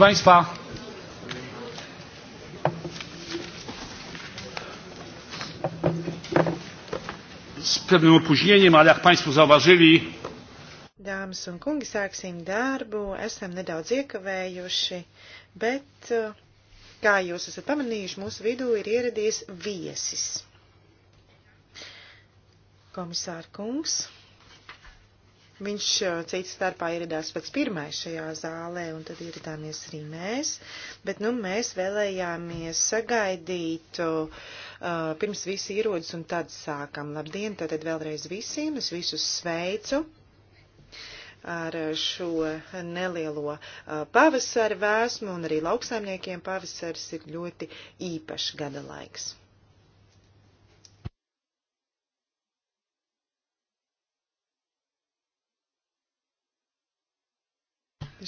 Proszę Państwa, z pewnym opóźnieniem, ale jak Państwo zauważyli, Dāmas un kungi, sāksim darbu. Esam nedaudz iekavējuši, bet, kā jūs esat pamanījuši, mūsu vidū ir ieradies viesis. Komisāra kungs. Viņš eh, cits starpā ieradās pats pirmais šajā zālē, un tad ieradāmies arī mēs. Bet, nu, mēs vēlējāmies sagaidīt, uh, pirms visi ierodas, un tad sākam. Labdien, tātad vēlreiz visiem, es visus sveicu ar šo nelielo eh, pavasara vēsmu, un arī lauksaimniekiem pavasars ir ļoti īpašs gada laiks.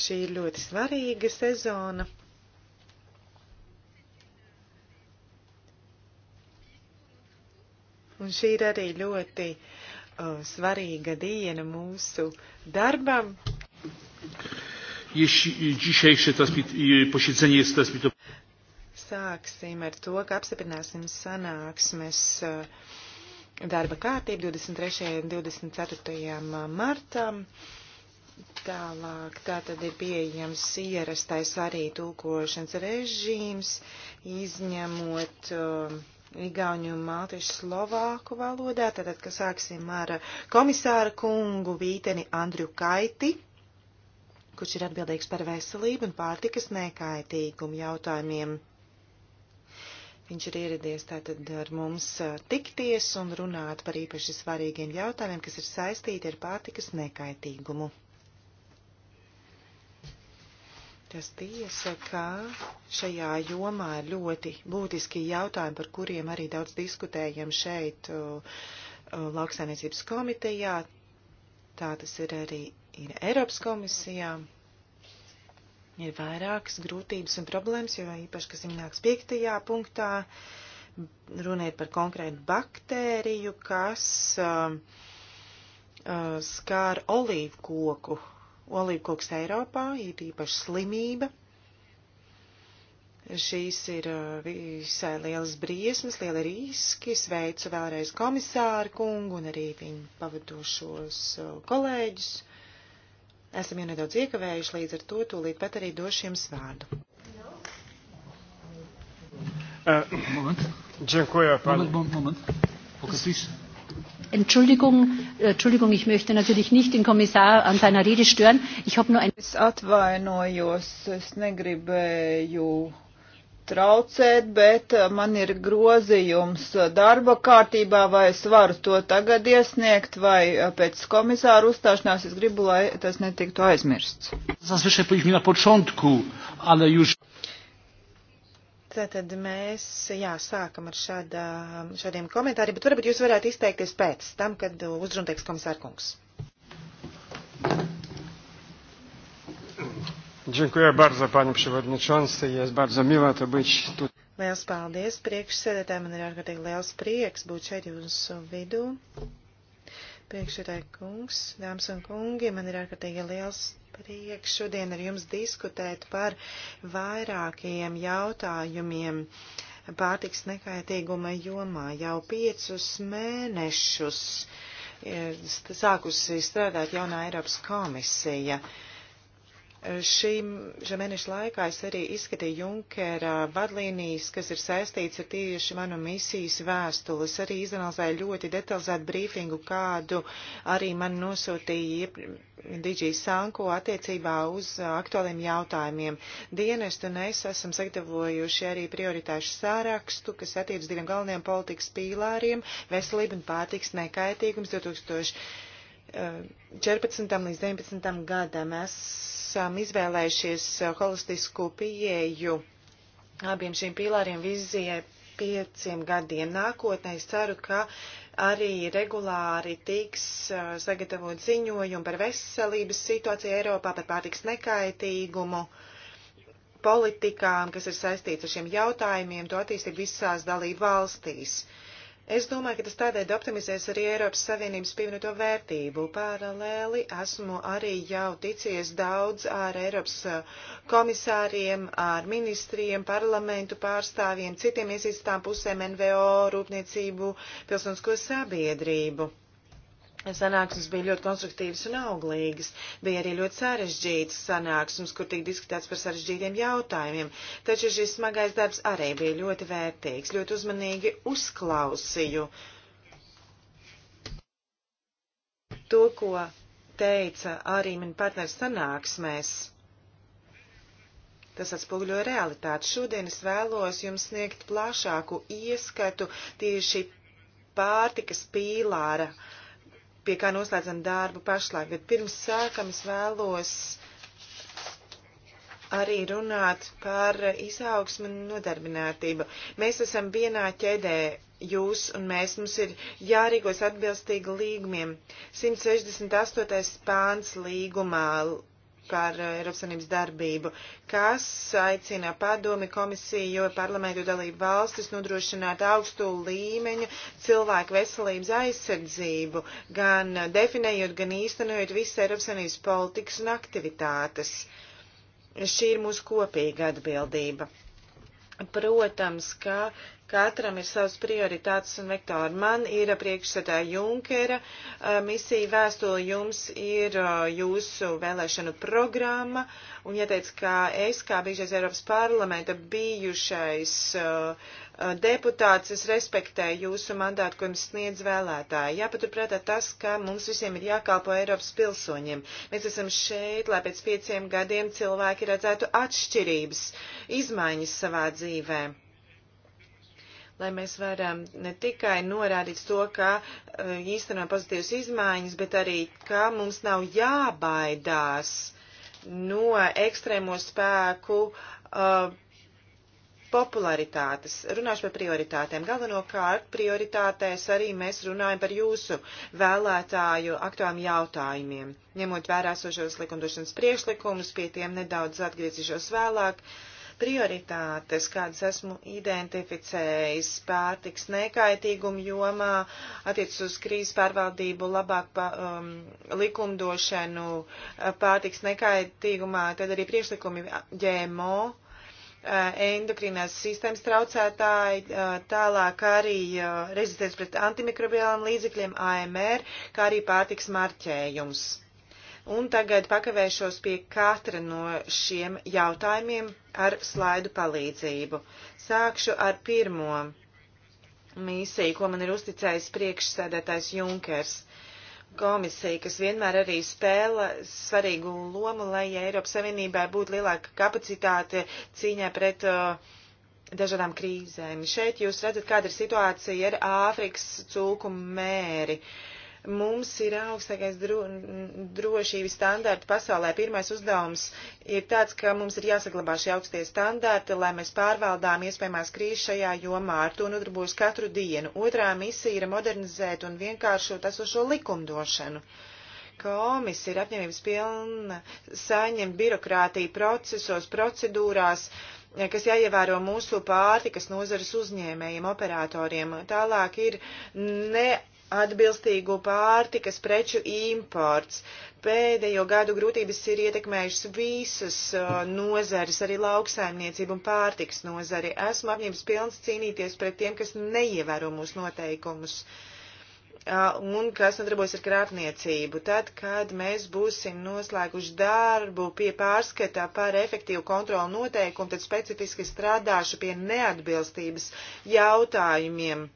Šī ir ļoti svarīga sezona. Un šī ir arī ļoti uh, svarīga diena mūsu darbam. Sāksim ar to, ka apstiprināsim sanāksmes uh, darba kārtību 23. un 24. martam. Tālāk, tā tad ir pieejams ierastais arī tulkošanas režīms, izņemot uh, Igauņu un Maltiešu Slovāku valodā, tātad, ka sāksim ar komisāra kungu Vīteni Andriu Kaiti, kurš ir atbildīgs par veselību un pārtikas nekaitīgumu jautājumiem. Viņš ir ieradies tātad ar mums uh, tikties un runāt par īpaši svarīgiem jautājumiem, kas ir saistīti ar pārtikas nekaitīgumu. Tas tiesa, ka šajā jomā ir ļoti būtiski jautājumi, par kuriem arī daudz diskutējam šeit uh, uh, lauksainiecības komitejā. Tā tas ir arī ir Eiropas komisijā. Ir vairākas grūtības un problēmas, jo īpaši, kas minēts piektajā punktā, runa ir par konkrētu baktēriju, kas uh, uh, skār olīvu koku olīvkoks Eiropā, ir īpaši slimība. Šīs ir uh, visai lielas briesmas, liela riski. Sveicu vēlreiz komisāru kungu un arī viņu pavadošos uh, kolēģus. Esam jau nedaudz iekavējuši, līdz ar to tūlīt pat arī došu jums vārdu. Uh, moment. Dziękuję panu. Moment, moment. moment. Pokaż Entschuldigung, äh, Entschuldigung, ich möchte natürlich nicht den Kommissar an seiner Rede stören. Ich habe nur ein. Es atvainojos, es negribēju traucēt, bet äh, man ir grozījums darba kārtībā, vai es varu to tagad iesniegt, vai äh, pēc komisāra uzstāšanās es gribu, lai tas netiktu aizmirsts. Zazvišai, na początku, ale już... Tātad mēs, jā, sākam ar šādā, šādiem komentāriem, bet varbūt jūs varētu izteikties pēc tam, kad uzrunteiks komisārkungs. Dziękuję bardzo, panie przewodniczący. Jest bardzo miło to być tu. Liels paldies, priekšsēdētāji. Man ir ārkārtīgi liels prieks būt šeit jūsu vidū. Priekšsēdētāji kungs, dāmas un kungi, man ir ārkārtīgi liels prieks šodien ar jums diskutēt par vairākiem jautājumiem pārtiks nekaitīguma jomā. Jau piecus mēnešus eh, sākusi strādāt jaunā Eiropas komisija. Uh, Šim, šā mēneša laikā es arī izskatīju Junkera vadlīnijas, kas ir saistīts ar tieši manu misijas vēstules. Arī izanalizēju ļoti detalizētu brīfingu, kādu arī man nosūtīja Digi Sanko attiecībā uz aktuāliem jautājumiem. Dienestu un es esam sagatavojuši arī prioritāšu sārakstu, kas attiec diviem galvenajiem politikas pīlāriem - veselība un pārtiks nekaitīgums 2000. 14. līdz 19. gadam esam izvēlējušies holistisku pieeju abiem šiem pīlāriem vizijai pieciem gadiem. Nākotnē es ceru, ka arī regulāri tiks sagatavot ziņojumi par veselības situāciju Eiropā, par pārtiks nekaitīgumu, politikām, kas ir saistīts ar šiem jautājumiem, to attīstību visās dalību valstīs. Uh, Es domāju, ka tas tādēļ optimizēs arī Eiropas Savienības pievienoto vērtību. Paralēli esmu arī jau ticies daudz ar Eiropas uh, komisāriem, ar ministriem, parlamentu pārstāvjiem, citiem iesaistītām pusēm NVO, rūpniecību, pilsonisko sabiedrību. Sanāksmes bija ļoti konstruktīvas un auglīgas. Bija arī ļoti sarežģītas sanāksmes, kur tika diskutēts par sarežģītiem jautājumiem. Taču šis smagais darbs arī bija ļoti vērtīgs. Ļoti uzmanīgi uzklausīju to, ko teica arī man partneris sanāksmēs. Tas atspoguļo realitāti. Šodien es vēlos jums sniegt plašāku ieskatu tieši pārtikas pīlāra uh, pie kā noslēdzam darbu pašlaik, bet pirms sākam es vēlos arī runāt par izaugsmu un nodarbinātību. Mēs esam vienā ķēdē, jūs un mēs, mums ir jārīkos atbilstīgi līgumiem. 168. pāns līgumā par eh, Eiropas Savienības darbību, kas aicina padomi komisiju, parlamentu dalību valstis nodrošināt augstu līmeņu cilvēku veselības aizsardzību, gan definējot, gan īstenojot visas Eiropas Savienības politikas un aktivitātes. Šī ir mūsu kopīga atbildība. Protams, ka Katram ir savas prioritātes un vektori. Man ir priekšsadā Junkera eh, misija vēstule, jums ir eh, jūsu vēlēšanu programma, un jāteic, ka es, kā bijušais Eiropas parlamenta bijušais eh, deputāts, es respektēju jūsu mandātu, ko jums sniedz vēlētāji. Jāpaturprātā tas, ka mums visiem ir jākalpo Eiropas pilsoņiem. Mēs esam šeit, lai pēc pieciem gadiem cilvēki redzētu atšķirības, izmaiņas savā dzīvēm lai mēs varam ne tikai norādīt to, ka eh, īstenojam pozitīvas izmaiņas, bet arī, ka mums nav jābaidās no ekstrēmo spēku uh, popularitātes. Runāšu par prioritātēm. Galvenokārt prioritātēs arī mēs runājam par jūsu vēlētāju aktuāliem jautājumiem. Ņemot vērā sošos likumdošanas priekšlikumus, pie tiem nedaudz atgriezīšos vēlāk. Uh, prioritātes, kādas esmu identificējis pārtiks nekaitīgumu jomā, attiec uz krīzes pārvaldību, labāk pa, um, likumdošanu uh, pārtiks nekaitīgumā, tad arī priekšlikumi ģēmo, uh, endokrinās sistēmas traucētāji, uh, tālāk arī rezistents pret antimikrobiālām līdzekļiem AMR, kā arī pārtiks marķējums. Un tagad pakavēšos pie katra no šiem jautājumiem ar slaidu palīdzību. Sākšu ar pirmo misiju, ko man ir uzticējis priekšsēdētājs Junkers. Komisija, kas vienmēr arī spēla svarīgu lomu, lai Eiropas Savienībai būtu lielāka kapacitāte cīņā pret uh, dažādām krīzēm. Šeit jūs redzat, kāda ir situācija ar Āfrikas cūku mēri. Uh, Mums ir augstākais dro, drošības standārti pasaulē. Pirmais uzdevums ir tāds, ka mums ir jāsaglabā šie augstie standārti, lai mēs pārvaldām iespējamās krīzes šajā jomā. Ar to nodarbojas katru dienu. Otrā misija ir modernizēt un vienkāršot esošo likumdošanu komisija ir apņēmības pilna saņemt birokrātiju procesos, procedūrās, kas jāievēro mūsu pārtikas nozares uzņēmējiem, operatoriem. Tālāk ir ne atbilstīgu pārtikas preču imports. Pēdējo gadu grūtības ir ietekmējušas visas uh, nozares, arī lauksaimniecību un pārtikas nozari. Esmu apņēmis pilns cīnīties pret tiem, kas neievēro mūsu noteikumus uh, un kas nodarbojas ar krāpniecību. Tad, kad mēs būsim noslēguši darbu pie pārskatā par efektīvu kontrolu noteikumu, tad specifiski strādāšu pie neatbilstības jautājumiem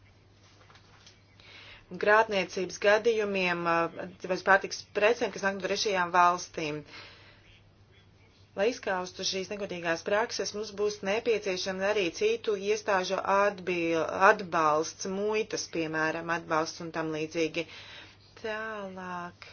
grātniecības gadījumiem vai eh, pārtiks precēm, kas nāk no trešajām valstīm. Lai izskaustu šīs negodīgās prakses, mums būs nepieciešama arī citu iestāžu atbil, atbalsts, muitas, piemēram, atbalsts un tam līdzīgi. Tālāk.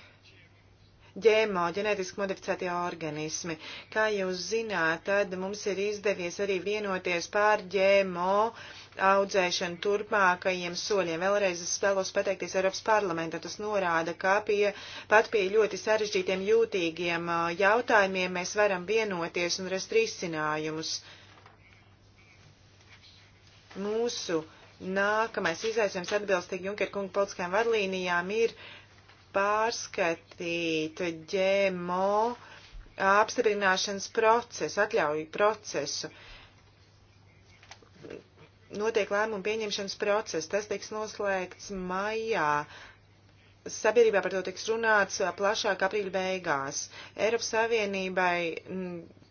Ģēmo, ģenētiski modificētie organismi. Kā jūs zināt, tad mums ir izdevies arī vienoties pār ģēmo uh, audzēšanu turpmākajiem soļiem. Vēlreiz es vēlos pateikties Eiropas parlamentam. Tas norāda, ka pie, pat pie ļoti sarežģītiem jūtīgiem uh, jautājumiem mēs varam vienoties un rast risinājumus. Mūsu nākamais izaicinājums atbilstīgi Junker kunga politiskajām vadlīnijām ir pārskatīt ģēmo apstiprināšanas procesu, atļauju procesu. Uh, notiek lēmumu pieņemšanas process. Tas tiks noslēgts maijā. Sabiedrībā par to tiks runāts uh, plašāk aprīļa beigās. Eiropas Savienībai mm,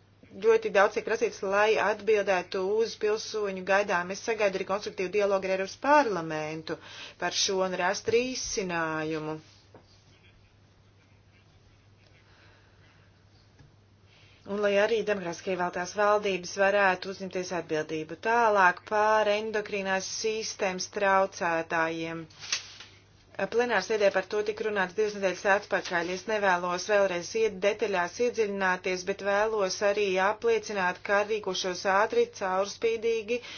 ļoti daudz tiek prasīts, lai atbildētu uz pilsoņu gaidām. Es sagaidu arī konstruktīvu dialogu ar Eiropas parlamentu par šo un rast risinājumu. un lai arī demokrātiski ievēltās valdības varētu uzņemties atbildību tālāk pār endokrīnās sistēmas traucētājiem. Plenārs sēdē par to tika runāts divas nedēļas atpakaļ. Es nevēlos vēlreiz iet detaļās iedziļināties, bet vēlos arī apliecināt, kā rīkošos ātri, caurspīdīgi, uh,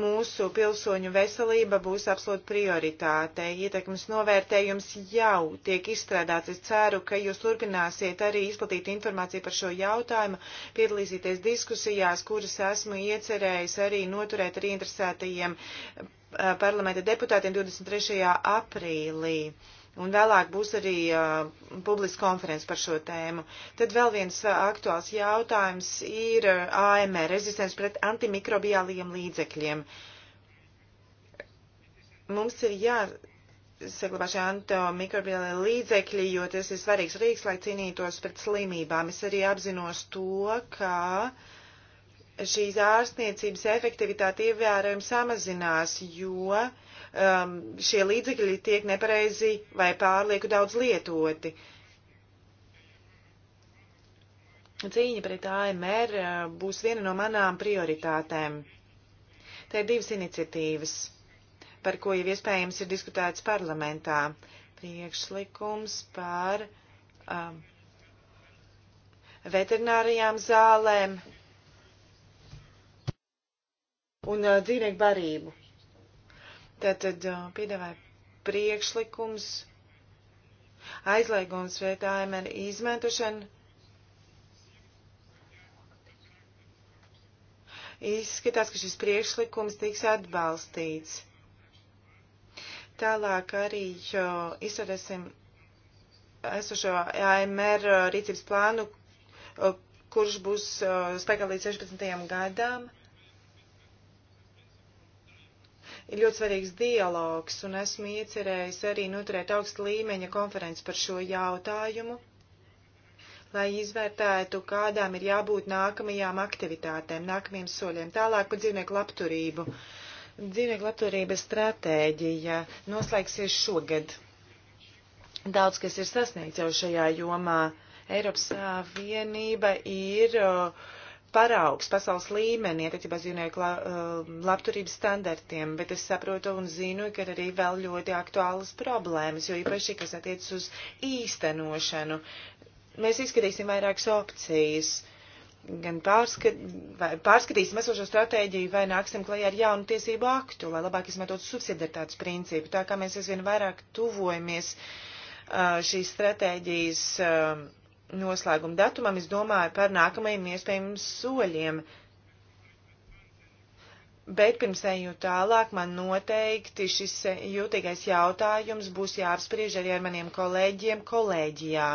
mūsu pilsoņu veselība būs absolūta prioritāte. Ietekmes novērtējums jau tiek izstrādāts. Es ceru, ka jūs turpināsiet arī izplatīt informāciju par šo jautājumu, piedalīsieties diskusijās, kuras esmu iecerējis arī noturēt ar interesētajiem eh, parlamenta deputātiem 23. aprīlī un vēlāk būs arī uh, publiska konferences par šo tēmu. Tad vēl viens uh, aktuāls jautājums ir uh, AMR rezistents pret antimikrobiāliem līdzekļiem. Mums ir jāsaglabā šie antimikrobiālie līdzekļi, jo tas ir svarīgs rīks, lai cīnītos pret slimībām. Es arī apzinos to, ka šīs ārstniecības efektivitāte ievērojami samazinās, jo uh, um, šie līdzekļi tiek nepareizi vai pārlieku daudz lietoti. Cīņa pret AMR uh, būs viena no manām prioritātēm. Te ir divas iniciatīvas, par ko jau iespējams ir diskutēts parlamentā. Priekšlikums par um, veterinārijām zālēm un uh, dzīvnieku barību. Tātad piedāvāja priekšlikums, aizliegums veikt AMR izmantošanu. Izskatās, ka šis priekšlikums tiks atbalstīts. Tālāk arī izsarēsim esošo AMR rīcības plānu, kurš būs spēkā līdz 16. gadām. ir ļoti svarīgs dialogs, un esmu iecerējis arī noturēt augstu līmeņa konferenci par šo jautājumu, lai izvērtētu, kādām ir jābūt nākamajām aktivitātēm, nākamajiem soļiem, tālāk par dzīvnieku labturību. Dzīvnieku labturības stratēģija noslēgsies šogad. Daudz, kas ir sasniegts jau šajā jomā, Eiropas Savienība ir uh, paraugs pasaules līmenī attiecībā uz dzīvnieku uh, labturības standartiem, bet es saprotu un zinu, ka ir arī vēl ļoti aktuālas problēmas, jo īpaši, kas attiecas uz īstenošanu. Mēs izskatīsim vairākas opcijas gan pārskat, pārskatīsim esošo stratēģiju vai nāksim klajā ar jaunu tiesību aktu, lai labāk izmantotu subsidiaritātes principu. Tā kā mēs aizvien vairāk tuvojamies uh, šīs stratēģijas um, noslēguma datumam, es domāju par nākamajiem iespējamiem soļiem. Bet pirms ejot tālāk, man noteikti šis jūtīgais jautājums būs jāapspriež arī ar maniem kolēģiem kolēģijā.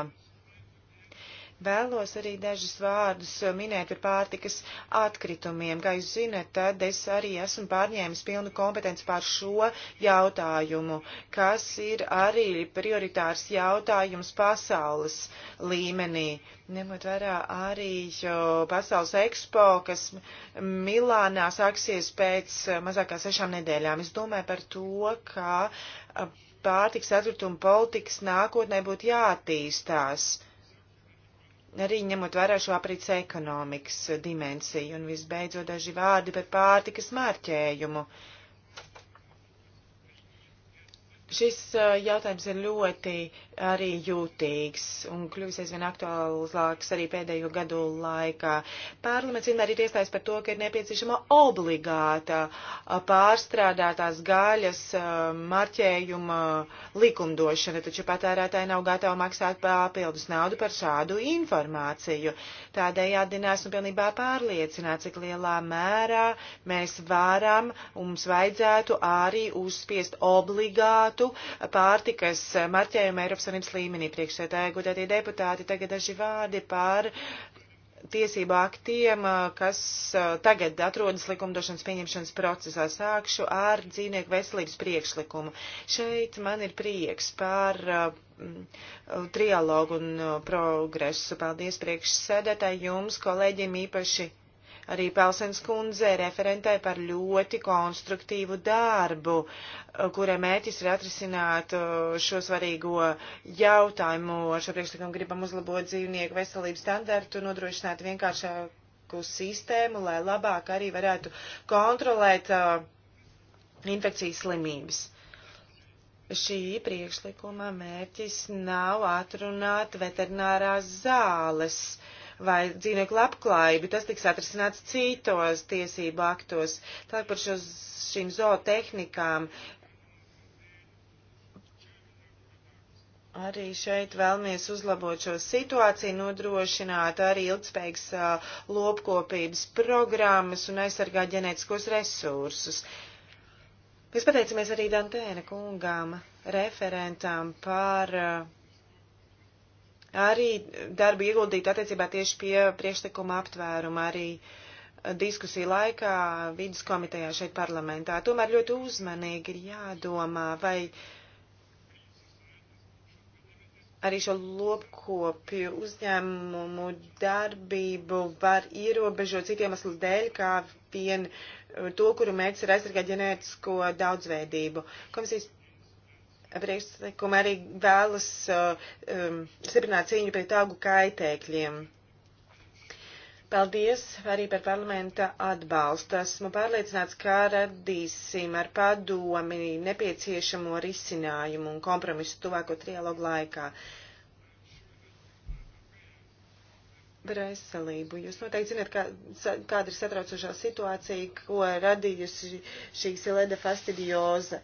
Vēlos arī dažus vārdus minēt par pārtikas atkritumiem. Kā jūs zinat, tad es arī esmu pārņēmis pilnu kompetenci pār šo jautājumu, kas ir arī prioritārs jautājums pasaules līmenī. Ņemot vērā arī pasaules ekspo, kas Milānā sāksies pēc eh, mazākā sešām nedēļām. Es domāju par to, ka eh, pārtiks atkrituma politikas nākotnē būtu jāattīstās. Uh, arī ņemot vērā šo aprīts ekonomikas dimensiju un visbeidzot daži vārdi par pārtikas mārķējumu. Šis jautājums ir ļoti arī jūtīgs un kļuvis aizvien aktuālāks arī pēdējo gadu laikā. Parlaments vienmēr ir iestājis par to, ka ir nepieciešama obligāta pārstrādātās gaļas uh, marķējuma likumdošana, taču patērētāji nav gatavi maksāt papildus naudu par šādu informāciju. Tādējādi nesmu pilnībā pārliecināts, cik lielā mērā mēs varam un mums vajadzētu arī uzspiest obligātu pārtikas marķējumu Eiropas Savienības līmenī priekšsēdētāji, godētie deputāti, tagad daži vārdi par tiesību aktiem, kas tagad atrodas likumdošanas pieņemšanas procesā. Sākšu ar dzīvnieku veselības priekšlikumu. Šeit man ir prieks par trialogu un progresu. Paldies priekšsēdētāji jums, kolēģiem īpaši arī Pelsens kundze referentē par ļoti konstruktīvu darbu, uh, kura mēķis ir atrisināt uh, šo svarīgo jautājumu. Ar šo priekšlikumu gribam uzlabot dzīvnieku veselības standartu, nodrošināt vienkāršāku sistēmu, lai labāk arī varētu kontrolēt uh, infekcijas slimības. Šī priekšlikuma mērķis nav atrunāt veterinārās zāles. Uh, vai dzīvnieku labklājību. Tas tiks atrasināts citos tiesību aktos. Tālāk par šo, šīm zootehnikām. Arī šeit vēlamies uzlabot šo situāciju, nodrošināt arī ilgspējīgas uh, lopkopības programmas un aizsargāt ģenētiskos resursus. Mēs pateicamies arī Dantēna kungām, referentām par uh, arī darbu ieguldīt attiecībā tieši pie priekšlikuma aptvēruma, arī diskusiju laikā vidas komitejā šeit parlamentā. Tomēr ļoti uzmanīgi ir jādomā, vai arī šo lopkopju uzņēmumu darbību var ierobežot citiem aslu dēļ, kā vien to, kuru mērķis ir aizsargāt ģenētisko daudzveidību. Komisijas priekšlikuma arī vēlas uh, um, stiprināt cīņu pret augu kaitēkļiem. Paldies arī par parlamenta atbalstu. Esmu pārliecināts, ka radīsim ar padomi nepieciešamo risinājumu un kompromisu tuvāko trialogu laikā. Uh, veselību. Jūs noteikti zināt, kā, kāda ir satraucošā situācija, ko radījusi šī silēda fastidioza.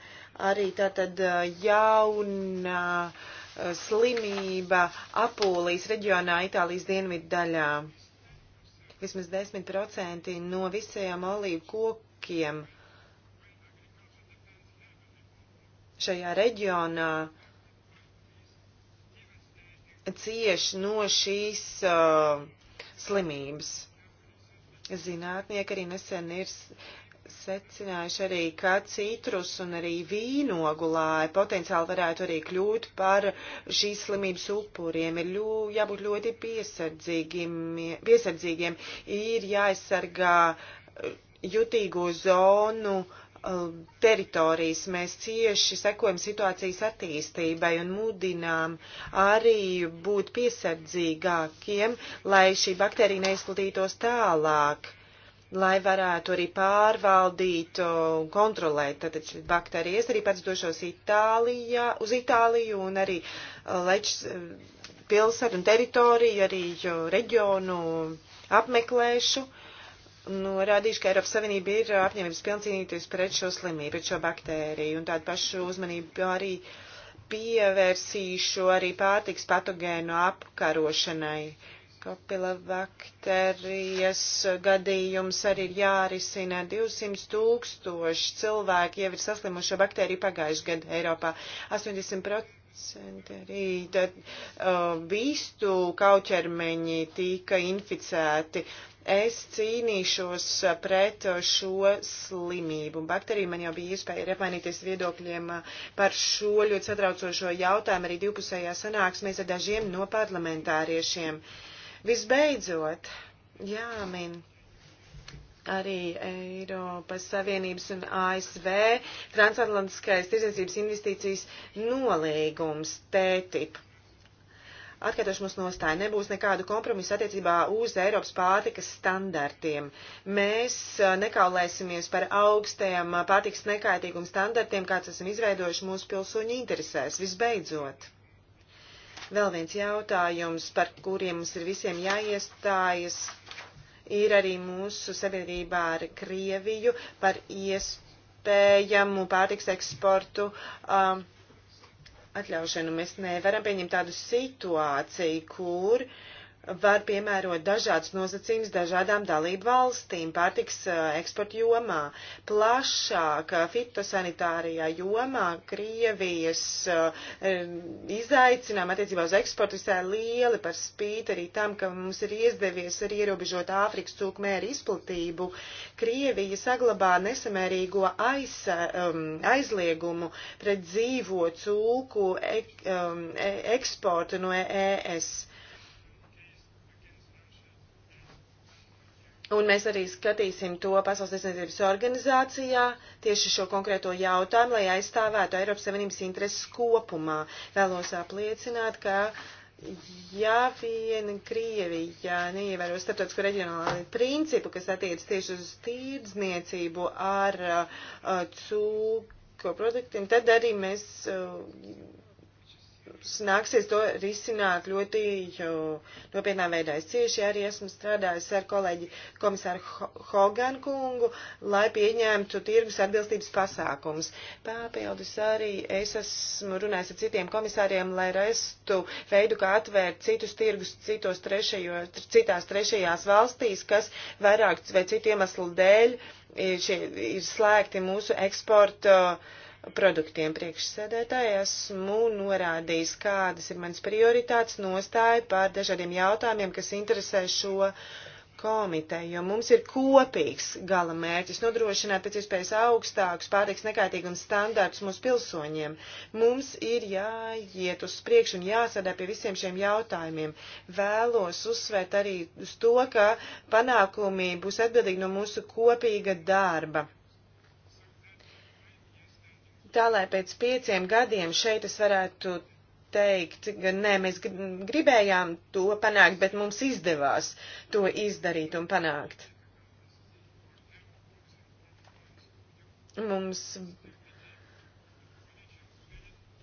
Arī tātad jauna slimība Apūlijas reģionā Itālijas dienvidu daļā. Vismaz 10% no visiem olīvu kokiem šajā reģionā uh, cieš no šīs uh, slimības. Zinātnieki arī nesen ir secinājuši arī, ka citrus un arī vīnogulāji potenciāli varētu arī kļūt par šīs slimības upuriem. Ir ļu, jābūt ļoti piesardzīgiem, piesardzīgiem, ir jāaizsargā uh, jutīgo zonu uh, Um, teritorijas. Mēs cieši sekojam situācijas attīstībai un mudinām arī būt piesardzīgākiem, lai šī baktērija neizplatītos tālāk, lai varētu arī pārvaldīt un kontrolēt. Tātad šī baktērija es arī pats došos Itālijā, uz Itāliju un arī uh, leč uh, pilsētu un teritoriju, arī reģionu apmeklēšu. Uh, norādījuši, nu, ka Eiropas Savienība ir apņēmības pilna cīnīties pret šo slimību, pret šo baktēriju, un tādu pašu uzmanību arī pievērsīšu arī pārtiks patogēnu apkarošanai. Kapilabakterijas gadījums arī ir jārisina. 200 tūkstoši cilvēki jau ir saslimuši šo baktēriju pagājušajā gadā Eiropā. 80% Centerī, tad uh, vistu kauķermeņi tika inficēti. Es cīnīšos uh, pret uh, šo slimību. Bakterija man jau bija iespēja arī apmainīties viedokļiem uh, par šo ļoti satraucošo jautājumu arī divpusējā sanāksmēs ar dažiem no parlamentāriešiem. Visbeidzot, jāmin arī Eiropas Savienības un ASV transatlantiskais tirdzniecības investīcijas nolīgums TTIP. Atkārtošu mūsu nostāju, nebūs nekādu kompromisu attiecībā uz Eiropas pārtikas standartiem. Mēs eh, nekaulēsimies par augstajiem eh, pārtikas nekaitīgumu standartiem, kāds esam izveidojuši mūsu pilsoņu interesēs. Visbeidzot, vēl viens jautājums, par kuriem mums ir visiem jāiestājas ir arī mūsu sabiedrībā ar Krieviju par iespējamu pārtiks eksportu. Um, Atļaušanu mēs nevaram pieņemt tādu situāciju, kur uh, var piemērot dažādas nosacījumus dažādām dalību valstīm pārtiks uh, eksporta jomā. Plašāk uh, fitosanitārijā jomā Krievijas uh, um, izaicinājumi attiecībā uz eksportu visai lieli par spīti arī tam, ka mums ir iezdevies arī ierobežot Āfrikas cūkmēra izplatību. Krievija saglabā nesamērīgo aiz, um, aizliegumu pret dzīvo cūku ek, um, e, eksportu no ES e Un mēs arī skatīsim to Pasaules tiesniecības organizācijā, tieši šo konkrēto jautājumu, lai aizstāvētu Eiropas Savienības intereses kopumā. Vēlos apliecināt, ka ja vien Krievija neievēro starptautisko reģionālo principu, kas attiec tieši uz tīrdzniecību ar uh, cūku produktiem, tad arī mēs. Uh, nāksies to risināt ļoti nopietnā veidā. Es cieši arī esmu strādājusi ar kolēģi komisāru Hogan kungu, lai pieņemtu tirgus atbilstības pasākums. Papildus arī es esmu runājis ar citiem komisāriem, lai restu veidu, kā atvērt citus tirgus citos trešajo, citās trešajās valstīs, kas vairāk vai citu iemeslu dēļ ir, šie, ir slēgti mūsu eksporta. Uh, produktiem. Priekšsēdētāji esmu norādījis, kādas ir manas prioritātes nostāja par dažādiem jautājumiem, kas interesē šo komiteju, jo mums ir kopīgs gala mērķis nodrošināt pēc iespējas augstākus pārtiks nekaitīgums standārtus mūsu pilsoņiem. Mums ir jāiet uz priekšu un jāsadā pie visiem šiem jautājumiem. Vēlos uzsvērt arī uz to, ka panākumi būs atbildīgi no mūsu kopīga darba tā, lai pēc pieciem gadiem šeit es varētu teikt, ka nē, mēs gribējām to panākt, bet mums izdevās to izdarīt un panākt. Mums,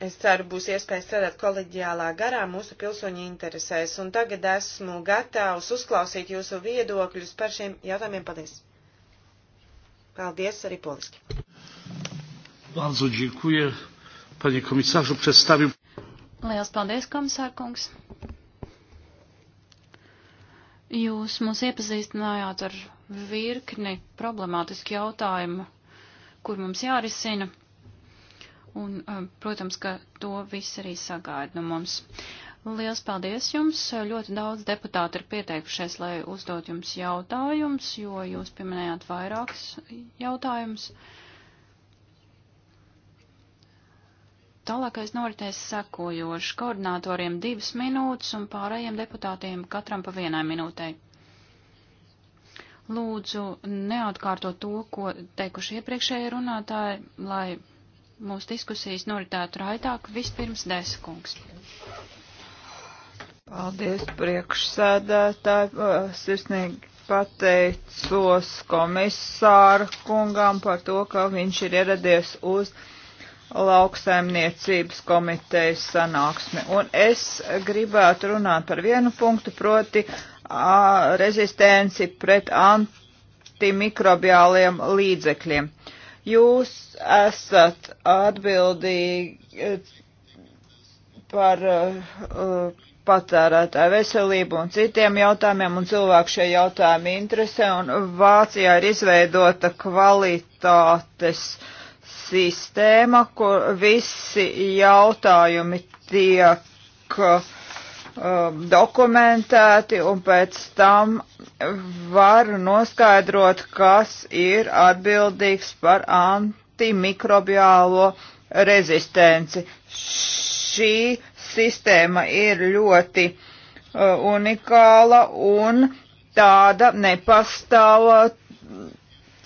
es ceru, būs iespēja strādāt koleģiālā garā mūsu pilsoņu interesēs, un tagad esmu gatavs uzklausīt jūsu viedokļus par šiem jautājumiem. Paldies! Paldies arī poliski! Bardzo dziękuję. Panie komisarzu, przedstawił. Lielas paldies, komisārkungs. Jūs mūs iepazīstinājāt ar virkni problemātisku jautājumu, kur mums jārisina. Un, eh, protams, ka to viss arī sagaida no mums. Liels paldies jums! Ļoti daudz deputāti ir pieteikušies, lai uzdot jums jautājumus, jo jūs pieminējāt vairākus jautājumus. Tālākais noritēs sekojoši koordinatoriem divas minūtes un pārējiem deputātiem katram pa vienai minūtei. Lūdzu, neatkārto to, ko teikuši iepriekšēji runātāji, lai mūsu diskusijas noritētu raitāk vispirms deskungs. Paldies priekšsēdētāji, sirsnīgi pateicos komisāru kungam par to, ka viņš ir ieradies uz lauksaimniecības komitejas sanāksmi. Un es gribētu runāt par vienu punktu, proti a, rezistenci pret antimikrobiāliem līdzekļiem. Jūs esat atbildīgi e, par uh, patērētāju veselību un citiem jautājumiem, un cilvēku šie jautājumi interesē, un Vācijā ir izveidota kvalitātes uh, sistēma, kur visi jautājumi tiek uh, dokumentēti un pēc tam var noskaidrot, kas ir atbildīgs par antimikrobiālo rezistenci. Šī sistēma ir ļoti uh, unikāla un tāda nepastāv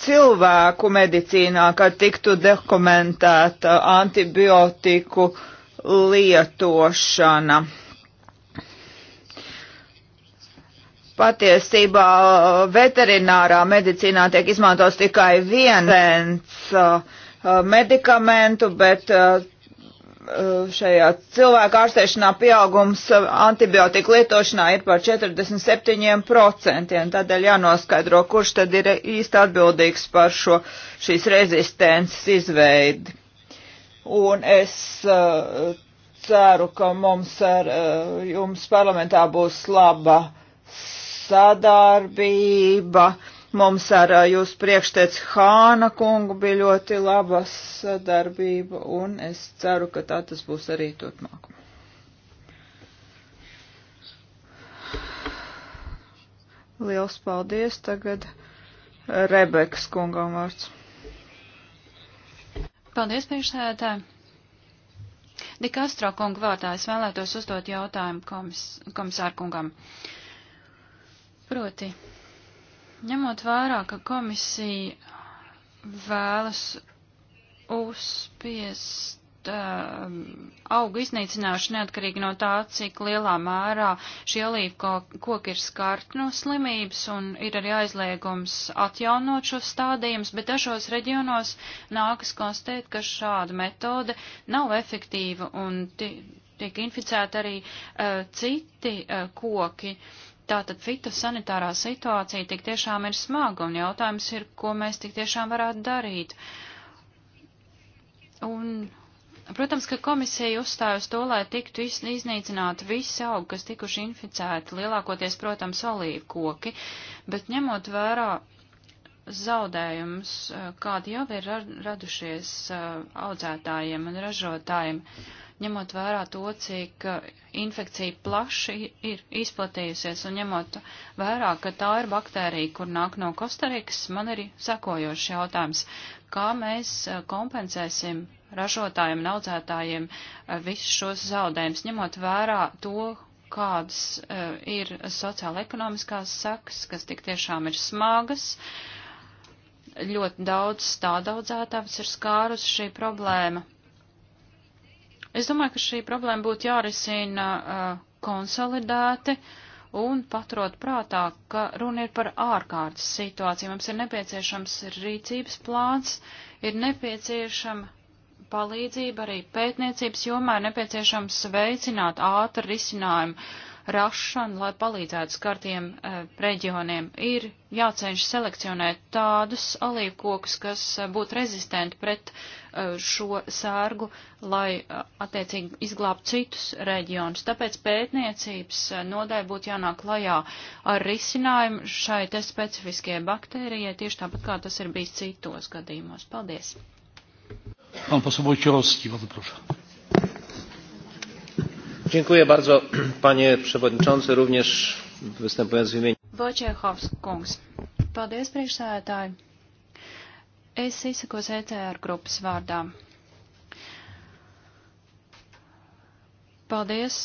cilvēku medicīnā, kad tiktu dokumentēta antibiotiku lietošana. Patiesībā veterinārā medicīnā tiek izmantos tikai viens uh, medikamentu, bet uh, Eh, šajā cilvēku ārstēšanā pieaugums eh, antibiotiku lietošanā ir par 47%, tādēļ jānoskaidro, kurš tad ir īsti atbildīgs par šo, šīs rezistences izveidi. Un es uh, ceru, ka mums ar uh, jums parlamentā būs laba sadarbība. Uh, Mums ar jūsu priekštec Hāna kungu bija ļoti laba sadarbība, un es ceru, ka tā tas būs arī turpmāk. Liels paldies tagad Rebekas kungam vārds. Paldies, priekšsēdētāji. Dikastro kungu vārdā es vēlētos uzdot jautājumu komis, komisāru kungam. Proti, Ņemot vērā, ka komisija vēlas uzspiest um, augu iznīcināšanu neatkarīgi no tā, cik lielā mērā šie olīvu koki ir skarti no slimības un ir arī aizliegums atjaunot šos stādījumus, bet dažos reģionos nākas konstatēt, ka šāda metode nav efektīva un tiek inficēti arī uh, citi uh, koki. Uh, Tātad fitosanitārā situācija tik tiešām ir smaga, un jautājums ir, ko mēs tik tiešām varētu darīt. Un, protams, ka komisija uzstāja uz to, lai tiktu iz, iznīcināti visi augi, kas tikuši inficēti, lielākoties, protams, olīvu koki, bet ņemot vērā zaudējumus, eh, kādi jau ir radušies eh, audzētājiem un ražotājiem. Uh, ņemot vērā to, cik uh, infekcija plaši ir izplatījusies un ņemot vērā, ka tā ir baktērija, kur nāk no Kostarikas, man ir sekojošs jautājums. Kā mēs uh, kompensēsim ražotājiem un audzētājiem uh, visus šos zaudējumus, ņemot vērā to, kādas uh, ir sociāla-ekonomiskās sekas, kas tik tiešām ir smagas. Ļoti daudz stādaudzētājs ir skārus šī problēma. Es domāju, ka šī problēma būtu jārisina uh, konsolidēti un paturot prātā, ka runa ir par ārkārtas situāciju. Mums ir nepieciešams rīcības plāns, ir nepieciešama palīdzība arī pētniecības jomā, ir nepieciešams veicināt ātru risinājumu rašanu, lai palīdzētu skartiem uh, reģioniem. Ir jācenšas selekcionēt tādus alīvkokus, kas uh, būtu rezistenti pret uh, šo sārgu, lai uh, attiecīgi izglābtu citus reģionus. Tāpēc pētniecības uh, nodaļa būtu jānāk klajā ar risinājumu šai te specifiskajai baktērijai, tieši tāpat kā tas ir bijis citos gadījumos. Paldies! Pan poseł Wojciechowski, bardzo proszę. Dziękuję bardzo, panie przewodniczący, również występując w imieniu. Vočehovs kungs. Paldies, priekšsēdētāji. Es izsakos ECR grupas vārdā. Paldies,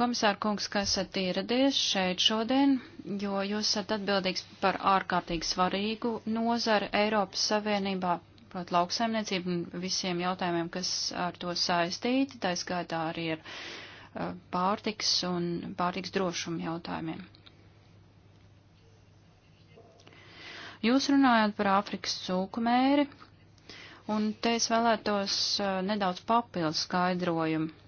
komisāra kungs, ka esat ieradies šeit šodien, jo jūs esat atbildīgs par ārkārtīgi svarīgu nozaru Eiropas Savienībā, prot lauksaimniecību un visiem jautājumiem, kas ar to saistīti, tā skaitā arī ar Eh, pārtiks un pārtiks drošuma jautājumiem. Jūs runājat par Āfrikas cūku mēri, un te es vēlētos eh, nedaudz papildu skaidrojumu.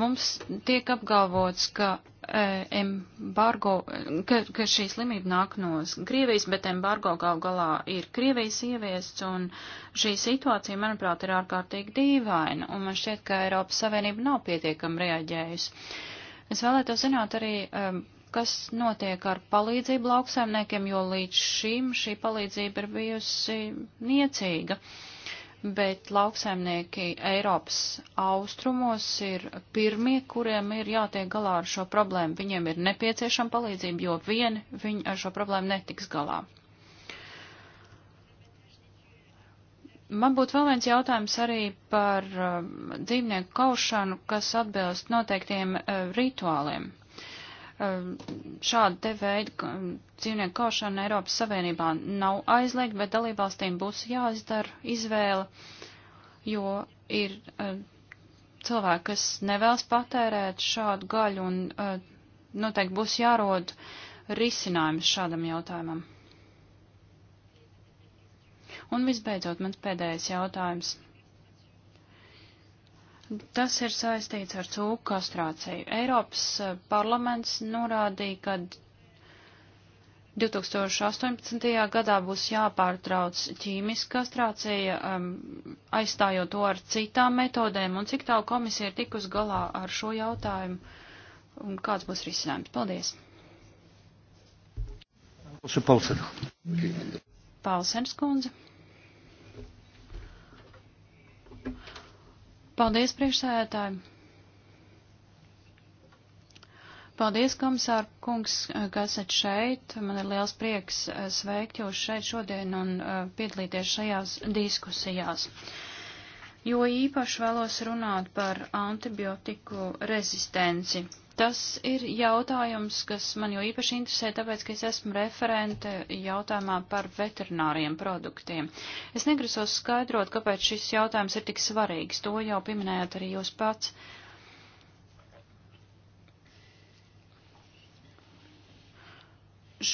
Mums tiek apgalvots, ka Eh, embargo, ka, ka šī slimība nāk no Krievijas, bet embargo gal galā ir Krievijas ieviests, un šī situācija, manuprāt, ir ārkārtīgi dīvaina, un man šķiet, ka Eiropas Savienība nav pietiekami reaģējusi. Es vēlētos zināt arī, eh, kas notiek ar palīdzību lauksaimniekiem, jo līdz šim šī palīdzība ir bijusi niecīga. Uh, bet lauksaimnieki Eiropas austrumos ir pirmie, kuriem ir jātiek galā ar šo problēmu. Viņiem ir nepieciešama palīdzība, jo vieni viņi ar šo problēmu netiks galā. Man būtu vēl viens jautājums arī par um, dzīvnieku kaušanu, kas atbilst noteiktiem uh, rituāliem. Um, šāda te veida um, dzīvnieku kaušana Eiropas Savienībā nav aizliegta, bet dalībvalstīm būs jāizdara izvēle, jo ir um, cilvēki, kas nevēlas patērēt šādu gaļu un uh, noteikti būs jārod risinājums šādam jautājumam. Un visbeidzot, mans pēdējais jautājums. Tas ir saistīts ar cūku kastrāciju. Eiropas eh, parlaments norādīja, ka 2018. gadā būs jāpārtrauc ķīmiska kastrācija, um, aizstājot to ar citām metodēm, un cik tālu komisija ir tikus galā ar šo jautājumu, un kāds būs risinājums. Paldies! Palsens kundze. Paldies, priekšsēdētāji! Paldies, komisār kungs, ka esat šeit. Man ir liels prieks eh, sveikt jūs šeit šodien un eh, piedalīties šajās diskusijās. Jo īpaši vēlos runāt par antibiotiku rezistenci. Tas ir jautājums, kas man jau īpaši interesē, tāpēc, ka es esmu referente jautājumā par veterināriem produktiem. Es negrasos skaidrot, kāpēc šis jautājums ir tik svarīgs. To jau pieminējāt arī jūs pats.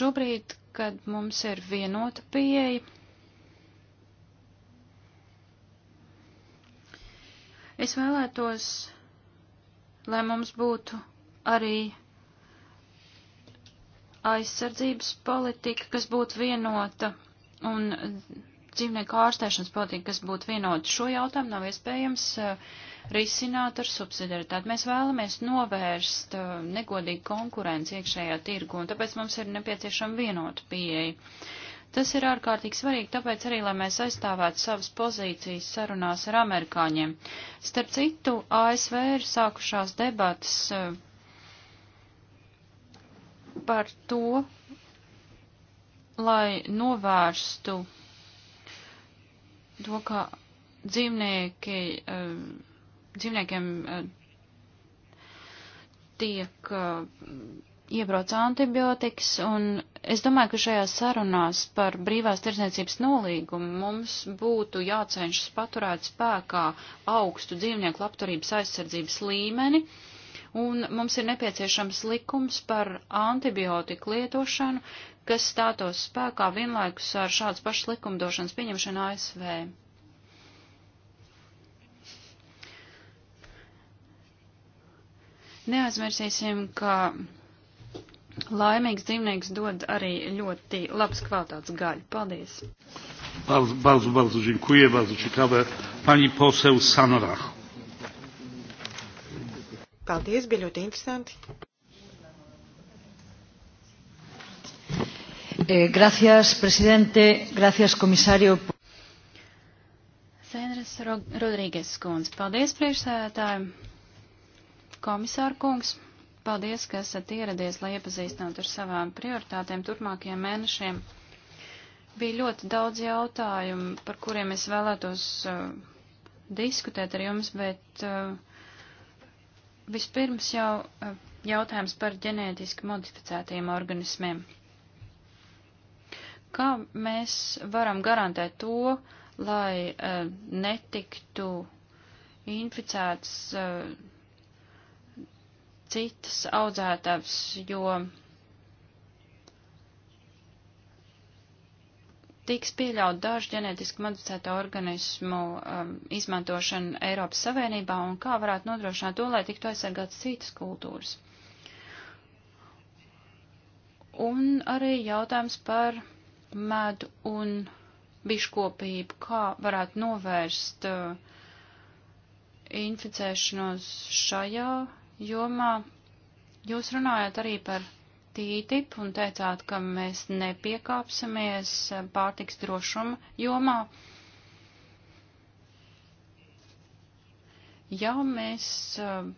Šobrīd, kad mums ir vienota pieeja, es vēlētos, lai mums būtu arī aizsardzības politika, kas būtu vienota, un dzīvnieku ārstēšanas politika, kas būtu vienota. Šo jautājumu nav iespējams eh, risināt ar subsidiaritāti. Mēs vēlamies novērst eh, negodīgu konkurenci iekšējā tirgu, un tāpēc mums ir nepieciešama vienota pieeja. Tas ir ārkārtīgi svarīgi, tāpēc arī, lai mēs aizstāvētu savas pozīcijas sarunās ar amerikāņiem. Starp citu, ASV ir sākušās debatas eh, par to, lai novērstu to, ka dzīvnieki, eh, dzīvniekiem eh, tiek eh, iebrauc antibiotikas, un es domāju, ka šajās sarunās par brīvās tirsniecības nolīgumu mums būtu jācenšas paturēt spēkā augstu dzīvnieku labturības aizsardzības līmeni, uh, un mums ir nepieciešams likums par antibiotiku lietošanu, kas stātos spēkā vienlaikus ar šādas pašas likumdošanas pieņemšanu ASV. Neaizmirsīsim, ka laimīgs dzīvnieks dod arī ļoti labs kvalitātes gaļu. Paldies! Bardzo, bardzo, bardzo dziękuję, bardzo ciekawe. Pani poseł Sanorach. Paldies, bija ļoti interesanti. Eh, gracias, presidente. Gracias, komisario. Sēneres Rodrīgas skundze. Paldies, priekšsēdētāji. Komisāra kungs, paldies, ka esat ieradies, lai iepazīstinātu ar savām prioritātēm turpmākajiem mēnešiem. Bija ļoti daudz jautājumu, par kuriem es vēlētos uh, diskutēt ar jums, bet uh, Vispirms jau eh, jautājums par ģenētiski modificētajiem organismiem. Kā mēs varam garantēt to, lai uh, netiktu inficēts uh, eh, citas audzētavs, jo tiks pieļaut dažu ģenētiski modificēto organismu um, izmantošanu Eiropas Savienībā un kā varētu nodrošināt to, lai tiktu aizsargāts citas kultūras. Un arī jautājums par medu un biškopību, kā varētu novērst uh, inficēšanos šajā jomā. Jūs runājat arī par TTIP un teicāt, ka mēs nepiekāpsimies pārtiks drošuma jomā. Ja mēs eh,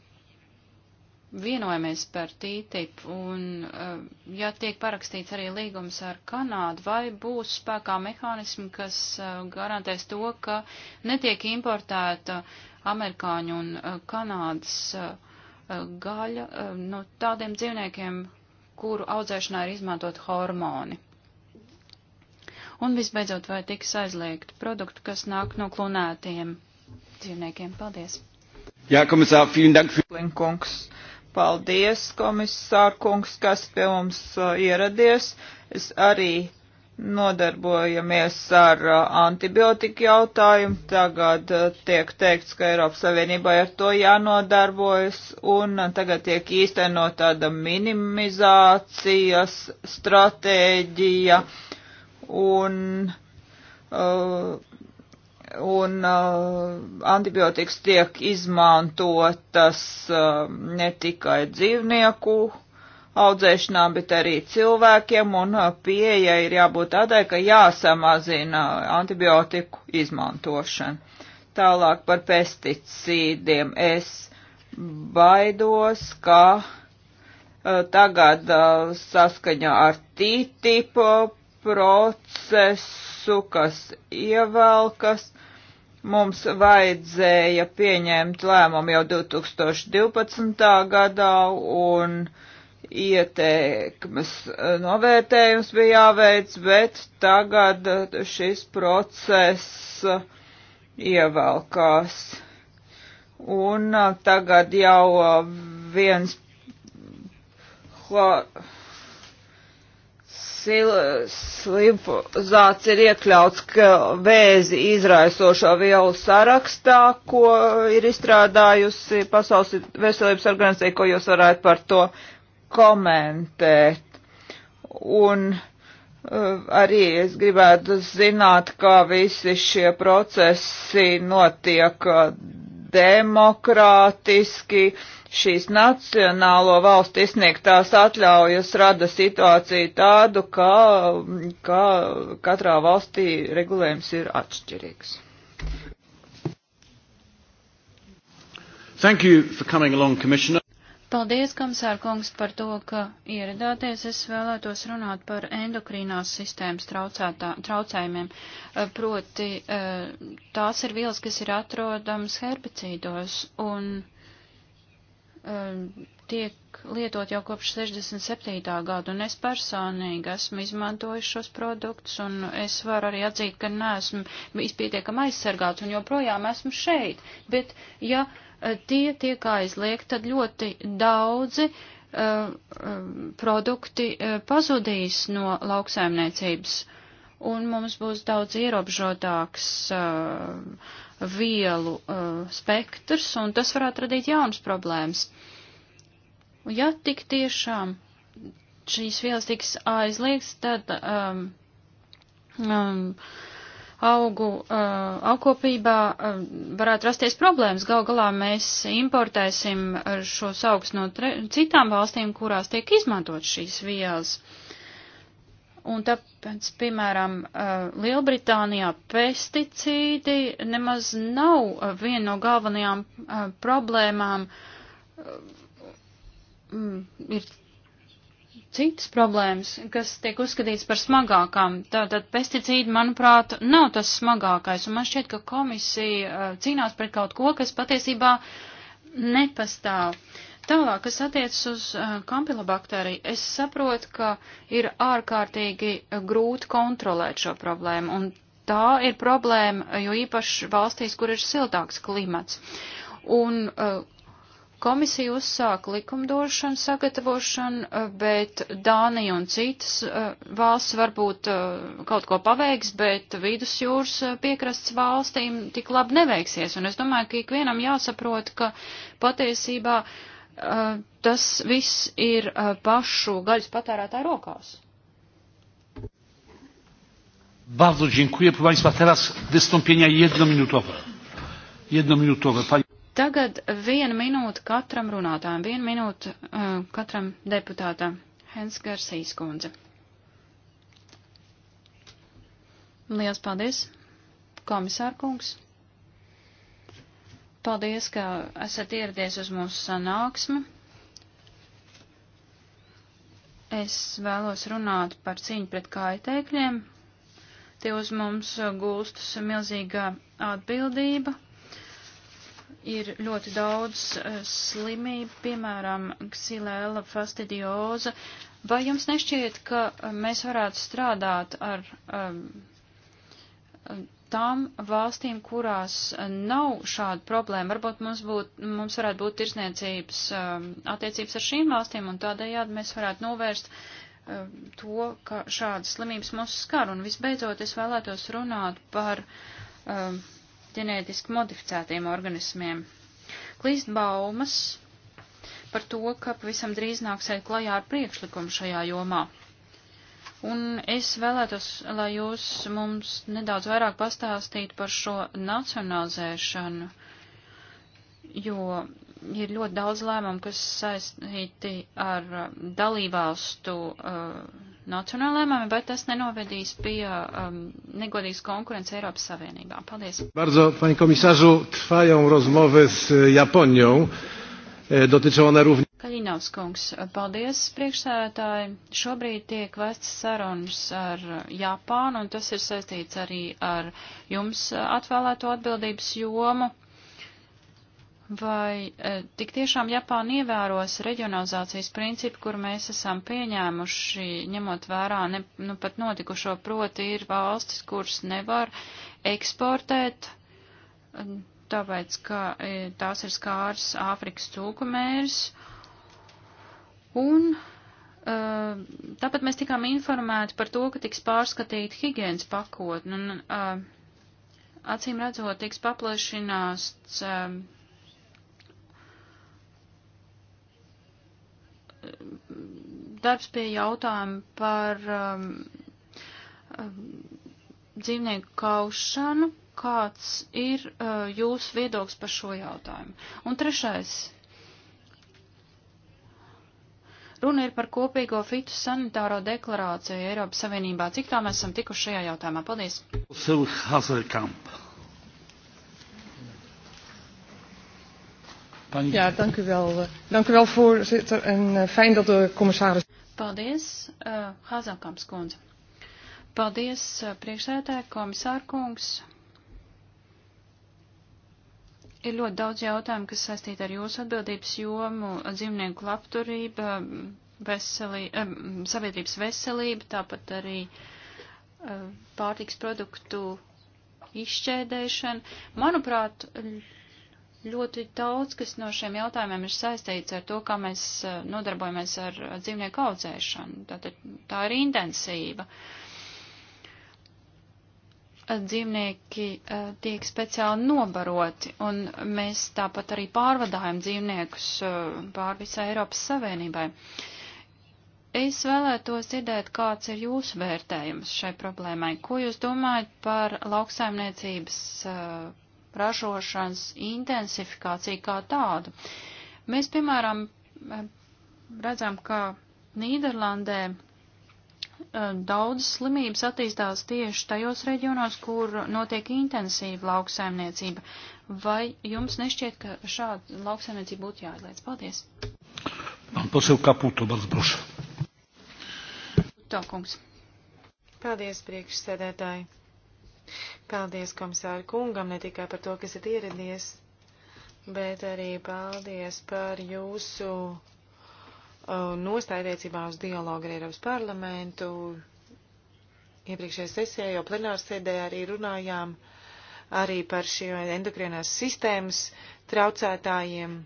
vienojamies par TTIP un eh, ja tiek parakstīts arī līgums ar Kanādu, vai būs spēkā mehānismi, kas eh, garantēs to, ka netiek importēta amerikāņu un Kanādas gaļa no tādiem dzīvniekiem, kuru audzēšanā ir izmantot hormoni. Un visbeidzot, vai tiks aizliegt produktu, kas nāk no klonētiem dzīvniekiem? Paldies! Jā, komisār, vielen dank für... Linkungs. Paldies, komisār kungs, kas pie mums uh, ieradies. Es arī nodarbojamies ar uh, antibiotiku jautājumu. Tagad uh, tiek teikts, ka Eiropas Savienībai ar to jānodarbojas, un tagad tiek īstenot tāda minimizācijas stratēģija, un, uh, un antibiotikas tiek izmantotas ne tikai dzīvnieku audzēšanām, bet arī cilvēkiem, un uh, pieeja ir jābūt tādai, ka jāsamazina uh, antibiotiku izmantošana. Tālāk par pesticīdiem. Es baidos, ka uh, tagad uh, saskaņā ar TTIP uh, procesu, kas ievelkas, mums vajadzēja pieņemt lēmumu jau 2012. gadā, un uh, ieteikmes novērtējums bija jāveic, bet tagad šis process ievelkās. Un tagad jau viens slimfozāts ir iekļauts vēzi izraisošo vielu sarakstā, ko ir izstrādājusi Pasaules veselības organizācija, ko jūs varētu par to komentēt. Un eh, arī es gribētu zināt, kā visi šie procesi notiek eh, demokrātiski. Šīs nacionālo valstu izsniegtās atļaujas rada situāciju tādu, ka, ka katrā valstī regulējums ir atšķirīgs. Thank you for coming along, Commissioner. Paldies, komisāra kungs, par to, ka ieradāties. Es vēlētos runāt par endokrīnās sistēmas traucējumiem. Eh, proti, eh, tās ir vielas, kas ir atrodamas herbicīdos un eh, tiek lietot jau kopš 67. gada, un es personīgi esmu izmantojis šos produktus, un es varu arī atzīt, ka neesmu bijis pietiekami aizsargāts, un joprojām esmu šeit. Bet, ja uh, Eh, tie tiek aizliegt, tad ļoti daudzi uh, produkti uh, pazudīs no lauksaimniecības, un mums būs daudz ierobežotāks uh, vielu spektrs, un tas varētu radīt jaunas problēmas. Ja tik tiešām šīs vielas tiks aizliegts, tad um, um, augu uh, augkopībā uh, varētu rasties problēmas. Gal galā mēs importēsim uh, šos augus no tre, citām valstīm, kurās tiek izmantot šīs vielas. Un tāpēc, piemēram, uh, Lielbritānijā pesticīdi nemaz nav uh, viena no galvenajām uh, problēmām. Mm, ir citas problēmas, kas tiek uzskatīts par smagākām. Tātad pesticīdi, manuprāt, nav tas smagākais, un man šķiet, ka komisija eh, cīnās pret kaut ko, kas patiesībā nepastāv. Tālāk, kas attiecas uz eh, kampilobakteriju, es saprotu, ka ir ārkārtīgi eh, grūti kontrolēt šo problēmu, un tā ir problēma, jo īpaši valstīs, kur ir siltāks klimats. Un uh, Komisija uzsāk likumdošanu sagatavošanu, eh, bet Dānija un citas eh, valsts varbūt eh, kaut ko paveiks, bet vidusjūras piekrasts valstīm tik labi neveiksies. Un es domāju, ka ikvienam jāsaprot, ka patiesībā tas viss ir pašu gaļas patērētāju rokās. Bardzo dziękuję. Proszę Państwa, teraz wystąpienia jednominutowe. Jednominutowe. Pani... Tagad viena minūte katram runātājam, viena minūte uh, katram deputātam. Hens Garsīs kundze. Liels paldies, komisārkungs. Paldies, ka esat ieradies uz mūsu sanāksmu. Es vēlos runāt par cīņu pret kaitēkļiem. Tie uz mums gulstas milzīgā atbildība, ir ļoti daudz eh, slimību, piemēram, ksilēla fastidioza. Vai jums nešķiet, ka eh, mēs varētu strādāt ar um, tām valstīm, kurās eh, nav šāda problēma? Varbūt mums, būt, mums varētu būt tirsniecības um, attiecības ar šīm valstīm, un tādējādi mēs varētu novērst um, to, ka šādas slimības mūs skar. Un visbeidzot, es vēlētos runāt par. Um, ģenētiski modificētiem organismiem. Klīst baumas par to, ka pavisam drīz nāksiet klajā ar priekšlikumu šajā jomā. Un es vēlētos, lai jūs mums nedaudz vairāk pastāstītu par šo nacionalizēšanu, jo ir ļoti daudz lēmumu, kas saistīti ar dalībvalstu uh, nacionālajām, vai tas nenovedīs pie um, negodīgas konkurences Eiropas Savienībā. Paldies. Bardzo, panie komisarzu, trwają rozmowy z e, Japonią. E, dotyczą one również. Kaļinovs kungs, paldies priekšsēdētāji. Šobrīd tiek vests sarunas ar Japānu, un tas ir saistīts arī ar jums atvēlēto atbildības jomu. Vai e, tik tiešām Japāna ievēros reģionalizācijas principu, kur mēs esam pieņēmuši, ņemot vērā ne, nu, pat notikušo, proti ir valstis, kuras nevar eksportēt, e, tāpēc, ka e, tās ir skārs Āfrikas cūkumērs. Un tāpat mēs tikām informēti par to, ka tiks pārskatīta higienas pakotne, un acīm redzot, tiks paplašināts darbs pie jautājuma par um, um, dzīvnieku kaušanu. Kāds ir uh, jūsu viedoklis par šo jautājumu? Un trešais. Runa ir par kopīgo fitu sanitāro deklarāciju Eiropas Savienībā. Cik tā mēs esam tikuši šajā jautājumā? Paldies! Silhazelkamp. Pani. Ja, dank u wel. Eh, dank u wel, voorzitter. En eh, fijn dat de commissaris. Paldies, uh, eh, Hazelkamps kundze. Paldies, uh, priekšsēdētāji, komisāra kungs. Ir ļoti daudz jautājumu, kas saistīti ar jūsu atbildības jomu, dzīvnieku labturība, veselī, eh, sabiedrības veselība, tāpat arī eh, pārtiks produktu izšķēdēšana. Manuprāt, Ļoti daudz, kas no šiem jautājumiem ir saistīts ar to, kā mēs eh, nodarbojamies ar dzīvnieku audzēšanu. Tātad tā ir intensīva. Dzīvnieki eh, tiek speciāli nobaroti, un mēs tāpat arī pārvadājam dzīvniekus eh, pār visai Eiropas Savienībai. Es vēlētos dzirdēt, kāds ir jūsu vērtējums šai problēmai. Ko jūs domājat par lauksaimniecības ražošanas intensifikāciju kā tādu. Mēs, piemēram, redzam, ka Nīderlandē e, daudz slimības attīstās tieši tajos reģionos, kur notiek intensīva lauksaimniecība. Vai jums nešķiet, ka šāda lauksaimniecība būtu jāizliec? Paldies! Man pasev kaputo, balsbrušu. Tā kungs. Paldies, priekšsēdētāji. Paldies komisāru kungam ne tikai par to, kas ir ieradies, bet arī paldies par jūsu uh, nostājiecībā uz dialogu ar Eiropas parlamentu. Iepriekšējā sesijā jau plenārsēdē arī runājām arī par šiem endokrinās sistēmas traucētājiem,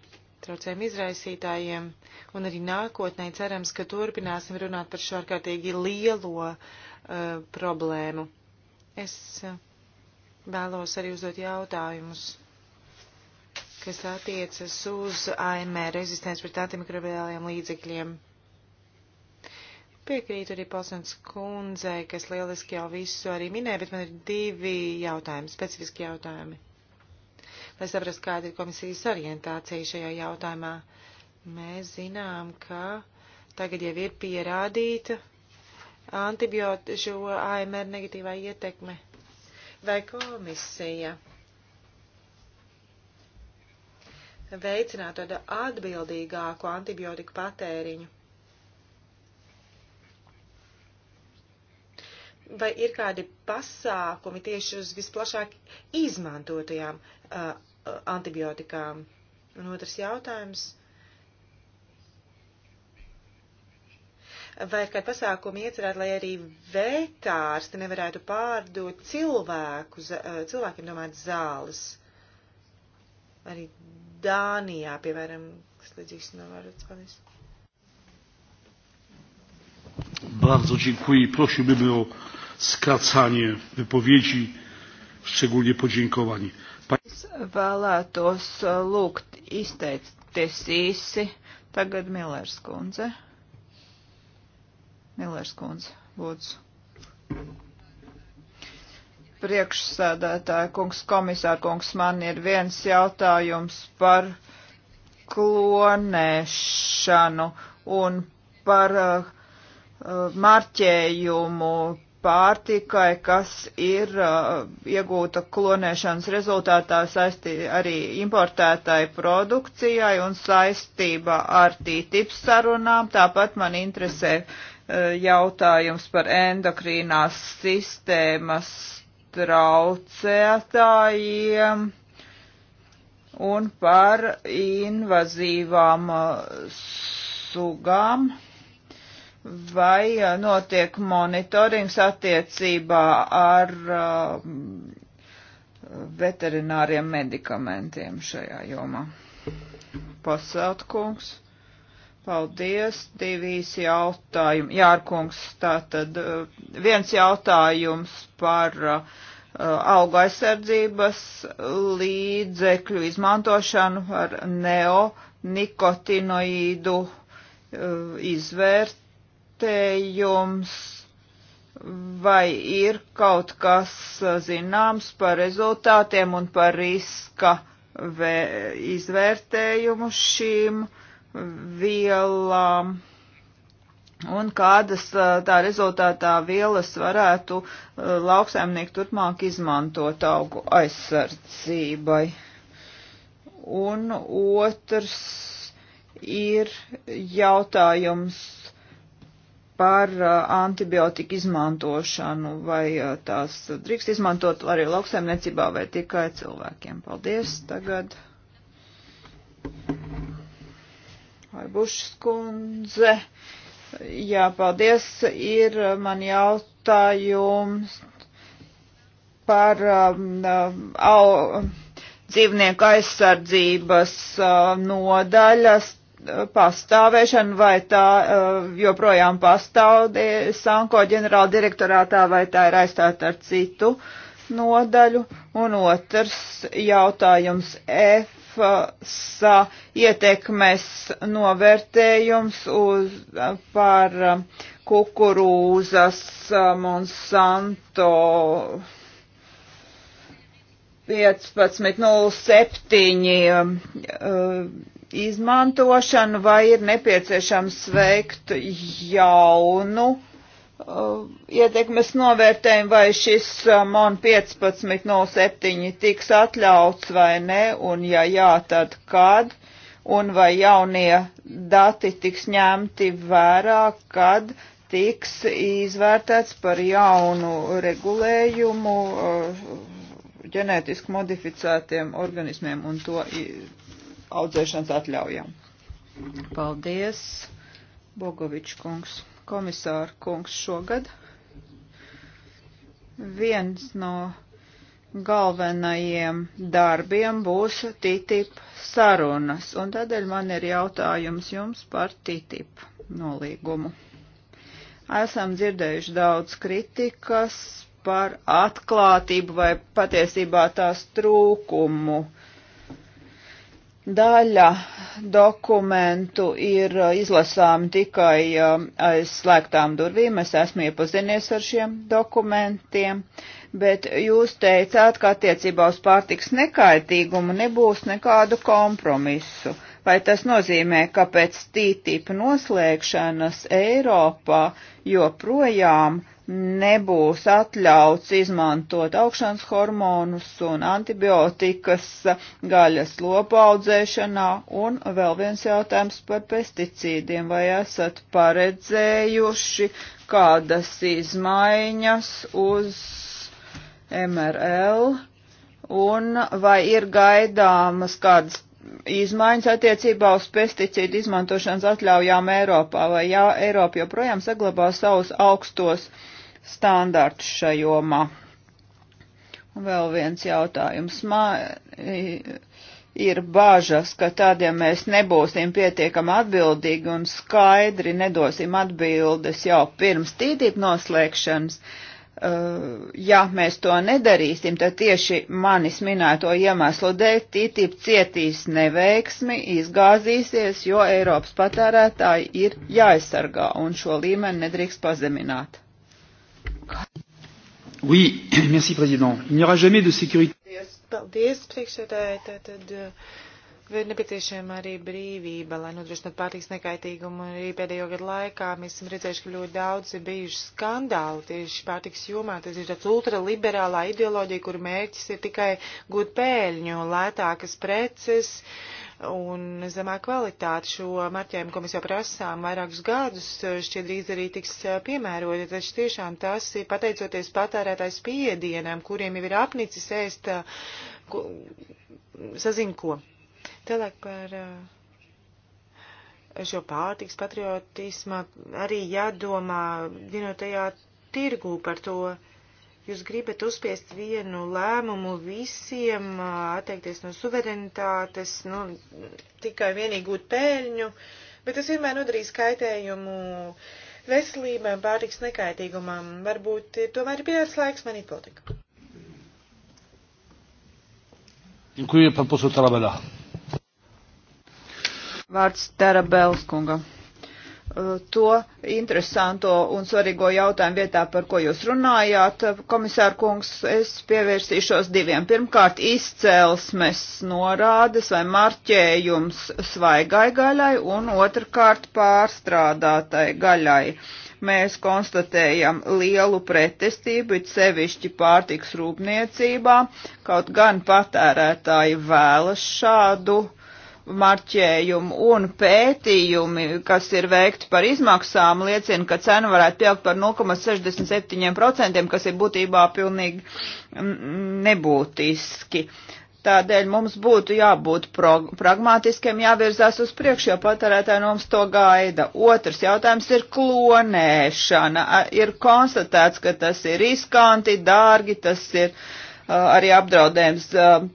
traucējumu izraisītājiem, un arī nākotnē cerams, ka turpināsim runāt par šo ārkārtīgi lielo uh, problēmu. Es eh, vēlos arī uzdot jautājumus, kas attiecas uz AMR rezistents pret antimikrobiāliem līdzekļiem. Piekrītu arī Palsons kundzei, kas lieliski jau visu arī minēja, bet man ir divi jautājumi, specifiski jautājumi. Lai saprastu, kāda ir komisijas orientācija šajā jautājumā, mēs zinām, ka tagad jau ir pierādīta antibiotiku AMR negatīvā ietekme vai komisija veicinātu tādu atbildīgāku antibiotiku patēriņu. Vai ir kādi pasākumi tieši uz visplašāk izmantotajām uh, uh antibiotikām? Un otrs jautājums vai kad pasākumi iecerēt, lai arī vētārsti nevarētu pārdot cilvēku, eh, cilvēkiem domāt zāles. Arī Dānijā, piemēram, kas līdzīgs nav vārds, paldies. Bardzo dziękuję i prosiłbym o skracanie wypowiedzi, szczególnie podziękowań. Es vēlētos eh, lūgt izteikties īsi. Tagad Millers kundze. Millers kundze, lūdzu. Priekšsēdētāja kungs, komisāra kungs, man ir viens jautājums par klonēšanu un par uh, uh marķējumu pārtikai, kas ir uh, iegūta klonēšanas rezultātā saistī arī importētai produkcijai un saistībā ar TTIP sarunām. Tāpat man interesē jautājums par endokrīnās sistēmas traucētājiem un par invazīvām uh, sugām. Vai uh, notiek monitorings attiecībā ar uh, veterināriem medikamentiem šajā jomā? Pasātkungs. Paldies, divīs jautājumi. Jārkungs, tātad eh, viens jautājums par uh, eh, auga aizsardzības līdzekļu izmantošanu ar neonikotinoīdu uh, izvērtējums. Vai ir kaut kas zināms par rezultātiem un par riska izvērtējumu šīm uh, vielām un kādas tā rezultātā vielas varētu lauksaimnieki turpmāk izmantot augu aizsardzībai. Un otrs ir jautājums par antibiotiku izmantošanu, vai tās drīkst izmantot arī lauksaimniecībā vai tikai cilvēkiem. Paldies tagad vai Bušas kundze. Jā, paldies. Ir uh, man jautājums par um, um, au, dzīvnieku aizsardzības uh, nodaļas uh, pastāvēšanu, vai tā uh, joprojām pastāv Sanko ģenerāla direktorātā, vai tā ir aizstāta ar citu nodaļu. Un otrs jautājums F EFSA ietekmes novērtējums uz, par uh, kukurūzas uh, Monsanto 15.07 um, uh, izmantošanu vai ir nepieciešams veikt jaunu Uh, ietekmes novērtējumu, vai šis uh, MON 1507 tiks atļauts vai ne, un ja jā, tad kad, un vai jaunie dati tiks ņemti vērā, kad tiks izvērtēts par jaunu regulējumu uh, ģenētiski modificētiem organismiem un to audzēšanas atļaujām. Paldies, Bogovičs kungs komisāra kungs šogad. Viens no galvenajiem darbiem būs TTIP sarunas, un tādēļ man ir jautājums jums par TTIP nolīgumu. Esam dzirdējuši daudz kritikas par atklātību vai patiesībā tās trūkumu Daļa dokumentu ir uh, izlasām tikai um, aiz slēgtām durvīm. Es esmu iepazinies ar šiem dokumentiem, bet jūs teicāt, ka attiecībā uz pārtiks nekaitīgumu nebūs nekādu kompromisu. Vai tas nozīmē, ka pēc tītīpa noslēgšanas Eiropā joprojām nebūs atļauts izmantot augšanas hormonus un antibiotikas gaļas lopaudzēšanā. Un vēl viens jautājums par pesticīdiem. Vai esat paredzējuši kādas izmaiņas uz MRL? Un vai ir gaidāmas kādas izmaiņas attiecībā uz pesticīdu izmantošanas atļaujām Eiropā, vai jā, Eiropa joprojām saglabā savus augstos standārtus šajomā. Un vēl viens jautājums. Mā, ir bažas, ka tad, ja mēs nebūsim pietiekami atbildīgi un skaidri nedosim atbildes jau pirms tītību noslēgšanas, uh, Eh, ja mēs to nedarīsim, tad tieši manis minēto iemeslu dēļ TTIP cietīs neveiksmi, izgāzīsies, jo Eiropas patērētāji ir jāaizsargā un šo līmeni nedrīkst pazemināt. Oui, merci, président. Il n'y aura jamais de sécurité. Paldies, priekšsēdētāji. Tad, tad, uh ir nepieciešama arī brīvība, lai nodrošinātu pārtiks nekaitīgumu. Arī pēdējo gadu laikā mēs esam redzējuši, ka ļoti daudz ir bijuši skandāli tieši pārtiks jomā. Tas ir tāds ultraliberālā ideoloģija, kur mērķis ir tikai gūt pēļņu, lētākas preces un zemā kvalitāte šo marķējumu, ko mēs jau prasām vairākus gadus, šķiet drīz arī tiks piemēroti. Taču tiešām tas ir pateicoties patērētājs piedienam, kuriem jau ir apnicis ēst sazinko. Tālāk par eh, šo pārtiks patriotismu arī jādomā vienotajā tirgū par to. Jūs gribat uzspiest vienu lēmumu visiem, eh, atteikties no suverenitātes, nu, tikai vienīgi gūt pēļņu, bet tas vienmēr nodarīs kaitējumu veselībai, pārtiks nekaitīgumam. Varbūt ir eh, tomēr ir pienācis laiks mainīt politiku. Dziękuję, pan poseł Tarabella. Vārds Terabels kungam uh, to interesanto un svarīgo jautājumu vietā, par ko jūs runājāt, komisāra kungs, es pievērsīšos diviem. Pirmkārt, izcelsmes norādes vai marķējums svaigai gaļai un otrkārt pārstrādātai gaļai. Mēs konstatējam lielu pretestību, it sevišķi pārtiks rūpniecībā, kaut gan patērētāji vēlas šādu uh, marķējumu un pētījumi, kas ir veikti par izmaksām, liecina, ka cena varētu pieaugt par 0,67%, kas ir būtībā pilnīgi mm, nebūtiski. Tādēļ mums būtu jābūt pragmātiskiem, jāvirzās uz priekšu, jo patērētāji no mums to gaida. Otrs jautājums ir klonēšana. Ir konstatēts, ka tas ir riskanti, dārgi, tas ir uh, arī apdraudējums uh,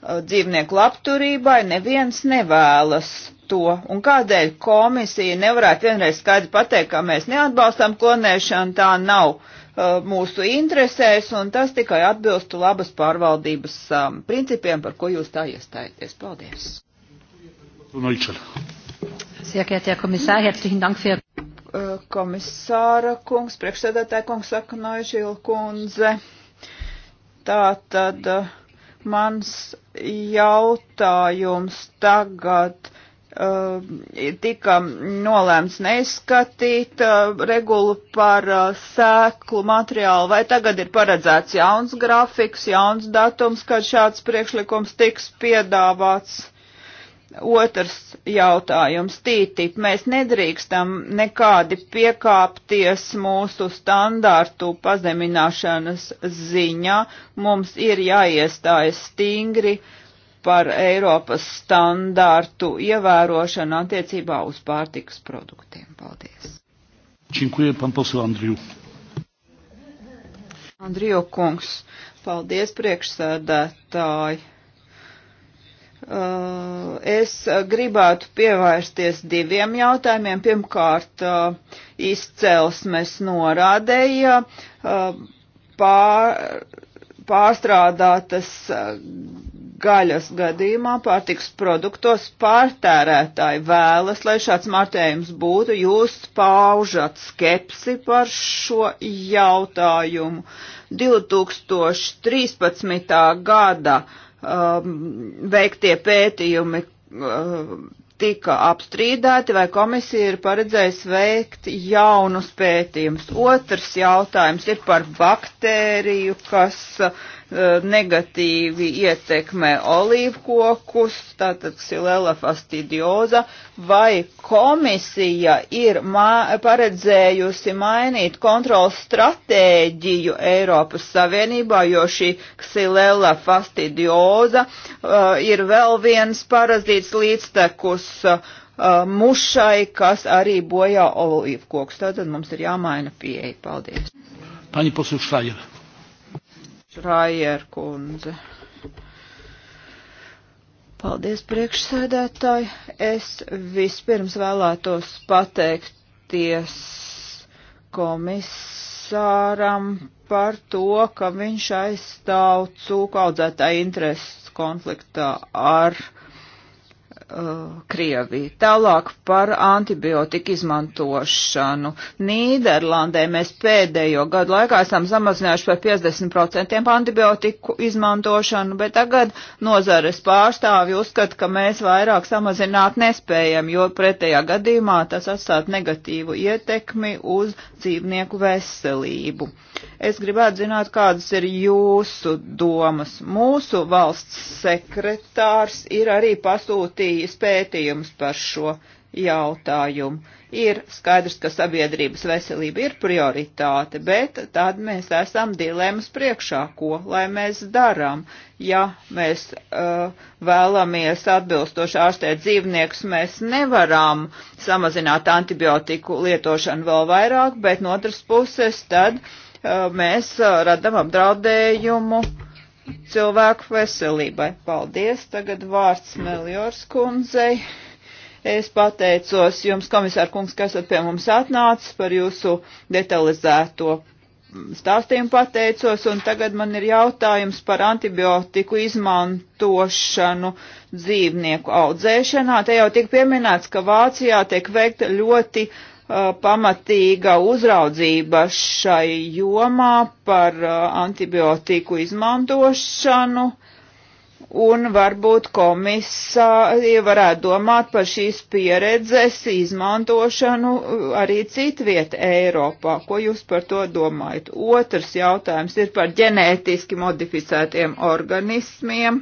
Uh, dzīvnieku labturībai neviens nevēlas to. Un kādēļ komisija nevarētu vienreiz skaidri pateikt, ka mēs neatbalstam klonēšanu, tā nav uh, mūsu interesēs, un tas tikai atbilstu labas pārvaldības um, principiem, par ko jūs tā iestājaties. Paldies! Uh, komisāra kungs, priekšsēdētāja kungs, saka Noižila kundze. Tā tad. Uh, Mans jautājums tagad uh, tika nolēmts neskatīt uh, regulu par uh, sēklu materiālu, vai tagad ir paredzēts jauns grafiks, jauns datums, kad šāds priekšlikums tiks piedāvāts? Otrs jautājums - tītip. Mēs nedrīkstam nekādi piekāpties mūsu standārtu pazemināšanas ziņā. Mums ir jāiestājas stingri par Eiropas standārtu ievērošanu attiecībā uz pārtikas produktiem. Paldies. Činkuje, pan posel Andriju. Andriju kungs, paldies priekšsēdētāji. Eh, es gribētu pievērsties diviem jautājumiem. Pirmkārt, eh, izcelsmes norādēja eh, pār, pārstrādātas gaļas gadījumā pārtiks produktos pārtērētāji vēlas, lai šāds martējums būtu, jūs paužat skepsi par šo jautājumu. 2013. gada uh, um, veiktie pētījumi um, tika apstrīdēti, vai komisija ir paredzējusi veikt jaunus pētījumus. Otrs jautājums ir par baktēriju, kas uh, E, negatīvi ietekmē olīvkokus, tātad ksilela fastidioza, vai komisija ir mā, paredzējusi mainīt kontrols stratēģiju Eiropas Savienībā, jo šī ksilela fastidioza uh, ir vēl viens parazīts līdztekus uh, mušai, kas arī bojā olīvkokus. Tātad mums ir jāmaina pieeja. Paldies. Pani posūšājai. Šrajer kundze. Paldies, priekšsēdētāji. Es vispirms vēlētos pateikties komisāram par to, ka viņš aizstāv cūku audzētāju intereses konfliktā ar uh, Uh, Krieviju. Tālāk par antibiotiku izmantošanu. Nīderlandē mēs pēdējo gadu laikā esam samazinājuši par 50% antibiotiku izmantošanu, bet tagad nozares pārstāvi uzskata, ka mēs vairāk samazināt nespējam, jo pretējā gadījumā tas atstāt negatīvu ietekmi uz dzīvnieku veselību. Es gribētu zināt, kādas ir jūsu domas. Mūsu valsts sekretārs ir arī pasūtījis bijis pētījums par šo jautājumu. Ir skaidrs, ka sabiedrības veselība ir prioritāte, bet tad mēs esam dilemmas priekšā, ko lai mēs darām. Ja mēs uh, vēlamies atbilstoši ārstēt dzīvniekus, mēs nevaram samazināt antibiotiku lietošanu vēl vairāk, bet no otras puses tad uh, mēs uh, radam apdraudējumu uh, cilvēku veselībai. Paldies, tagad vārds Meliors kundzei. Es pateicos jums, komisār kungs, kas esat pie mums atnācis par jūsu detalizēto stāstījumu pateicos, un tagad man ir jautājums par antibiotiku izmantošanu dzīvnieku audzēšanā. Te jau tik pieminēts, ka Vācijā tiek veikta ļoti uh, Uh, pamatīga uzraudzība šai jomā par uh, antibiotiku izmantošanu, un varbūt komisāri varētu domāt par šīs pieredzes izmantošanu uh, arī citviet Eiropā. Ko jūs par to domājat? Otrs jautājums ir par ģenētiski modificētiem organismiem.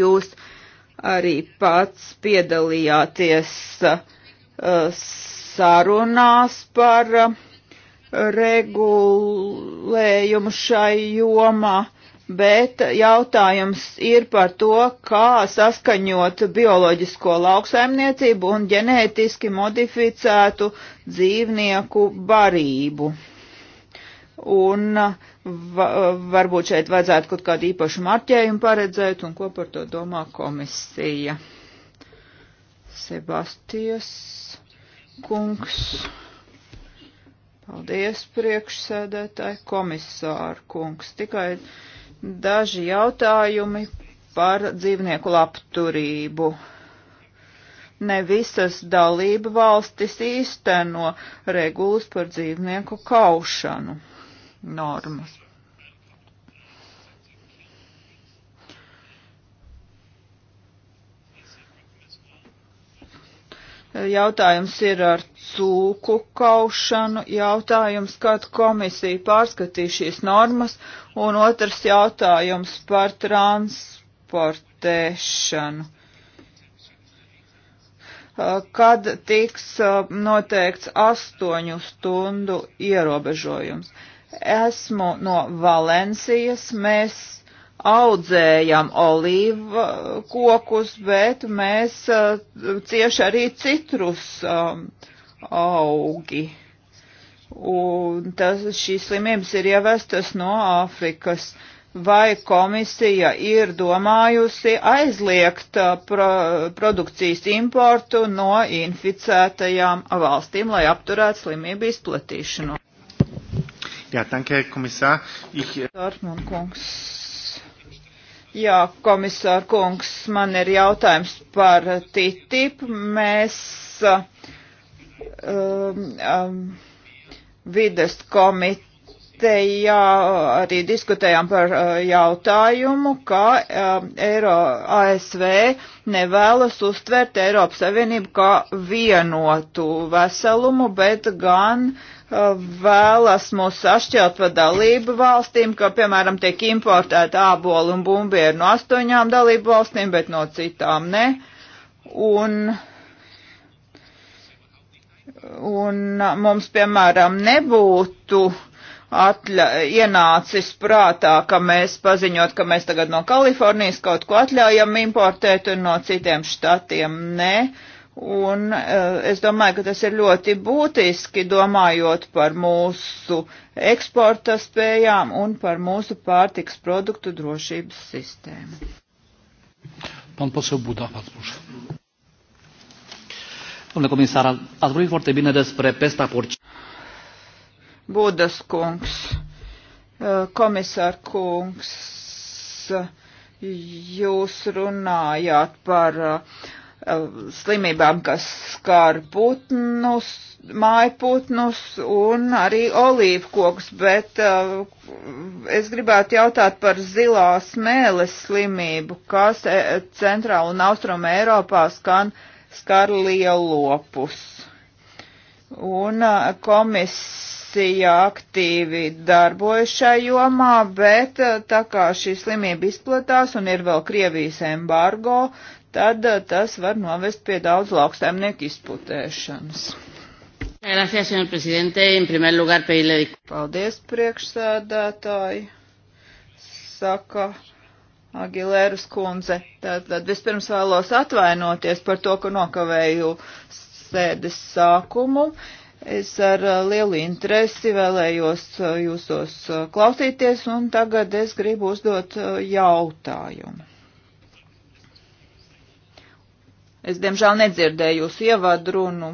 Jūs arī pats piedalījāties uh, sarunās par uh, regulējumu šai jomā, bet jautājums ir par to, kā saskaņot bioloģisko lauksaimniecību un ģenētiski modificētu dzīvnieku barību. Un uh, va uh, varbūt šeit vajadzētu kaut kādu īpašu marķējumu paredzēt, un ko par to domā komisija. Sebastijas kungs. Paldies, priekšsēdētāji, komisāru kungs. Tikai daži jautājumi par dzīvnieku labturību. Ne visas dalība valstis īsteno regulas par dzīvnieku kaušanu normas. Jautājums ir ar cūku kaušanu, jautājums, kad komisija pārskatīs šīs normas, un otrs jautājums par transportēšanu. Kad tiks noteikts astoņu stundu ierobežojums? Esmu no Valencijas, mēs audzējam olīvu kokus, bet mēs eh, cieši arī citrus um, augi. Un tas, šīs slimības ir ievestas no Āfrikas. Vai komisija ir domājusi aizliegt uh, pro, produkcijas importu no inficētajām valstīm, lai apturētu slimību izplatīšanu? Jā, tanke, komisār. Ich... Dortmund kungs. Jā, komisār kungs, man ir jautājums par TTIP. Mēs uh, um, um, vides komiteju komitejā arī diskutējām par uh, jautājumu, ka um, Eiro ASV nevēlas uztvert Eiropas Savienību kā vienotu veselumu, bet gan uh, vēlas mūs sašķelt pa dalību valstīm, ka, piemēram, tiek importēta āboli un bumbieri no astoņām dalību valstīm, bet no citām ne. Un un mums, piemēram, nebūtu atļa, ienācis prātā, ka mēs paziņot, ka mēs tagad no Kalifornijas kaut ko atļaujam importēt un no citiem štatiem nē. Un eh, es domāju, ka tas ir ļoti būtiski domājot par mūsu eksporta spējām un par mūsu pārtiks produktu drošības sistēmu. Pan poseł Buda, bardzo proszę. Domnule comisar, ați vorbit foarte bine despre pesta porcină. Budas kungs, eh, komisār kungs, jūs runājāt par eh, slimībām, kas skar putnus, mājputnus un arī olīvkoks, bet uh, es gribētu jautāt par zilā smēles slimību, kas centrāla un austruma Eiropā skan skar lielopus. Un uh, komis komisija aktīvi darbojas šajā jomā, bet eh, tā kā šī slimība izplatās un ir vēl Krievijas embargo, tad eh, tas var novest pie daudz lauksaimnieku izputēšanas. Gracias, señor presidente. En primer lugar, pedirle Paldies, priekšsēdētāji, saka Agilēras kundze. Tātad vispirms vēlos atvainoties par to, ka nokavēju sēdes sākumu. Uh, Es ar uh, lielu interesi vēlējos uh, jūsos uh, klausīties, un tagad es gribu uzdot jautājumu. Es, diemžēl, nedzirdēju jūsu ievadrunu,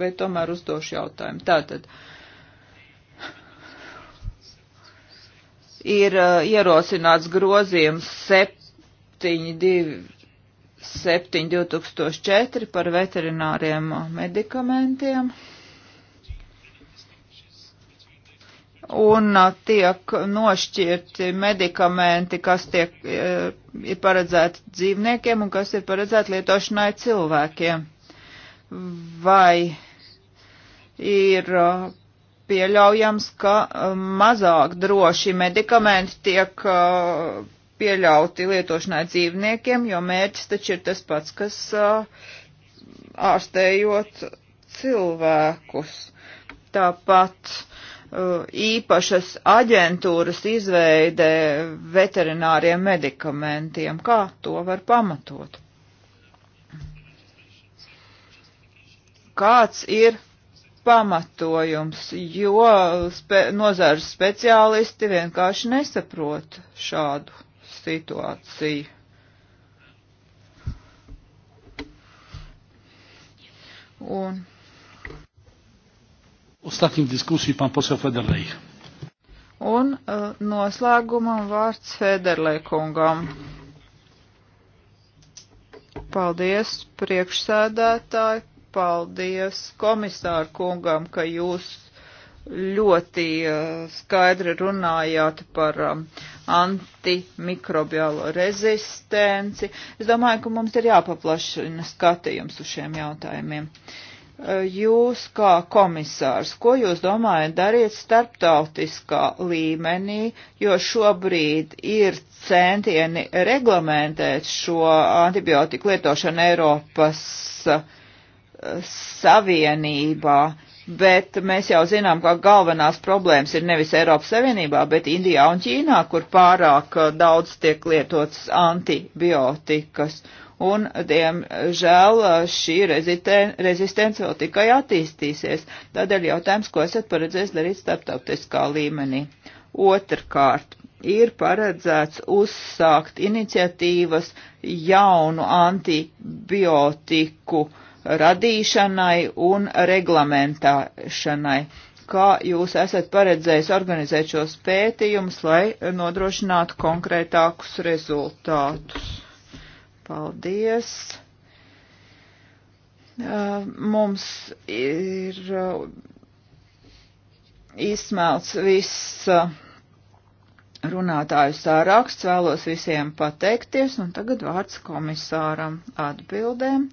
bet tomēr uzdošu jautājumu. Tātad. Ir ierosināts grozījums 7.2.2004 par veterināriem medikamentiem. un uh, tiek nošķirti medikamenti, kas tiek, uh, ir paredzēti dzīvniekiem un kas ir paredzēti lietošanai cilvēkiem. Vai ir uh, pieļaujams, ka mazāk droši medikamenti tiek pieļauti lietošanai dzīvniekiem, jo mērķis taču ir tas pats, kas ārstējot cilvēkus. Tāpat Uh, īpašas aģentūras izveide veterināriem medikamentiem. Kā to var pamatot? Kāds ir pamatojums, jo spe nozares speciālisti vienkārši nesaprot šādu situāciju? Un Ostatnim diskusiju pan posel Federlei. Un uh, noslēgumam vārds Federlei kungam. Paldies priekšsēdētāji, paldies komisāru kungam, ka jūs ļoti e, skaidri runājāt par e, antimikrobiālo rezistenci. Es domāju, ka mums ir jāpaplašina skatījums uz šiem jautājumiem. Uh, jūs kā komisārs, ko jūs domājat darīt starptautiskā līmenī, jo šobrīd ir centieni reglamentēt šo antibiotiku lietošanu Eiropas uh, Savienībā, bet mēs jau zinām, ka galvenās problēmas ir nevis Eiropas Savienībā, bet Indijā un Ķīnā, kur pārāk uh, daudz tiek lietots antibiotikas. Uh, un, diemžēl, šī rezistence vēl tikai attīstīsies. Tādēļ jautājums, ko esat paredzējis darīt starptautiskā līmenī. Otrkārt, ir paredzēts uzsākt iniciatīvas jaunu antibiotiku radīšanai un reglamentēšanai. Kā jūs esat paredzējis organizēt šos pētījumus, lai nodrošinātu konkrētākus rezultātus? Paldies! Uh, mums ir uh, izsmelts viss uh, runātāju sāraksts, vēlos visiem pateikties, un tagad vārds komisāram atbildēm.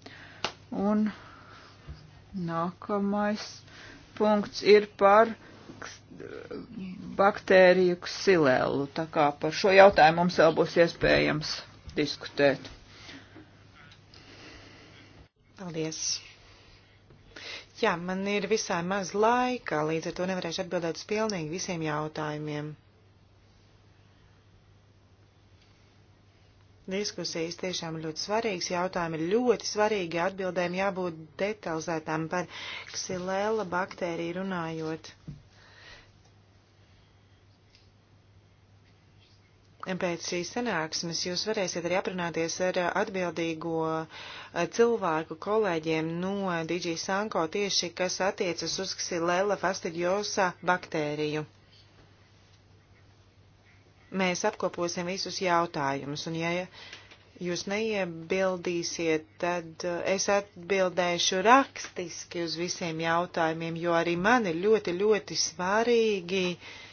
Un nākamais punkts ir par baktēriju ksilēlu, tā kā par šo jautājumu mums vēl būs iespējams diskutēt. Paldies! Jā, man ir visai maz laika, līdz ar to nevarēšu atbildēt uz pilnīgi visiem jautājumiem. Diskusijas tiešām ļoti svarīgas, jautājumi ir ļoti svarīgi, atbildēm jābūt detalizētām par ksilēla baktēriju runājot. Pēc šīs sanāksmes jūs varēsiet arī aprunāties ar atbildīgo eh, cilvēku kolēģiem no DG Sanko tieši, kas attiecas uz Xylella fastidiosa baktēriju. Mēs apkoposim visus jautājumus, un ja jūs neiebildīsiet, tad eh, es atbildēšu rakstiski uz visiem jautājumiem, jo arī man ir ļoti, ļoti svarīgi uh,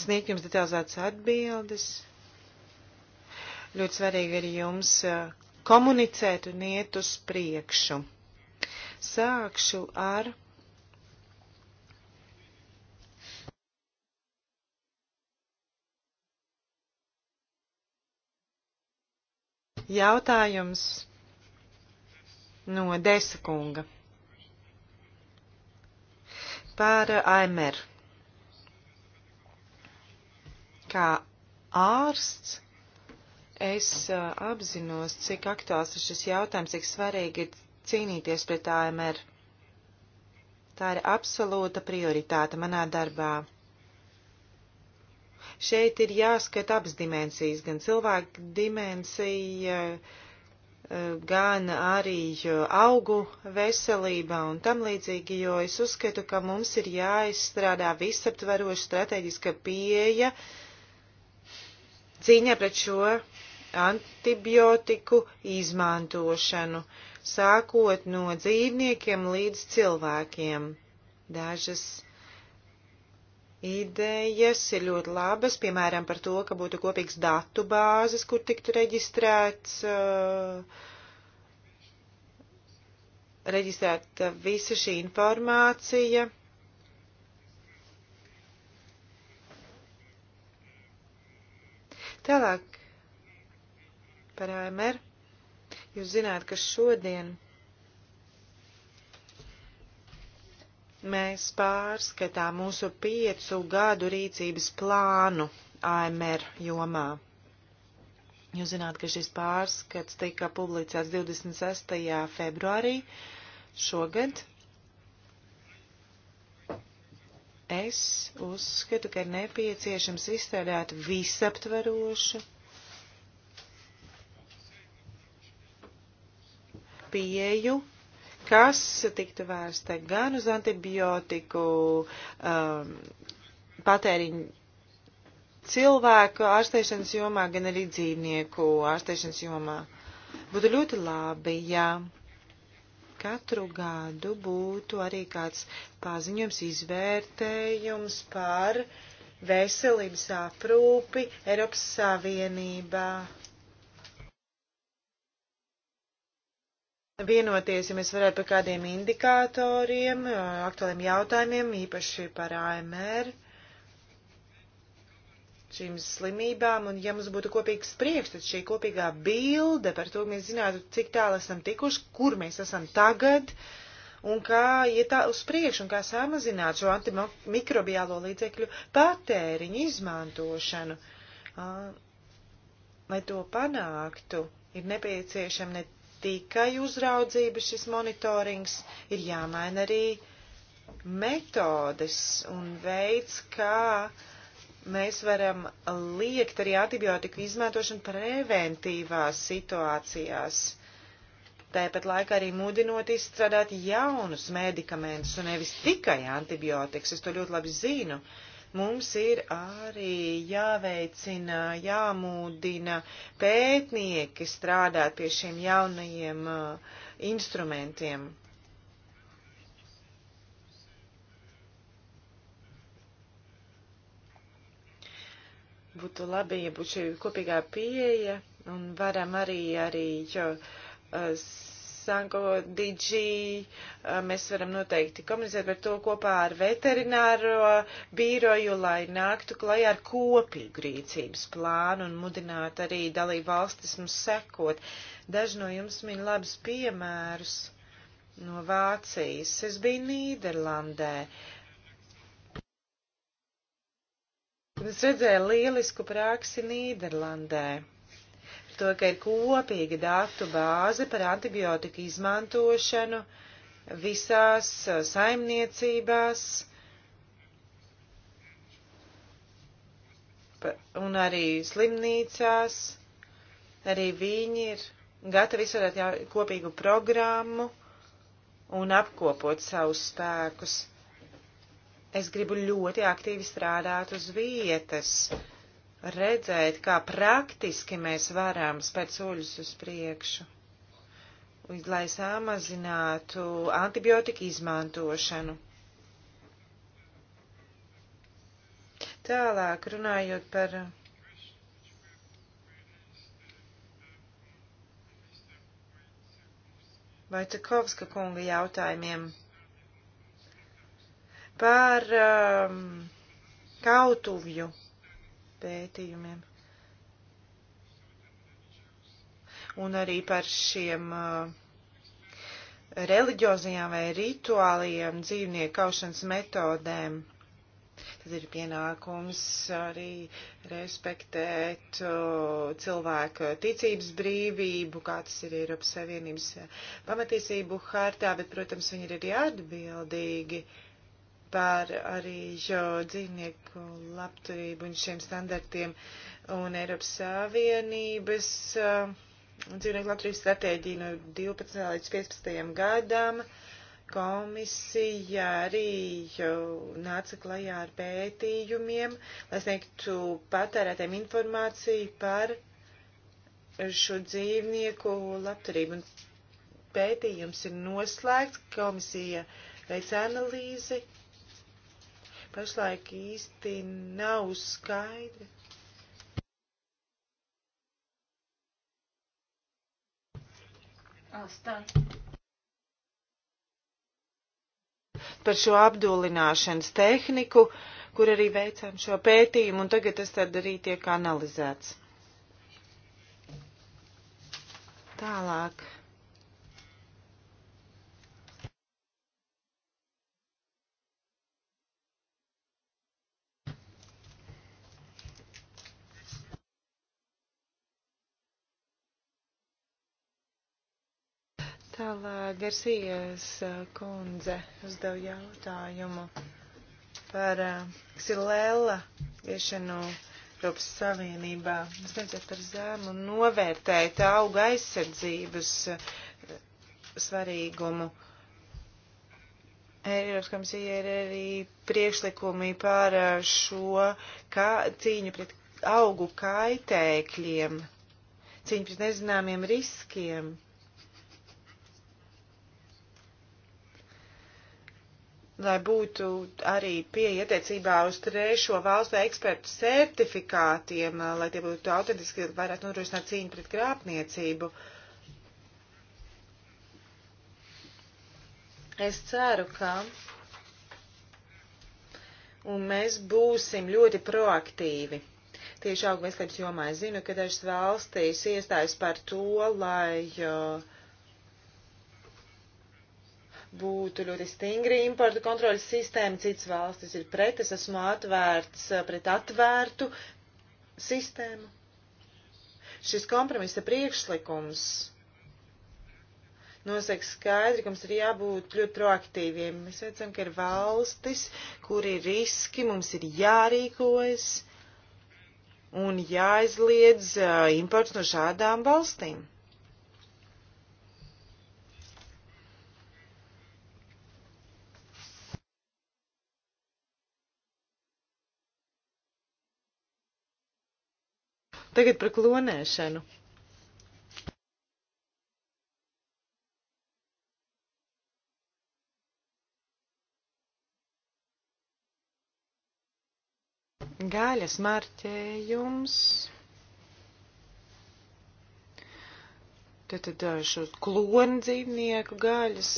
sniegt jums detalizētas atbildes. Ļoti svarīgi arī jums eh, komunicēt un iet uz priekšu. Sākšu ar. Jautājums no Desa kunga par AMR. Kā ārsts es apzinos, cik aktuāls ir šis jautājums, cik svarīgi ir cīnīties pret AMR. Tā ir absolūta prioritāte manā darbā šeit ir jāskata abas dimensijas, gan cilvēka dimensija, gan arī augu veselība un tam līdzīgi, jo es uzskatu, ka mums ir jāizstrādā visaptveroša strateģiska pieeja cīņā pret šo antibiotiku izmantošanu, sākot no dzīvniekiem līdz cilvēkiem. Dažas idejas ir ļoti labas, piemēram, par to, ka būtu kopīgs datu bāzes, kur tiktu reģistrēts, uh, reģistrēta visa šī informācija. Tālāk par AMR. Jūs zināt, ka šodien mēs pārskatām mūsu piecu gadu rīcības plānu AMR jomā. Jūs zināt, ka šis pārskats tika publicēts 26. februārī šogad. Es uzskatu, ka ir nepieciešams izstrādāt visaptvarošu pieju, kas tiktu vērsta gan uz antibiotiku um, patēriņu cilvēku ārsteišanas jomā, gan arī dzīvnieku ārsteišanas jomā. Būtu ļoti labi, ja katru gadu būtu arī kāds paziņojums, izvērtējums par veselības aprūpi Eiropas Savienībā. Vienoties, ja mēs varētu par kādiem indikatoriem, aktuāliem jautājumiem, īpaši par AMR šīm slimībām, un ja mums būtu kopīgs priekšstats, šī kopīgā bilde par to, mēs zinātu, cik tālu esam tikuši, kur mēs esam tagad, un kā iet ja uz priekšu, un kā samazināt šo antimikrobiālo līdzekļu patēriņu, izmantošanu. Lai to panāktu, ir nepieciešama ne tikai uzraudzība, šis monitorings, ir jāmaina arī metodes un veids, kā uh, mēs varam liekt arī antibiotiku izmantošanu preventīvās situācijās. Tāpat laikā arī mudinot izstrādāt jaunus medikamentus un nevis tikai antibiotikas. Es to ļoti labi zinu. Mums ir arī jāveicina, jāmūdina pētnieki strādāt pie šiem jaunajiem uh, instrumentiem. Būtu labi, ja būtu šī kopīgā pieeja un varam arī, arī jo, Sanko Digi, mēs varam noteikti komunicēt par to kopā ar veterināro bīroju, lai nāktu klajā ar kopīgu rīcības plānu un mudinātu arī dalību valstis mums sekot. Daži no jums min labus piemērus no Vācijas. Es biju Nīderlandē. Uh, Un es redzēju lielisku praksi Nīderlandē to, ka ir kopīga datu bāze par antibiotiku izmantošanu visās uh, saimniecībās un arī slimnīcās. Arī viņi ir gatavi izsvarēt kopīgu programmu un apkopot savus spēkus. Es gribu ļoti aktīvi strādāt uz vietas, redzēt, kā praktiski mēs varam spēt soļus uz priekšu, lai samazinātu antibiotika izmantošanu. Tālāk runājot par. Vaicekovska kunga jautājumiem par um, kautuvju pētījumiem. Un arī par šiem uh, reliģiozajām vai rituālajiem dzīvnieku kaušanas metodēm. Tad ir pienākums arī respektēt uh, cilvēku ticības brīvību, kā tas ir Eiropas Savienības pamatiesību hartā, bet, protams, viņi ir arī atbildīgi uh, par arī dzīvnieku labturību un šiem standartiem un Eiropas Savienības uh, dzīvnieku labturības stratēģiju no 12. līdz 15. gadam. Komisija arī nāca klajā ar pētījumiem, lai sniegtu patērētēm informāciju par šo dzīvnieku labturību. Un pētījums ir noslēgts, komisija veic analīzi pašlaik īsti nav skaidri. Par šo apdulināšanas tehniku, kur arī veicām šo pētījumu, un tagad tas tad arī tiek analizēts. Tālāk. Tālāk Garcijas kundze uzdev jautājumu par ksilēla iešanu Eiropas Savienībā. Mums nevajadzētu par zēmu novērtēt auga aizsardzības svarīgumu. Eiropas komisija ir arī priekšlikumi par šo kā, cīņu pret augu kaitēkļiem, cīņu pret nezināmiem riskiem lai būtu arī pieeja attiecībā uz trešo valstu ekspertu certifikātiem, lai tie būtu autentiski, varētu nodrošināt cīņu pret krāpniecību. Es ceru, ka. Un mēs būsim ļoti proaktīvi. Tieši augveselības jomā es zinu, ka dažas valstīs iestājas par to, lai uh, būtu ļoti stingri importu kontroļas sistēma, citas valstis ir pret, es esmu atvērts eh, pret atvērtu sistēmu. Šis kompromisa priekšlikums nosaka skaidri, ka mums ir jābūt ļoti proaktīviem. Mēs redzam, ka ir valstis, kur ir riski, mums ir jārīkojas un jāizliedz eh, imports no šādām valstīm. Tagad par klonēšanu. Gaļas marķējums. Tad, tad šo klonu dzīvnieku gaļas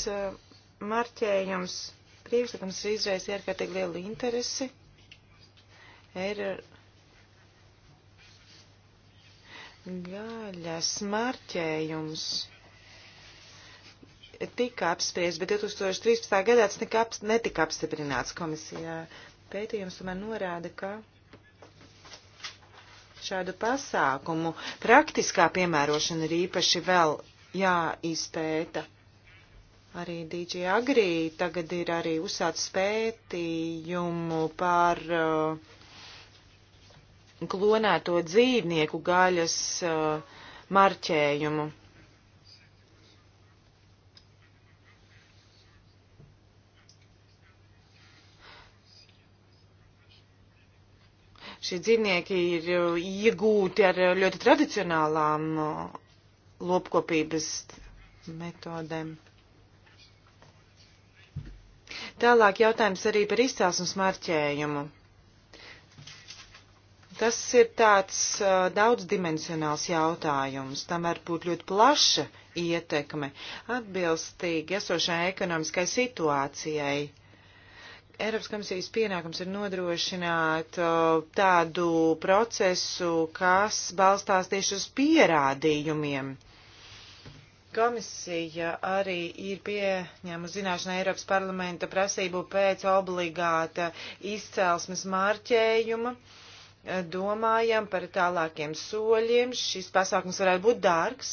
marķējums priekšlikums izraisa ārkārtīgi lielu interesi. Ir er, Gaļas marķējums tika apspriests, bet 2013. gadā tas tika aps, netika apstiprināts komisijā. Pētījums tomēr norāda, ka šādu pasākumu praktiskā piemērošana ir īpaši vēl jāizpēta. Arī DJ Agrī tagad ir arī uzsācis pētījumu par uh, klonēto dzīvnieku gaļas uh, marķējumu. Šie dzīvnieki ir uh, iegūti ar uh, ļoti tradicionālām uh, lopkopības metodēm. Tālāk jautājums arī par izcelsmes marķējumu. Tas ir tāds uh, daudzdimensionāls jautājums, tam var būt ļoti plaša ietekme, atbilstīgi esošai ekonomiskai situācijai. Eiropas komisijas pienākums ir nodrošināt uh, tādu procesu, kas balstās tieši uz pierādījumiem. Komisija arī ir pieņēma zināšanā Eiropas parlamenta prasību pēc obligāta izcelsmes mārķējuma. Uh, domājam par tālākiem soļiem. Šis pasākums varētu būt dārgs,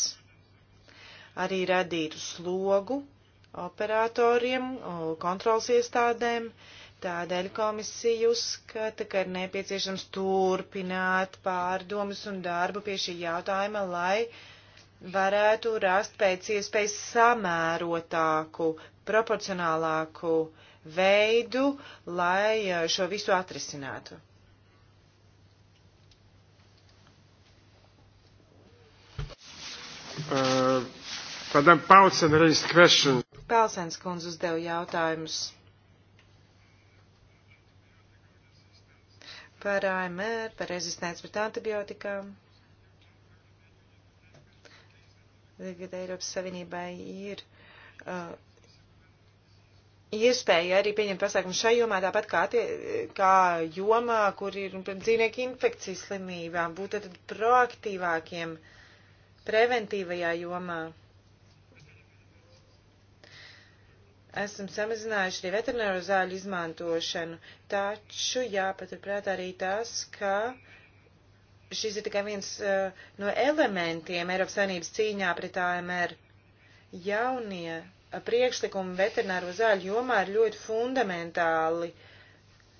arī radītu slogu operatoriem, kontrols iestādēm. Tādēļ komisija uzskata, ka ir nepieciešams turpināt pārdomas un darbu pie šī jautājuma, lai varētu rast pēc iespējas samērotāku, proporcionālāku veidu, lai eh, šo visu atrisinātu. Uh, Madam Paulsen raised question. Paulsens kundze uzdeva jautājumus. Par AMR, par rezistenci pret antibiotikām. Tagad Eiropas Savienībai ir uh, iespēja arī pieņemt pasākumu šai jomā, tāpat kā, tie, kā jomā, kur ir, piemēram, dzīvnieku infekcijas slimībām, būt tad proaktīvākiem. Uh, preventīvajā jomā. Esam samazinājuši arī veterināro zāļu izmantošanu, taču jāpaturprāt arī tas, ka šis ir tikai viens uh, no elementiem Eiropas Savienības cīņā pret AMR. Jaunie eh, priekšlikumi veterināro zāļu jomā ir ļoti fundamentāli,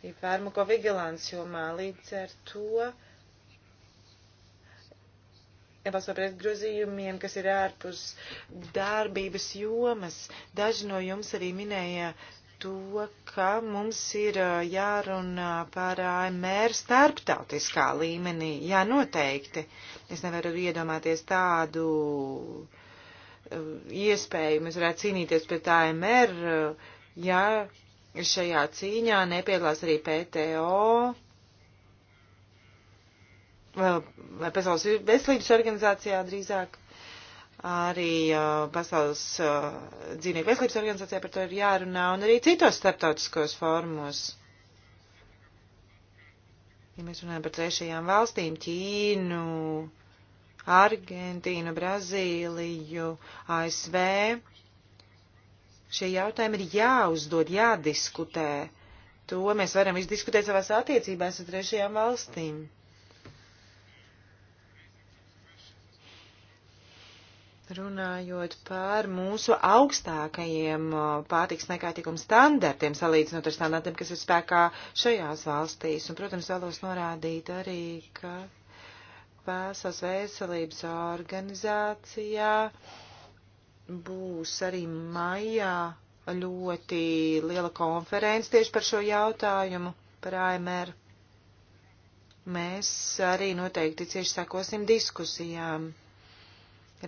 ir farmakovigilants jomā, līdz ar to balso pret grozījumiem, kas ir ārpus darbības jomas. Daži no jums arī minēja to, ka mums ir jārunā par AMR starptautiskā līmenī. Jā, noteikti. Es nevaru iedomāties tādu iespēju. Mēs varētu cīnīties pret AMR, ja šajā cīņā nepiedalās arī PTO vai Pasaules veselības organizācijā drīzāk, arī uh, Pasaules uh, dzīvnieku veselības organizācijā par to ir jārunā, un arī citos starptautiskos formos. Ja mēs runājam par trešajām valstīm, Ķīnu, Argentīnu, Brazīliju, ASV, šie jautājumi ir jāuzdod, jādiskutē. To mēs varam izdiskutēt savās attiecībās ar trešajām valstīm. runājot par mūsu augstākajiem pārtiks nekaitīguma standartiem, salīdzinot ar standartiem, kas ir spēkā šajās valstīs. Un, protams, vēlos norādīt arī, ka Pasaules veselības organizācijā būs arī maijā ļoti liela konference tieši par šo jautājumu, par AMR. Mēs arī noteikti cieši sakosim diskusijām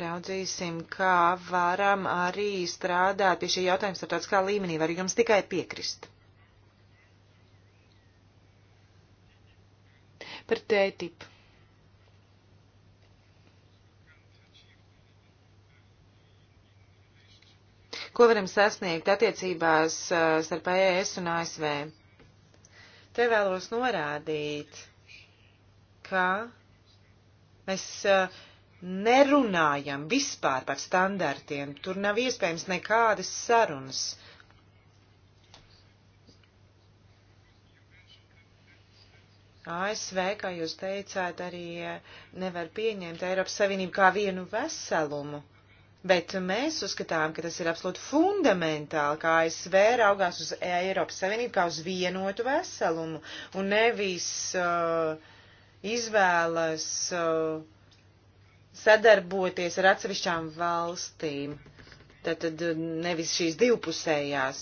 Raudzīsim, kā varam arī strādāt pie šī jautājuma starptautiskā līmenī. Var jums tikai piekrist. Par tētipu. Ko varam sasniegt attiecībās uh, starp ES un ASV? Te vēlos norādīt, ka mēs uh, nerunājam vispār par standartiem, tur nav iespējams nekādas sarunas. ASV, kā jūs teicāt, arī nevar pieņemt Eiropas Savienību kā vienu veselumu, bet mēs uzskatām, ka tas ir absolūti fundamentāli, kā ASV raugās uz Eiropas Savienību kā uz vienotu veselumu un nevis uh, izvēlas. Uh, sadarboties ar atsevišķām valstīm. Tātad eh, nevis šīs divpusējās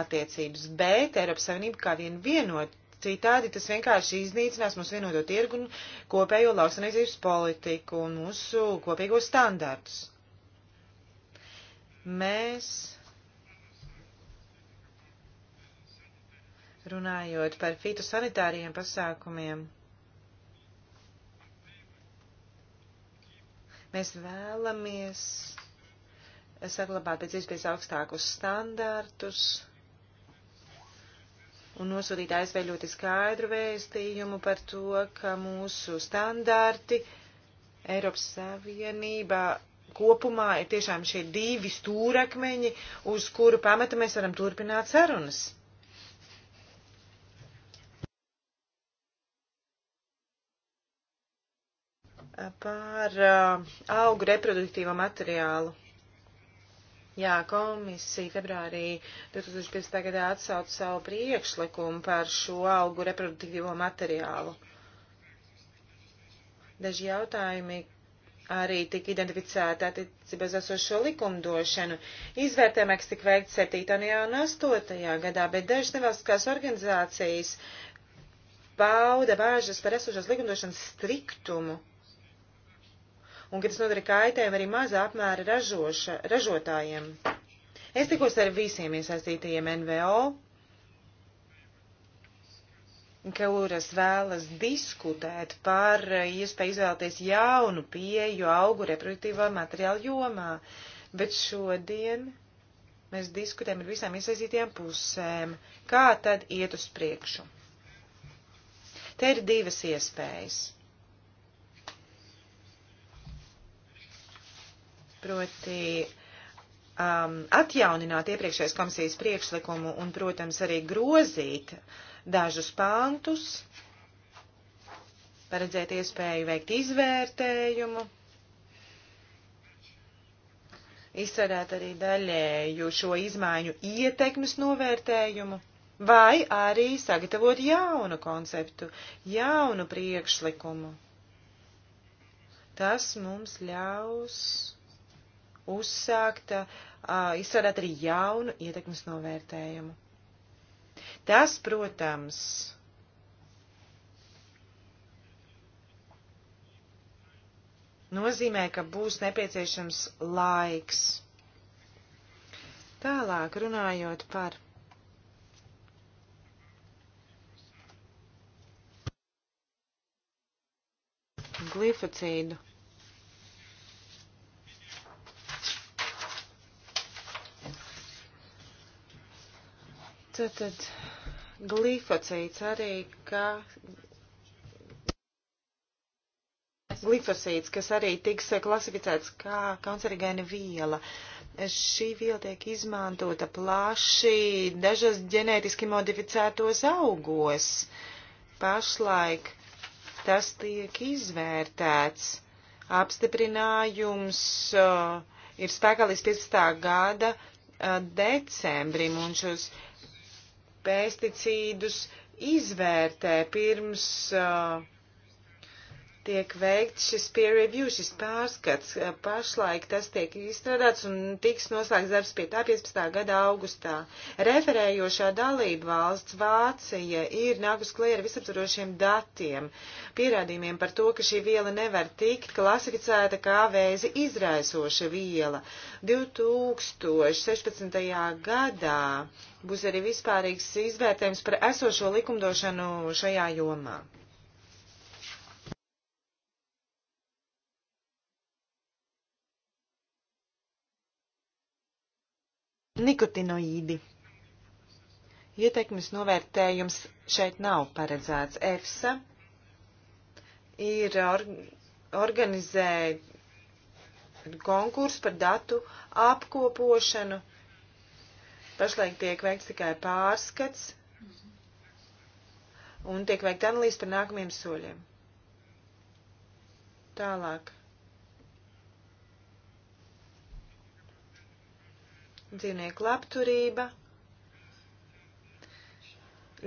attiecības, bet Eiropas Savienība kā vien vienot. Citādi tas vienkārši iznīcinās mūsu vienoto tirgu un kopējo lauksanīcības politiku un mūsu kopīgo standartus. Mēs runājot par fitosanitāriem pasākumiem. Mēs vēlamies saglabāt pēc iespējas augstākus standartus un nosūtīt ASV ļoti skaidru vēstījumu par to, ka mūsu standarti Eiropas Savienībā kopumā ir tiešām šie divi stūrakmeņi, uz kuru pamata mēs varam turpināt sarunas. par uh, augu reproduktīvo materiālu. Jā, komisija februārī 2015. gadā atsauca savu priekšlikumu par šo augu reproduktīvo materiālu. Daži jautājumi arī tika identificēti attiecībā uz esošo likumdošanu. Izvērtējumeks tika veikts 7. un 8. gadā, bet dažas nevalstiskās organizācijas pauda bāžas par esošās likumdošanas striktumu un ka tas nodara kaitējumu arī mazā apmēra ražoša, ražotājiem. Es tikos ar visiem iesaistītajiem NVO, kuras vēlas diskutēt par iespēju izvēlēties jaunu pieju augu reproduktīvā materiāla jomā. Bet šodien mēs diskutējam ar visām iesaistītajām pusēm, kā tad iet uz priekšu. Te ir divas iespējas. proti um, atjaunināt iepriekšējais komisijas priekšlikumu un, protams, arī grozīt dažus pāntus, paredzēt iespēju veikt izvērtējumu, izsvarāt arī daļēju šo izmaiņu ietekmes novērtējumu, vai arī sagatavot jaunu konceptu, jaunu priekšlikumu. Tas mums ļaus uzsākt, izstrādāt arī jaunu ietekmes novērtējumu. Tas, protams, nozīmē, ka būs nepieciešams laiks. Tālāk runājot par. glifocīdu. Tātad glifocīts arī, ka glifosīts, kas arī tiks klasificēts kā kancerigēna viela. Šī viela tiek izmantota plaši dažas ģenētiski modificētos augos. Pašlaik tas tiek izvērtēts. Apstiprinājums uh, ir spēkā līdz 15. gada uh, decembrim, un šos uh, pesticīdus izvērtē pirms uh, tiek veikts šis peer review, šis pārskats. Eh, pašlaik tas tiek izstrādāts un tiks noslēgts darbs pie tā 15. gada augustā. Referējošā dalība valsts Vācija ir nākus klē ar visaptvarošiem datiem, pierādījumiem par to, ka šī viela nevar tikt klasificēta kā vēzi izraisoša viela. 2016. gadā būs arī vispārīgs izvērtējums par esošo likumdošanu šajā jomā. Nikotinoīdi. Ieteikums novērtējums šeit nav paredzēts. EFSA ir or organizēja konkursu par datu apkopošanu. Pašlaik tiek veikts tikai pārskats un tiek veikta analīze par nākamajiem soļiem. Tālāk. dzīvnieku labturība.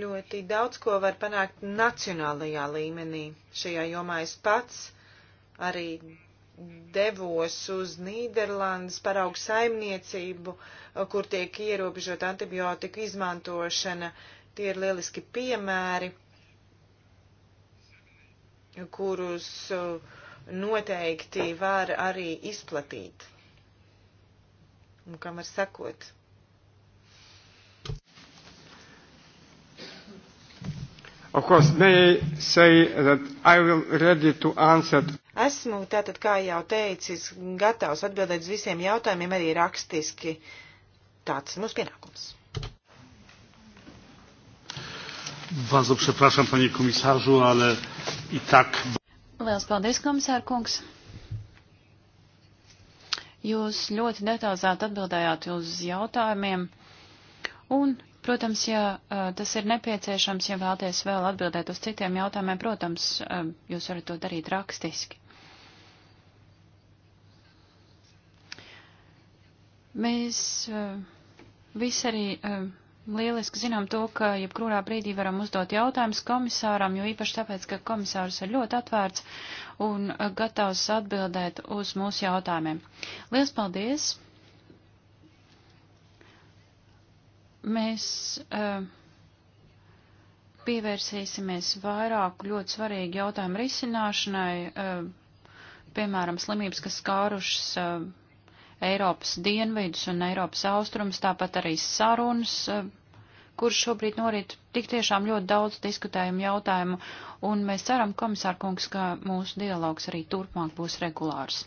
Ļoti daudz ko var panākt nacionālajā līmenī. Šajā jomā es pats arī devos uz Nīderlandes paraugu saimniecību, kur tiek ierobežot antibiotiku izmantošana. Tie ir lieliski piemēri, kurus uh, noteikti var arī izplatīt un kam var sekot. Of course, may I say that I will ready to answer. Esmu tātad, kā jau teicis, gatavs atbildēt uz visiem jautājumiem arī rakstiski. Tāds ir mūsu pienākums. Bardzo przepraszam, panie komisarzu, ale i tak. Liels paldies, komisār kungs. Jūs ļoti detalizēti atbildējāt uz jautājumiem, un, protams, ja tas ir nepieciešams, ja vēlties vēl atbildēt uz citiem jautājumiem, protams, jūs varat to darīt rakstiski. Mēs visi arī Lieliski zinām to, ka jebkurā brīdī varam uzdot jautājumus komisāram, jo īpaši tāpēc, ka komisārs ir ļoti atvērts un gatavs atbildēt uz mūsu jautājumiem. Lielas paldies! Mēs uh, pievērsīsimies vairāk ļoti svarīgu jautājumu risināšanai, uh, piemēram, slimības, kas skārušas. Uh, Eiropas dienvidus un Eiropas austrumus, tāpat arī sarunas, eh, kurš šobrīd norit tik tiešām ļoti daudz diskutējumu jautājumu, un mēs ceram, komisārkungs, ka mūsu dialogs arī turpmāk būs regulārs.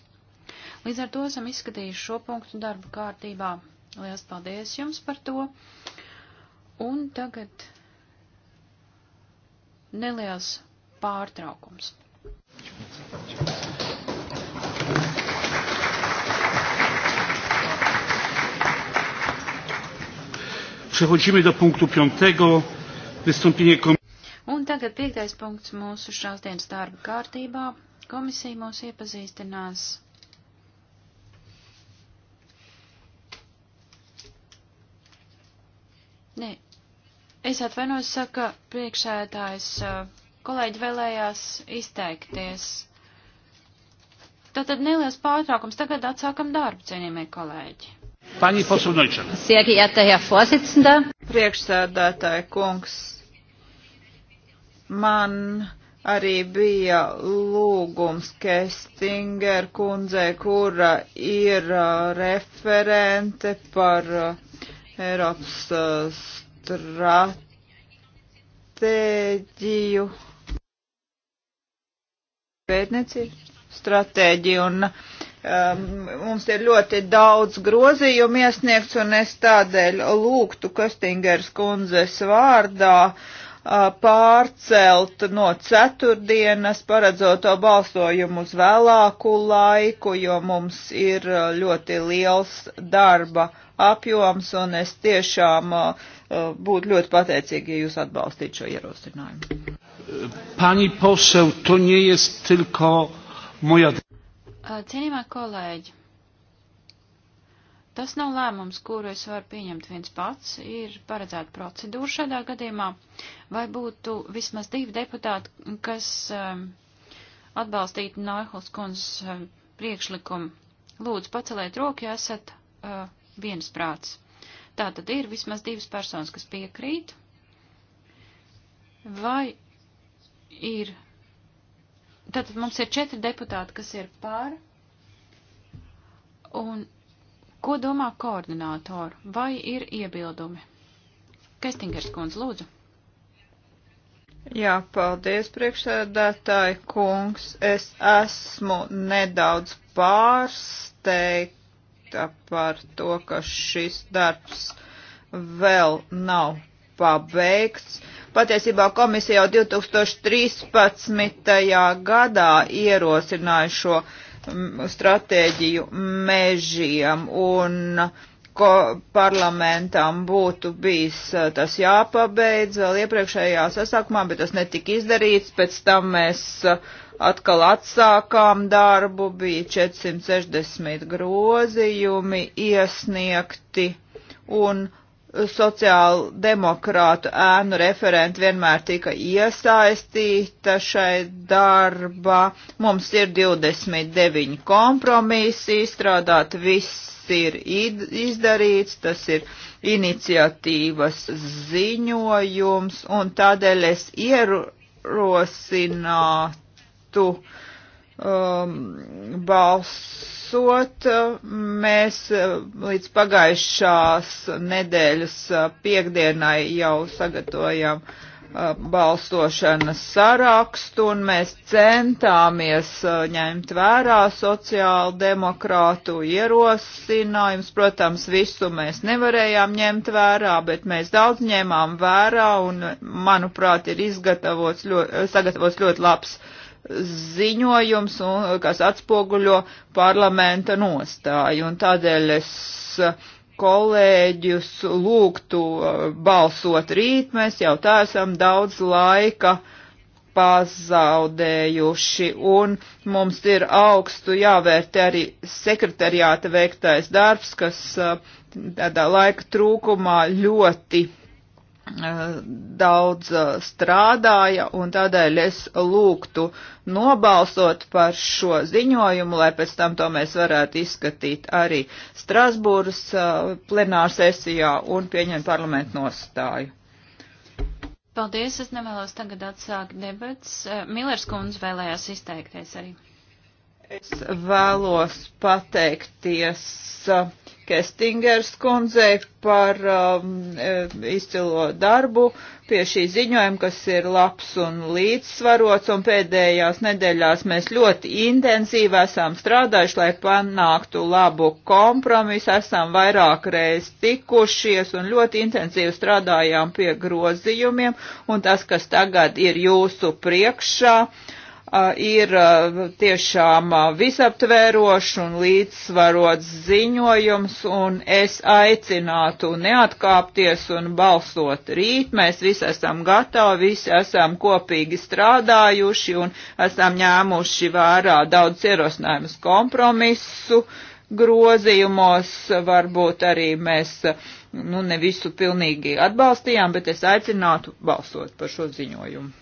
Līdz ar to esam izskatījuši šo punktu darba kārtībā. Lielas paldies jums par to. Un tagad neliels pārtraukums. Przechodzimy do punktu piątego. Wystąpienie komisji. Un tagad piektais punkts mūsu šās dienas darba kārtībā. Komisija mūs iepazīstinās Nē, es atvainojos, saka priekšētājs, kolēģi vēlējās izteikties. Tātad neliels pārtraukums, tagad atsākam darbu, cienījamie kolēģi. Pani Posunojčak. Sehr geehrter Herr Vorsitzender. Priekšsēdētāja kungs, man arī bija lūgums Kestinger kundzei, kura ir uh, referente par uh, Eiropas uh, stratēģiju. Pētniecību stratēģiju un uh, Um, mums ir ļoti daudz grozījumu iesniegts, un es tādēļ lūgtu Kastingers kundzes vārdā uh, pārcelt no ceturtdienas, paredzot to balsojumu uz vēlāku laiku, jo mums ir uh, ļoti liels darba apjoms, un es tiešām uh, būtu ļoti pateicīgi, ja jūs atbalstītu šo ierosinājumu. Pani poseł, to nie jest tylko moja. Cienījumā kolēģi, tas nav lēmums, kuru es varu pieņemt viens pats, ir paredzēta procedūra šādā gadījumā, vai būtu vismaz divi deputāti, kas atbalstītu Naihls kundzes priekšlikumu. Lūdzu, paceliet roku, ja esat uh, viens prāts. Tā tad ir vismaz divas personas, kas piekrīt, vai ir Tad mums ir četri deputāti, kas ir pār. Un ko domā koordinātori? Vai ir iebildumi? Kestingers kundz, lūdzu. Jā, paldies, priekšsēdētāji kungs. Es esmu nedaudz pārsteigta par to, ka šis darbs vēl nav pabeigts. Uh, Patiesībā komisija jau 2013. gadā ierosināja šo stratēģiju mežiem un ko parlamentam būtu bijis tas jāpabeidz vēl iepriekšējā sasākumā, bet tas netika izdarīts. Pēc tam mēs atkal atsākām darbu, bija 460 grozījumi iesniegti un sociāla demokrātu ēnu referenti vienmēr tika iesaistīta šai darbā. Mums ir 29 kompromisi izstrādāt, viss ir izdarīts, tas ir iniciatīvas ziņojums, un tādēļ es ierosinātu uh, um, balsot. Mēs uh, līdz pagājušās nedēļas uh, piekdienai jau sagatavojam uh, balsošanas sarakstu un mēs centāmies ņemt vērā sociāla demokrātu ierosinājums. Protams, visu mēs nevarējām ņemt vērā, bet mēs daudz ņēmām vērā un, manuprāt, ir izgatavots ļoti, sagatavots ļoti labs uh, ziņojums, un, kas atspoguļo parlamenta nostāju. Un tādēļ es uh, kolēģus lūgtu uh, balsot rīt, mēs jau tā esam daudz laika pazaudējuši, un mums ir augstu jāvērtē arī sekretariāta veiktais darbs, kas uh, tādā laika trūkumā ļoti daudz uh, strādāja, un tādēļ es lūgtu nobalsot par šo ziņojumu, lai pēc tam to mēs varētu izskatīt arī Strasbūras uh, plenārsesijā un pieņemt parlamentu nostāju. Paldies, es nevēlos tagad atsākt debats. Uh, Milers kundze vēlējās izteikties arī. Es vēlos pateikties. Uh, Kestingers kundzei par um, e, izcilo darbu pie šī ziņojuma, kas ir labs un līdzsvarots, un pēdējās nedēļās mēs ļoti intensīvi esam strādājuši, lai panāktu labu kompromisu, esam vairāk reiz tikušies un ļoti intensīvi strādājām pie grozījumiem, un tas, kas tagad ir jūsu priekšā, uh, ir tiešām visaptvērošs un līdzsvarots ziņojums, un es aicinātu neatkāpties un balsot rīt. Mēs visi esam gatavi, visi esam kopīgi strādājuši un esam ņēmuši vērā daudz ierosinājumus kompromisu grozījumos, varbūt arī mēs nu, ne visu pilnīgi atbalstījām, bet es aicinātu balsot par šo ziņojumu.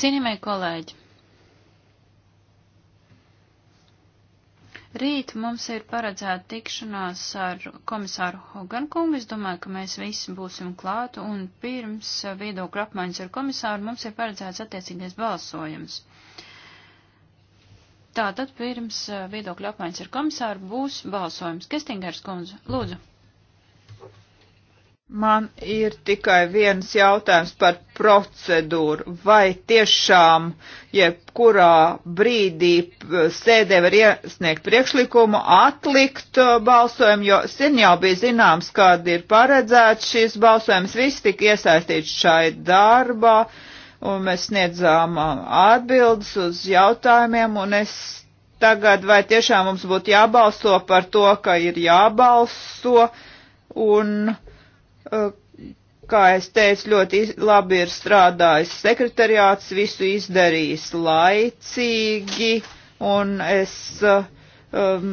Cienījamie kolēģi, rīt mums ir paredzēta tikšanās ar komisāru Hogankungu. Es domāju, ka mēs visi būsim klāt, un pirms viedokļu apmaiņas ar komisāru mums ir paredzēts attiecīgais balsojums. Tātad pirms viedokļu apmaiņas ar komisāru būs balsojums. Kestingers kundze, lūdzu. Man ir tikai viens jautājums par procedūru. Vai tiešām jebkurā brīdī sēdē var iesniegt priekšlikumu atlikt uh, balsojumu, jo sen jau bija zināms, kāda ir paredzēts šis balsojums, viss tika iesaistīts šai darbā, un mēs sniedzām uh, atbildes uz jautājumiem, un es tagad vai tiešām mums būtu jābalso par to, ka ir jābalso, un kā es teicu, ļoti labi ir strādājis sekretariāts, visu izdarījis laicīgi, un es um,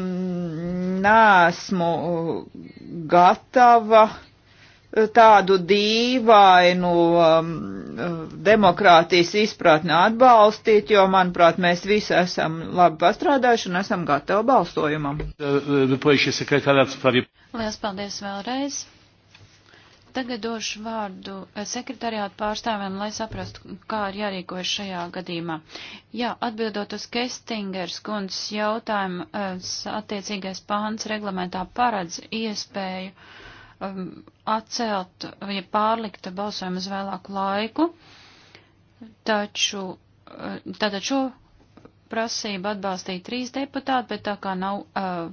nesmu uh, gatava uh, tādu dīvainu um, uh, demokrātijas izpratni atbalstīt, jo, manuprāt, mēs visi esam labi pastrādājuši un esam gatavi balsojumam. Lielas paldies vēlreiz. Tagad došu vārdu eh, sekretariātu pārstāvēm, lai saprastu, kā ir jārīkojas šajā gadījumā. Jā, atbildot uz Kestingers kundzes jautājumu, eh, attiecīgais pāns reglamentā paredz iespēju um, atcelt vai ja pārlikt balsojumu uz vēlāku laiku, taču eh, tātad šo prasību atbalstīja trīs deputāti, bet tā kā nav uh,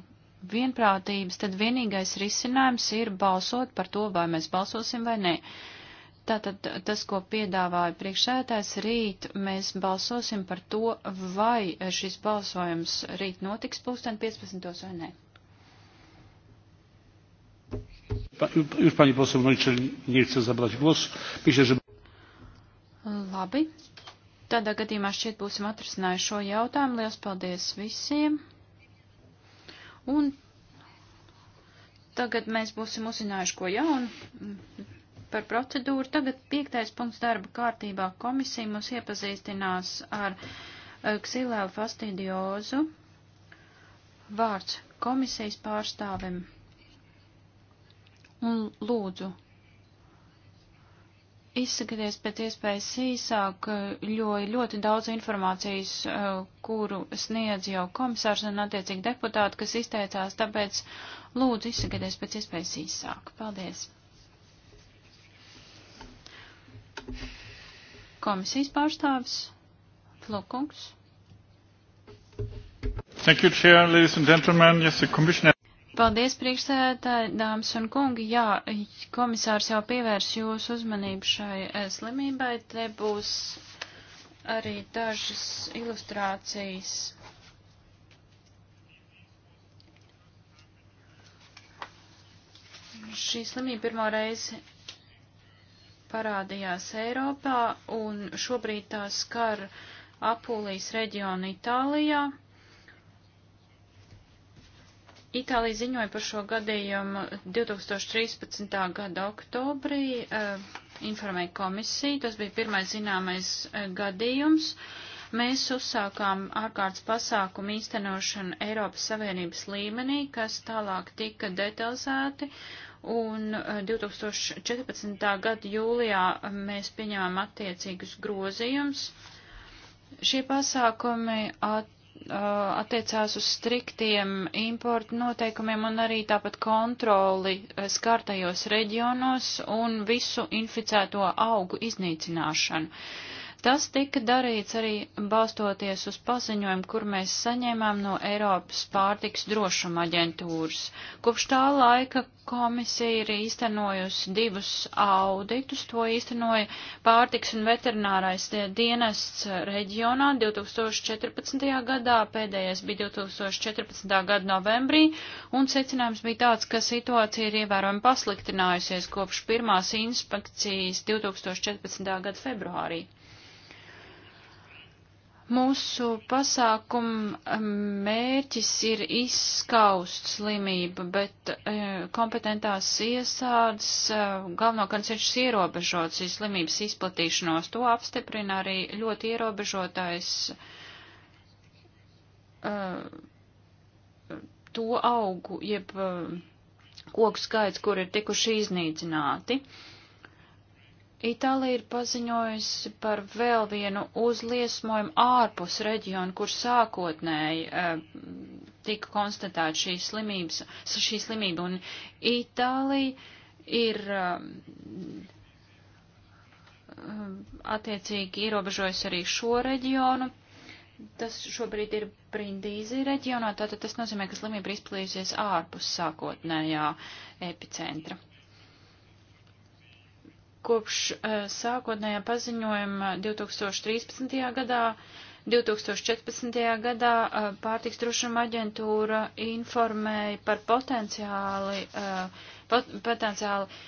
vienprātības, tad vienīgais risinājums ir balsot par to, vai mēs balsosim vai nē. Tātad tas, ko piedāvāja priekšsētājs rīt, mēs balsosim par to, vai šis balsojums rīt notiks pulksten 15. vai nē. Jūs, paņi posēm, nechce zabrāt glos. Pišķi, že... Labi. Tādā gadījumā šķiet būsim atrisinājuši šo jautājumu. Lielas paldies visiem! Un tagad mēs būsim uzzinājuši ko jaunu mm, par procedūru. Tagad piektais punkts darba kārtībā komisija mūs iepazīstinās ar ksilēlu eh, fastidiozu. Vārds komisijas pārstāvim. Un lūdzu, Izsakieties pēc iespējas īsāk, jo ir ļoti daudz informācijas, eh, kuru sniedz jau komisārs un attiecīgi deputāti, kas izteicās, tāpēc lūdzu izsakieties pēc iespējas īsāk. Paldies. Komisijas pārstāvis Flokungs. Thank you, Chair, ladies and gentlemen. Yes, the Commission. Paldies, priekšsēdētāji, dāmas un kungi. Jā, komisārs jau pievērs jūsu uzmanību šai eh, slimībai. Te būs arī dažas ilustrācijas. Šī slimība pirmo reizi parādījās Eiropā un šobrīd tā skar Apulijas reģionu Itālijā. Itālija ziņoja par šo gadījumu 2013. gada oktobrī, eh, informēja komisiju, tas bija pirmais zināmais eh, gadījums. Mēs uzsākām ārkārtas pasākumu īstenošanu Eiropas Savienības līmenī, kas tālāk tika detalizēti, un 2014. Eh, gada jūlijā mēs pieņēmām attiecīgus grozījumus. Šie pasākumi at Uh, attiecās uz striktiem importu noteikumiem un arī tāpat kontroli uh, skartajos reģionos un visu inficēto augu iznīcināšanu. Tas tika darīts arī balstoties uz paziņojumu, kur mēs saņēmām no Eiropas pārtiks drošuma aģentūras. Kopš tā laika komisija ir īstenojusi divus auditus, to īstenoja pārtiks un veterinārais dienests reģionā 2014. gadā, pēdējais bija 2014. gada novembrī, un secinājums bija tāds, ka situācija ir ievērojami pasliktinājusies kopš pirmās inspekcijas 2014. gada februārī. Mūsu pasākuma mērķis ir izskaust slimību, bet e, kompetentās iesādes e, galvenokārt ir šis ierobežots šīs slimības izplatīšanos. To apstiprina arī ļoti ierobežotais e, to augu, jeb e, koku skaits, kur ir tikuši iznīcināti. E, Itālija ir paziņojusi par vēl vienu uzliesmojumu ārpus reģionu, kur sākotnēji e, tika konstatēta šī, slimības, šī slimība, un Itālija ir e, attiecīgi ierobežojusi arī šo reģionu. Tas šobrīd ir Brindīzi reģionā, tātad tas nozīmē, ka slimība ir izplījusies ārpus sākotnējā epicentra. Kopš eh, sākotnējā paziņojuma 2013. gadā, 2014. gadā eh, pārtiks drošuma aģentūra informēja par potenciāli, eh, pot, potenciāli,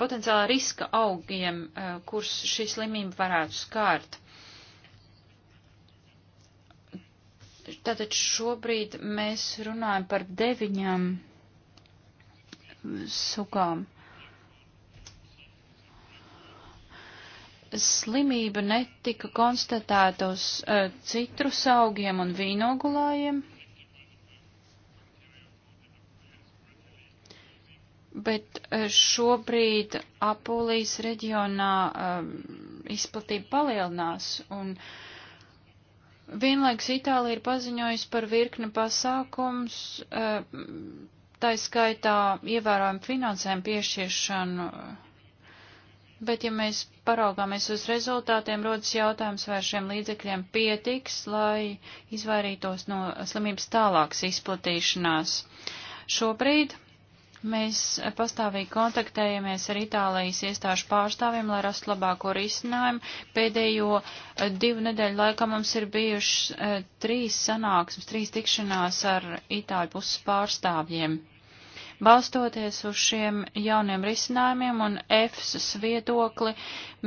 potenciāli riska augiem, kurus šī slimība varētu skārt. Tātad šobrīd mēs runājam par deviņām sugām. slimība netika konstatēta uz uh, eh, citrus augiem un vīnogulājiem, bet uh, šobrīd Apulijas reģionā uh, izplatība palielinās un vienlaiks Itālija ir paziņojusi par virkni pasākums, uh, tā skaitā ievērojami finansēm piešķiešanu. Uh, Bet, ja mēs paraugāmies uz rezultātiem, rodas jautājums, vai šiem līdzekļiem pietiks, lai izvairītos no slimības tālākas izplatīšanās. Šobrīd mēs pastāvīgi kontaktējamies ar Itālijas iestāžu pārstāvjiem, lai rastu labāko risinājumu. Pēdējo eh, divu nedēļu laikā mums ir bijušas eh, trīs sanāksmes, trīs tikšanās ar Itāļu puses pārstāvjiem. Balstoties uz šiem jauniem risinājumiem un EFSAS viedokli,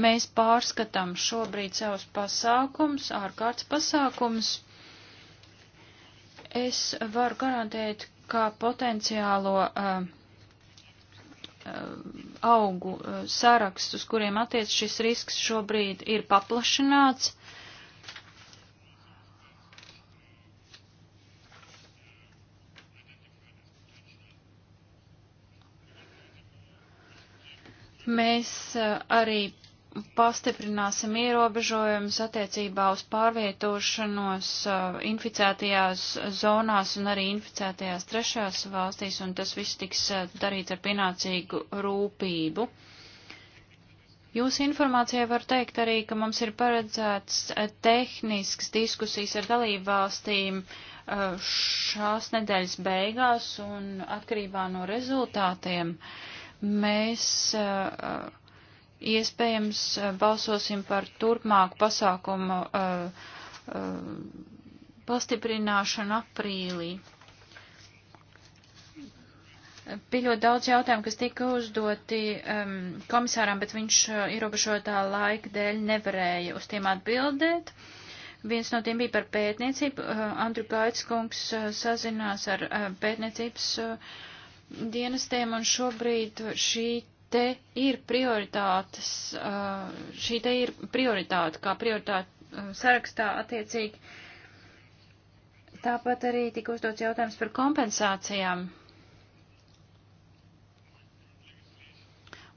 mēs pārskatām šobrīd savus pasākums, ārkārtas pasākums. Es varu garantēt, ka potenciālo uh, uh augu uh, saraksts, uz kuriem attiec šis risks šobrīd ir paplašināts. Uh, Mēs eh, arī pastiprināsim ierobežojumus attiecībā uz pārvietošanos eh, inficētajās zonās un arī inficētajās trešās valstīs, un tas viss tiks eh, darīts ar pienācīgu rūpību. Jūsu informācijai var teikt arī, ka mums ir paredzēts tehnisks diskusijas ar dalību valstīm šās nedēļas beigās un atkarībā no rezultātiem. Uh, mēs iespējams balsosim par turpmāku pasākumu pastiprināšanu aprīlī. Bija ļoti daudz jautājumu, kas tika uzdoti um, komisāram, bet viņš ierobežotā laika dēļ nevarēja uz tiem atbildēt. Viens no tiem bija par pētniecību. Uh, Andru Gaitskungs uh, sazinās ar uh, pētniecības uh, dienestiem, un šobrīd šī te ir prioritātes, uh, šī te ir prioritāte, kā prioritāte uh, sarakstā attiecīgi. Tāpat arī tika uzdots jautājums par kompensācijām.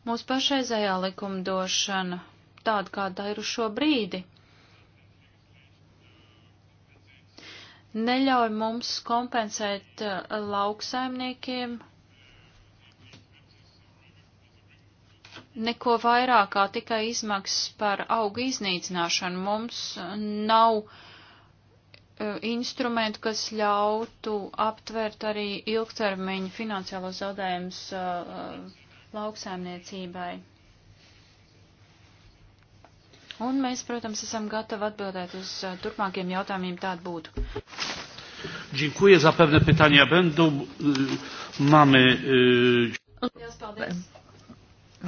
Mūsu pašreizējā likumdošana, tāda kā tā ir uz šo brīdi, neļauj mums kompensēt uh, lauksaimniekiem neko vairāk kā tikai izmaksas par augu iznīcināšanu. Mums nav e, instrumentu, kas ļautu aptvert arī ilgtermiņu finansiālo zaudējumus e, e, lauksaimniecībai. Un mēs, protams, esam gatavi atbildēt uz turpmākiem jautājumiem, tāda būtu. Dziękuję, zapewne pytania będą. Mamy. Liels paldies.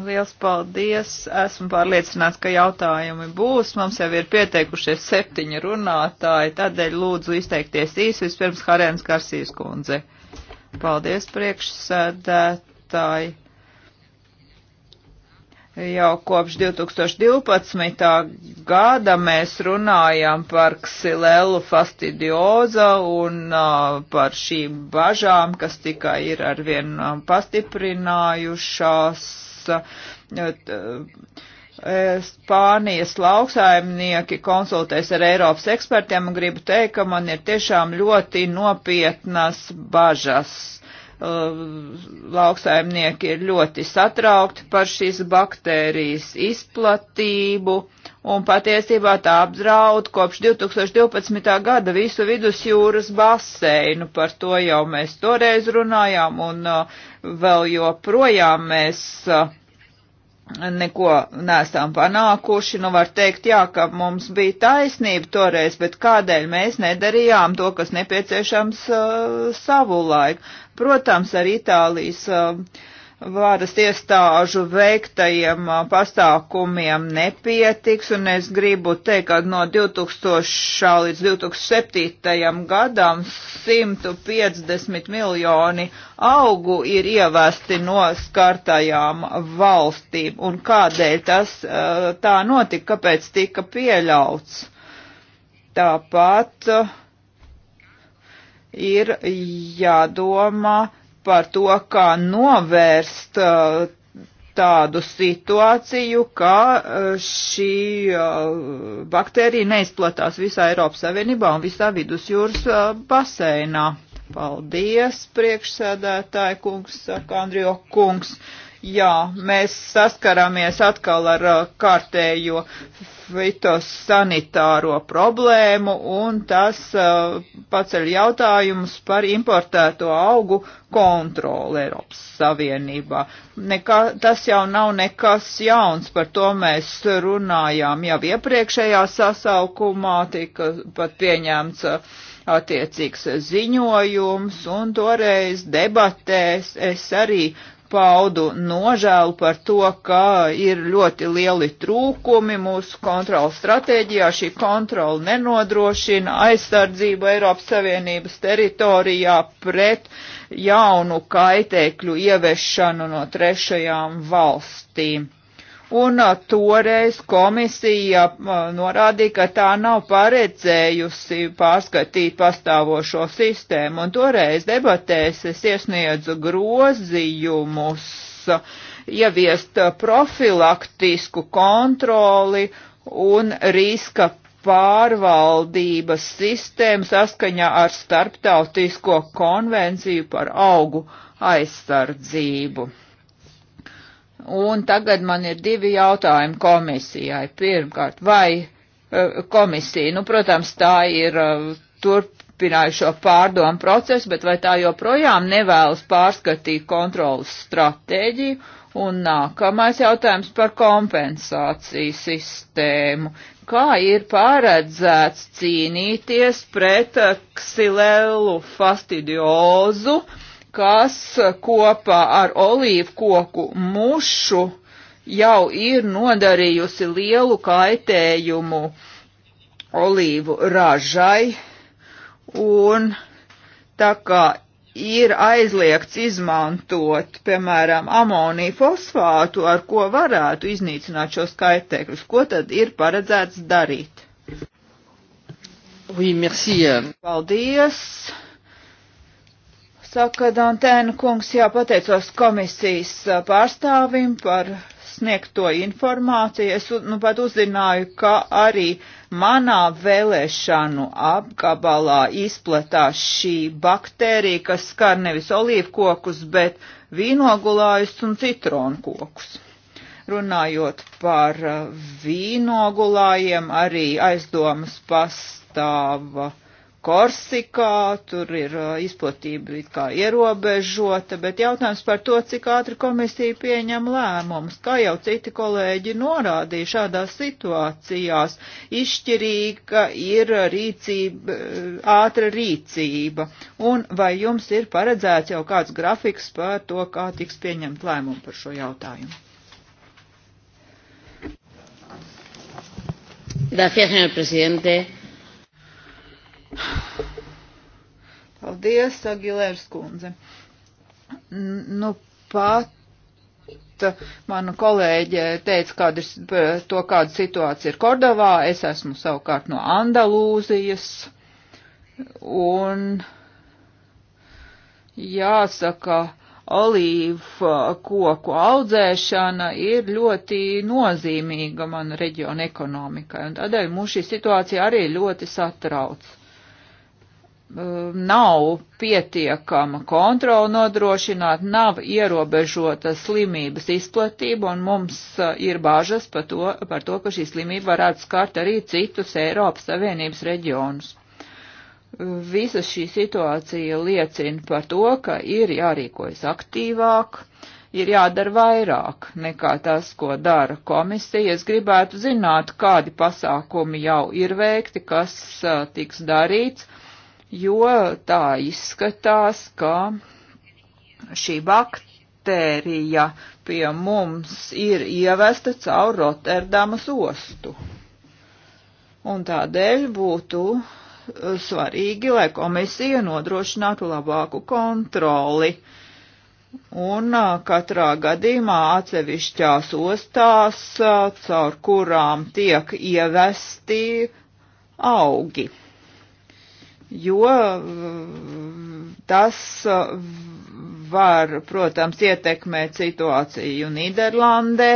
Liels paldies! Esmu pārliecināts, ka jautājumi būs. Mums jau ir pieteikušies septiņi runātāji, tādēļ lūdzu izteikties īsi. Vispirms Harēns Karsīs kundze. Paldies, priekšsēdētāji! Jau kopš 2012. gada mēs runājam par ksilelu fastidioza un uh, par šīm bažām, kas tikai ir arvien pastiprinājušās E, Spānijas lauksaimnieki konsultēs ar Eiropas ekspertiem un gribu teikt, ka man ir tiešām ļoti nopietnas bažas Uh, lauksaimnieki ir ļoti satraukti par šīs baktērijas izplatību, un patiesībā tā apdraud kopš 2012. gada visu vidusjūras baseinu. Par to jau mēs toreiz runājām, un uh, vēl joprojām mēs uh, neko nesam panākuši. Nu, var teikt, jā, ka mums bija taisnība toreiz, bet kādēļ mēs nedarījām to, kas nepieciešams uh, savu laiku? Protams, ar Itālijas um, varas iestāžu veiktajiem uh, pasākumiem nepietiks, un es gribu teikt, ka no 2000 līdz 2007 gadam 150 miljoni augu ir ievesti no skartajām valstīm, un kādēļ tas uh, tā notika, kāpēc tika pieļauts. Tāpat uh, ir jādomā par to, kā novērst uh, tādu situāciju, ka uh, šī uh, baktērija neizplatās visā Eiropas Savienībā un visā vidusjūras baseinā. Paldies, priekšsēdētāji kungs, saka Andrijo kungs. Jā, mēs saskaramies atkal ar uh, kārtējo fitosanitāro problēmu un tas uh, paceļ jautājumus par importēto augu kontroli Eiropas Savienībā. Nekā, tas jau nav nekas jauns, par to mēs runājām jau iepriekšējā sasaukumā, tika pat pieņemts uh, attiecīgs ziņojums, un toreiz debatēs es arī paudu nožēlu par to, ka ir ļoti lieli trūkumi mūsu kontrolas stratēģijā. Šī kontrola nenodrošina aizsardzību Eiropas Savienības teritorijā pret jaunu kaitēkļu ieviešanu no trešajām valstīm un uh, toreiz komisija uh, norādīja, ka tā nav paredzējusi pārskatīt pastāvošo sistēmu, un toreiz debatēs es iesniedzu grozījumus uh, ieviest profilaktisku kontroli un riska pārvaldības sistēmu saskaņā ar starptautisko konvenciju par augu aizsardzību. Un tagad man ir divi jautājumi komisijai. Pirmkārt, vai e, komisija, nu, protams, tā ir e, turpinājušo pārdomu procesu, bet vai tā joprojām nevēlas pārskatīt kontrolas stratēģiju? Un nākamais jautājums par kompensāciju sistēmu. Kā ir paredzēts cīnīties pret e, ksilelu fastidiozu? Uh, kas kopā ar olīvu koku mušu jau ir nodarījusi lielu kaitējumu olīvu ražai, un tā kā ir aizliegts izmantot, piemēram, amoniju fosfātu, ar ko varētu iznīcināt šos kaitēkļus. Ko tad ir paredzēts darīt? Oui, merci. Paldies. Saka Dantēna kungs, jā, pateicos komisijas pārstāvim par sniegto informāciju. Es nu, pat uzzināju, ka arī manā vēlēšanu apgabalā izplatās šī baktērija, kas skar nevis olīvkokus, bet vīnogulājus un citronkokus. Runājot par vīnogulājiem, arī aizdomas pastāva Korsikā, tur ir uh, izplatība it kā ierobežota, bet jautājums par to, cik ātri komisija pieņem lēmumus. Kā jau citi kolēģi norādīja, šādās situācijās izšķirīga ir rīcība, uh, ātra rīcība. Un vai jums ir paredzēts jau kāds grafiks par to, kā tiks pieņemt lēmumu par šo jautājumu? Gracias, señor presidente. Paldies, Agilērs kundze. Nu, pat uh, mana kolēģe teica, kāda ir, to, kāda situācija ir Kordovā. Es esmu savukārt no Andalūzijas. Un jāsaka, olīvu koku audzēšana ir ļoti nozīmīga mana reģiona ekonomikai, un tādēļ mūs šī situācija arī ļoti satrauc. Um, nav pietiekama kontrola nodrošināt, nav ierobežota slimības izplatība, un mums uh, ir bāžas par to, par to, ka šī slimība varētu skart arī citus Eiropas Savienības reģionus. Visa šī situācija liecina par to, ka ir jārīkojas aktīvāk, ir jādara vairāk nekā tas, ko dara komisija. Es gribētu zināt, kādi pasākumi jau ir veikti, kas uh, tiks darīts jo tā izskatās, ka šī baktērija pie mums ir ievesta caur Rotterdamas ostu. Un tādēļ būtu e, svarīgi, lai komisija nodrošinātu labāku kontroli. Un e, katrā gadījumā atsevišķās ostās, e, caur kurām tiek ievesti augi jo mm, tas mm, var, protams, ietekmēt situāciju Nīderlandē,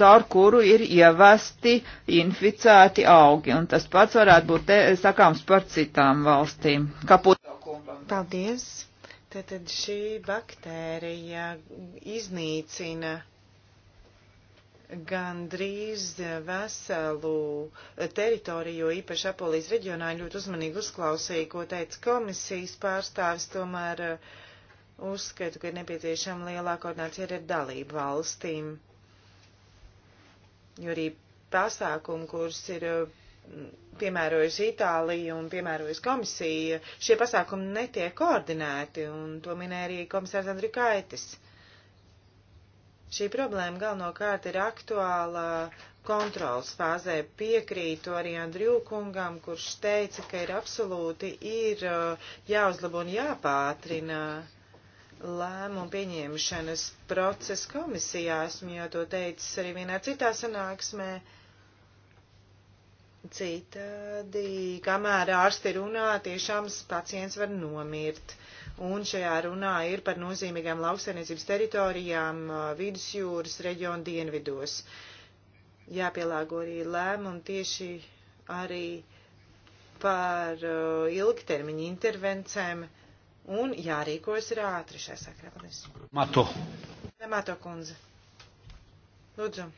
caur kuru ir ievesti inficēti augi. Un tas pats varētu būt te, sakāms par citām valstīm. Kaput. Paldies! Tātad šī baktērija iznīcina gandrīz veselu teritoriju, jo īpaši Apolijas reģionā ļoti uzmanīgi uzklausīja, ko teica komisijas pārstāvis, tomēr uh, uzskatu, ka ir nepieciešama lielāka koordinācija ar dalību valstīm, jo arī pasākumu, kurus ir uh, piemērojusi Itālija un piemērojusi komisija, šie pasākumi netiek koordinēti, un to minēja arī komisārs Andri Kaitis. Uh, Šī problēma galvenokārt ir aktuāla kontrols fāzē. Piekrītu arī Andriju kungam, kurš teica, ka ir absolūti ir uh, jāuzlabo un jāpātrina lēmumu pieņemšanas process komisijā. Esmu jau to teicis arī vienā citā sanāksmē. Citādi, kamēr ārsti runā, tiešām pacients var nomirt un šajā runā ir par nozīmīgām lauksainiecības teritorijām vidusjūras reģionu dienvidos. Jāpielāgo arī lēmumu tieši arī par ilgtermiņa intervencēm un jārīkojas ir ātri šai sakrā. Paldies. Mato. Mato kundze. Lūdzu.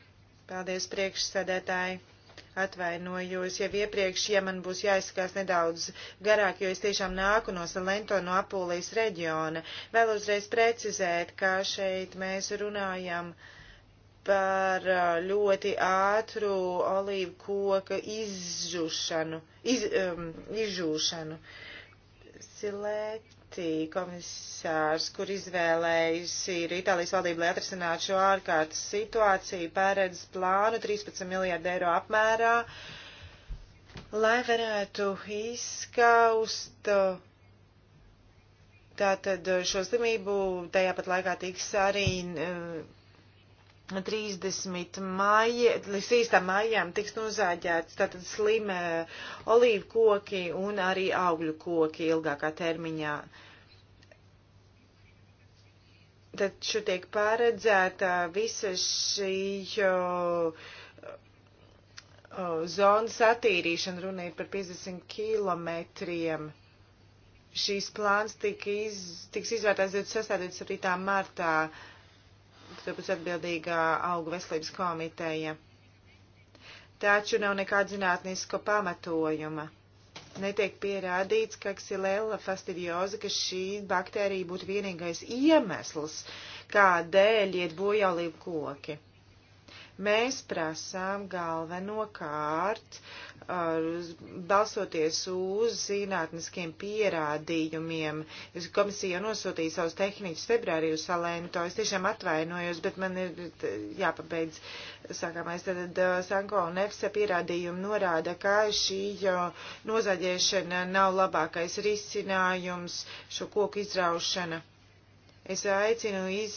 Paldies priekšsēdētāji. Atvainojos jau iepriekš, ja man būs jāizskās nedaudz garāk, jo es tiešām nāku no Salento no Apulijas reģiona. Vēl uzreiz precizēt, ka šeit mēs runājam par uh, ļoti ātru olīvu koka izžušanu, iz, um, izžūšanu. Silēt Moretti, komisārs, kur izvēlējusi ir Itālijas valdība, lai atrisinātu šo ārkārtas situāciju, pārēdz plānu 13 miljārdu eiro apmērā, lai varētu izskaust tātad šo slimību, tajā pat laikā tiks arī. Uh, 30 maija, līdz 3. maijām tiks nozāģēts tātad slim olīvu koki un arī augļu koki ilgākā termiņā. Taču tiek paredzēta visa šī jo, zonas attīrīšana, runa ir par 50 kilometriem. Šīs plāns tika iz, tiks izvērtēts 26. un 27. martā. Uh, to būs atbildīgā augu veselības komiteja. Taču nav nekāda zinātniska pamatojuma. Netiek pierādīts, ka ksilēla fastidioza, ka šī baktērija būtu vienīgais iemesls, kādēļ iet bojā līv koki. Mēs prasām galvenokārt balsoties uz zinātniskiem pierādījumiem. Es komisija nosūtīju savus tehniķus februārī uz Salento. Es tiešām atvainojos, bet man ir jāpabeidz sākamais. Tad Sanko un EFSA pierādījumi norāda, ka šī nozaģēšana nav labākais risinājums, šo koku izraušana. Es aicinu iz,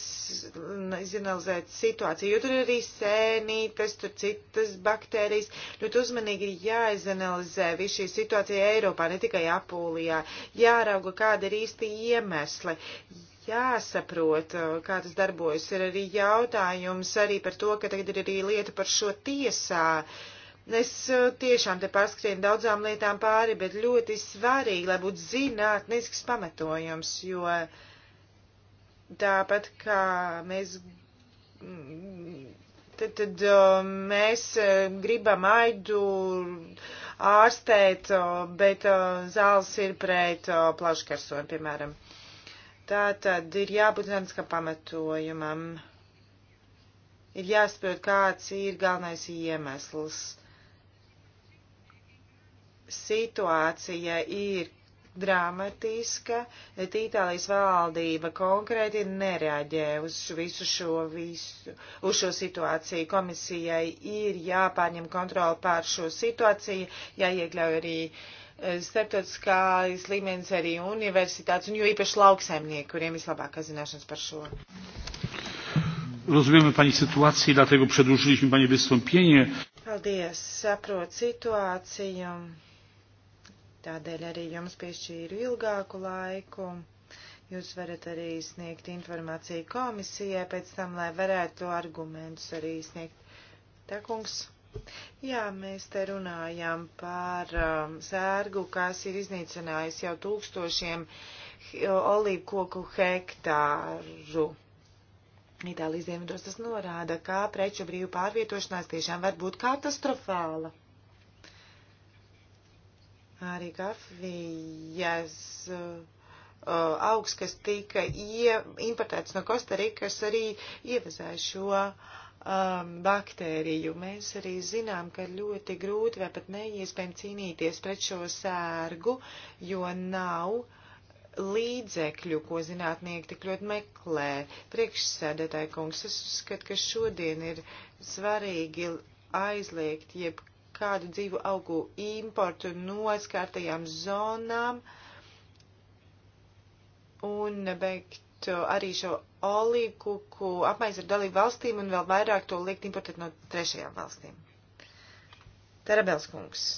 izanalizēt situāciju, jo tur ir arī sēnītes, tur citas baktērijas. Ļoti uzmanīgi ir jāizanalizē viss šī situācija Eiropā, ne tikai Apulijā. Jārauga, kāda ir īsti iemesli. Jāsaprot, kā tas darbojas. Ir arī jautājums arī par to, ka tagad ir arī lieta par šo tiesā. Uh, Es tiešām te pārskrienu daudzām lietām pāri, bet ļoti svarīgi, lai būtu zinātnisks pamatojums, jo uh, Tāpat kā mēs. Tad, tad mēs e, gribam aidu ārstēt, bet zāles ir pret plaškarsoņu, piemēram. Tā tad ir jābūt zinātniskam pamatojumam. Ir jāsaprot, kāds ir galvenais iemesls. Situācija ir, dramatiska, bet Itālijas valdība konkrēti nereaģē uz visu šo, visu, uz šo situāciju. Komisijai ir jāpārņem kontroli pār šo situāciju, jāiekļauj arī e, starptautiskās līmenis arī universitātes, un jo īpaši lauksaimnieki, kuriem vislabākās zināšanas par šo. Rozumiemy Pani sytuację, dlatego przedłużyliśmy Pani wystąpienie. Paldies, saprotu situāciju. Tādēļ arī jums piešķīru ilgāku laiku. Jūs varat arī sniegt informāciju komisijai pēc tam, lai varētu argumentus arī sniegt. Tā kungs. Jā, mēs te runājam par um, sērgu, kas ir iznīcinājis jau tūkstošiem olīvu koku hektāru. Itālijas dienvidos tas norāda, ka preču brīvu pārvietošanās tiešām var būt katastrofāla arī kafijas uh, uh, augs, kas tika ie, importēts no Kostarikas, arī ievazēja šo um, baktēriju. Mēs arī zinām, ka ļoti grūti vai pat neiespējami cīnīties pret šo sērgu, jo nav līdzekļu, ko zinātnieki tik ļoti meklē. Priekšsēdētāji kungs, es uzskatu, ka šodien ir svarīgi aizliegt jebkādu kādu dzīvu augu importu no skārtajām zonām un beigt arī šo olīkuku apmaiņas ar dalību valstīm un vēl vairāk to liekt importēt no trešajām valstīm. Terabels kungs.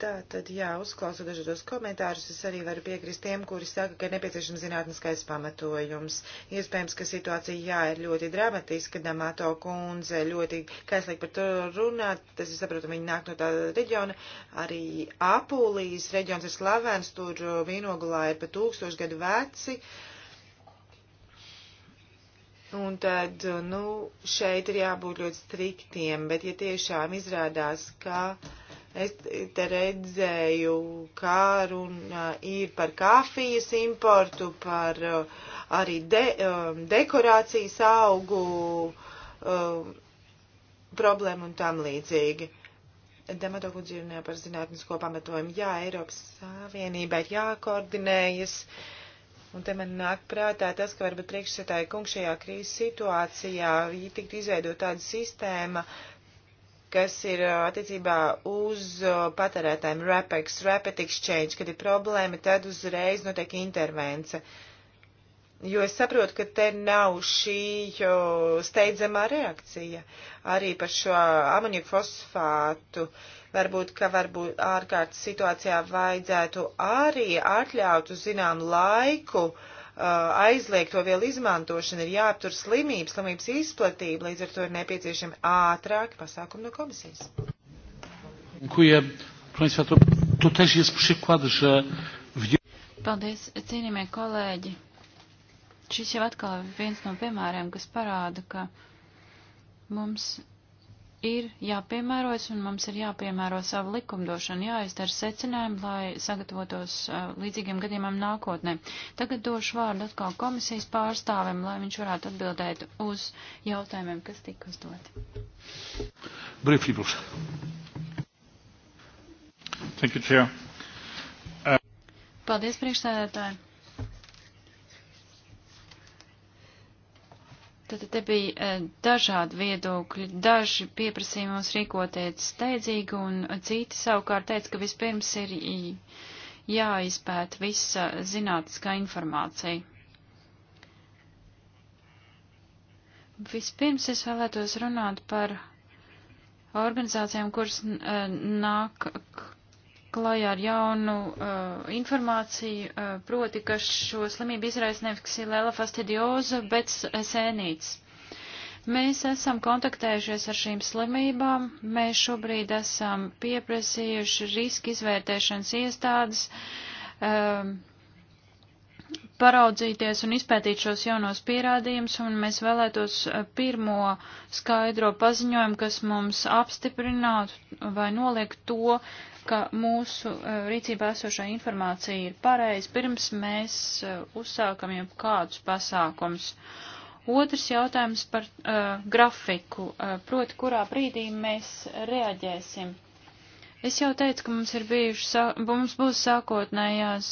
Tā tad, jā, uzklausot dažādos komentārus, es arī varu piekrist tiem, kuri saka, ka ir nepieciešams zinātniskais pamatojums. Iespējams, ka situācija, jā, ir ļoti dramatiska, Damato kundze ļoti kaislīgi par to runā, tas ir saprotu, viņi nāk no tā reģiona, arī Apulijas reģions ir slavens, tur uh, vīnogulā ir pa tūkstošu gadu veci. Un tad, uh, nu, šeit ir jābūt ļoti striktiem, bet ja tiešām izrādās, ka. Kā Es te redzēju, kā runa ir par kafijas importu, par uh, arī de, um, dekorācijas augu um, problēmu un tam līdzīgi. Dematokundze runāja par zinātnisko pamatojumu. Jā, Eiropas Savienībai jākoordinējas. Un te man nāk prātā tas, ka varbūt priekšsētāja kungs šajā krīzes situācijā tiktu izveidot tāda sistēma, kas ir attiecībā uz patērētājiem RAPEX, Rapid Exchange, kad ir problēma, tad uzreiz notiek intervence. Jo es saprotu, ka te nav šī steidzamā reakcija arī par šo amoniju fosfātu. Varbūt, ka varbūt ārkārtas situācijā vajadzētu arī atļautu zinām laiku uh, Uh, aizliegto vielu izmantošana, ir jāaptur slimības, slimības izplatība, līdz ar to ir nepieciešami ātrāki pasākumi no komisijas. Paldies, cienījamie kolēģi. Šis jau atkal ir viens no piemēriem, kas parāda, ka mums ir jāpiemērojas un mums ir jāpiemēro savu likumdošanu, jāizdara secinājumi, lai sagatavotos uh, līdzīgiem gadījumam nākotnē. Tagad došu vārdu atkal komisijas pārstāvim, lai viņš varētu atbildēt uz jautājumiem, kas tika uzdoti. Briefly, please. Thank you, Chair. Uh... Paldies, priekšsēdētāji. Tad te bija e, dažādi viedokļi. Daži pieprasīja mums rīkoties steidzīgi, un citi savukārt teica, ka vispirms ir jāizpēta visa zinātniskā informācija. Vispirms es vēlētos runāt par organizācijām, kuras e, nāk klajā ar jaunu uh, informāciju, uh, proti, ka šo slimību izraisa nevis ksilēla fastidioza, bet sēnīts. Mēs esam kontaktējušies ar šīm slimībām, mēs šobrīd esam pieprasījuši riska izvērtēšanas iestādes, uh, paraudzīties un izpētīt šos jaunos pierādījumus, un mēs vēlētos uh, pirmo skaidro paziņojumu, kas mums apstiprinātu vai noliek to, ka mūsu eh, rīcībā esošā informācija ir pareiz, pirms mēs eh, uzsākam jau kādus pasākums. Otrs jautājums par uh, grafiku, uh, proti, kurā brīdī mēs reaģēsim. Es jau teicu, ka mums ir bijuši, mums būs sākotnējās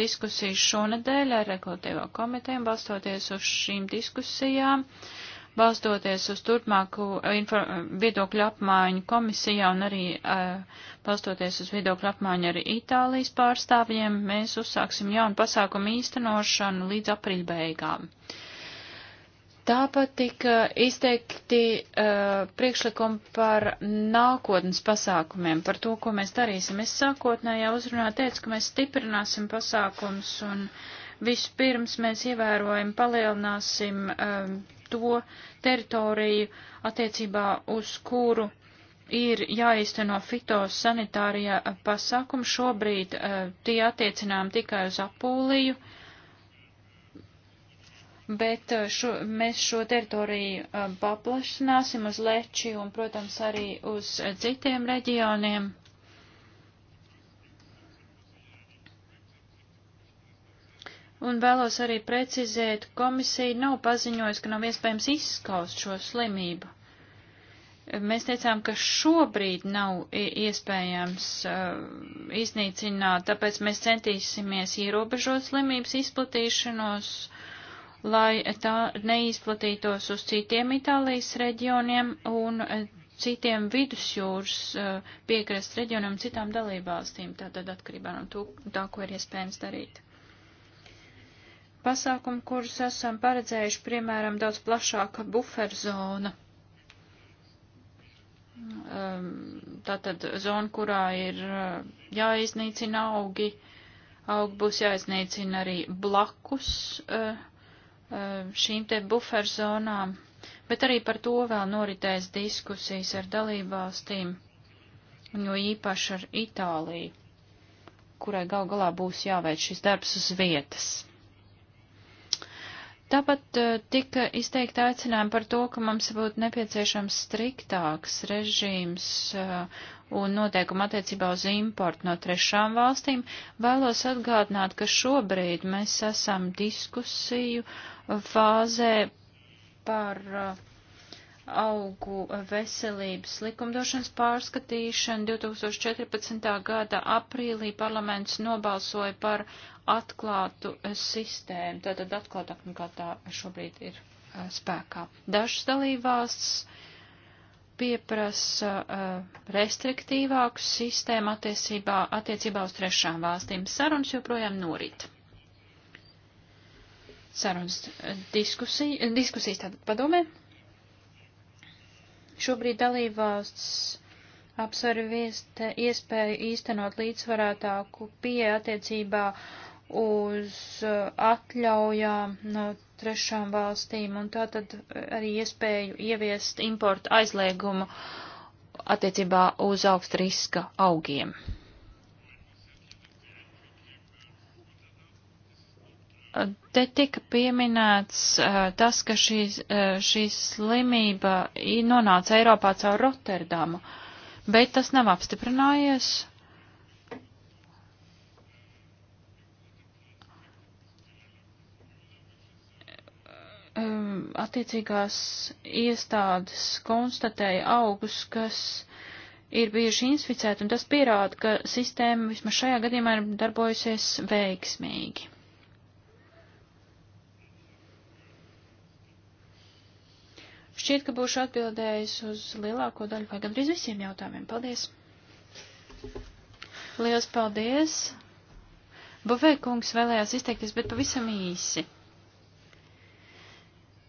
diskusijas šonadēļ ar rekultīvā komiteju, balstoties uz šīm diskusijām. Uh, balstoties uz turpmāku eh, viedokļu apmaiņu komisijā un arī uh, balstoties uz viedokļu apmaiņu ar Itālijas pārstāvjiem, mēs uzsāksim jaunu pasākumu īstenošanu līdz aprīļa beigām. Tāpat tika izteikti uh, priekšlikumi par nākotnes pasākumiem, par to, ko mēs darīsim. Es sākotnējā uzrunā teicu, ka mēs stiprināsim pasākums un uh, Vispirms mēs ievērojam palielināsim um, to teritoriju attiecībā uz kuru ir jāizteno fitosanitārijā pasākumi. Šobrīd uh, tie attiecinām tikai uz apūliju, bet uh, šo, mēs šo teritoriju uh, paplašināsim uz Leči un, protams, arī uz uh, citiem reģioniem. Un vēlos arī precizēt, komisija nav paziņojusi, ka nav iespējams izskaust šo slimību. Mēs teicām, ka šobrīd nav iespējams uh, iznīcināt, tāpēc mēs centīsimies ierobežot slimības izplatīšanos, lai tā neizplatītos uz citiem Itālijas reģioniem un uh, citiem vidusjūras uh, piekrastes reģioniem un citām dalībvalstīm, tātad atkarībā no to, tā, ko ir iespējams darīt pasākumi, kurus esam paredzējuši, piemēram, daudz plašāka buferzona. Um, tātad zona, kurā ir uh, jāiznīcina augi, augi būs jāiznīcina arī blakus uh, uh, šīm te buferzonām, bet arī par to vēl noritēs diskusijas ar dalībvalstīm, un jo īpaši ar Itāliju, kurai gal galā būs jāveic šis darbs uz vietas. Tāpat eh, tika izteikti aicinājumi par to, ka mums būtu nepieciešams striktāks režīms eh, un noteikumi attiecībā uz importu no trešām valstīm. Vēlos atgādināt, ka šobrīd mēs esam diskusiju fāzē par eh, augu veselības likumdošanas pārskatīšanu. 2014. gada aprīlī parlaments nobalsoja par atklātu eh, sistēmu, tātad atklātāk nekā tā šobrīd ir eh, spēkā. Dažas dalībvalsts pieprasa eh, restriktīvāku sistēmu attiecībā, attiecībā uz trešām valstīm. Sarunas joprojām norit. Sarunas diskusija, diskusijas tātad padomē. Šobrīd dalībvalsts apsver iespēju īstenot līdzvarētāku pieeja attiecībā uz uh, atļaujām no trešām valstīm un tātad arī iespēju ieviest importu aizliegumu attiecībā uz augstriska augiem. Te tika pieminēts uh, tas, ka šī, uh, šī slimība nonāca Eiropā caur Rotterdamu, bet tas nav apstiprinājies um, attiecīgās iestādes konstatēja augus, kas ir bijuši inficēti, un tas pierāda, ka sistēma vismaz šajā gadījumā ir darbojusies veiksmīgi. Šķiet, ka būšu atbildējis uz lielāko daļu vai gandrīz visiem jautājumiem. Paldies! Lielas paldies! Buvē kungs vēlējās izteikties, bet pavisam īsi.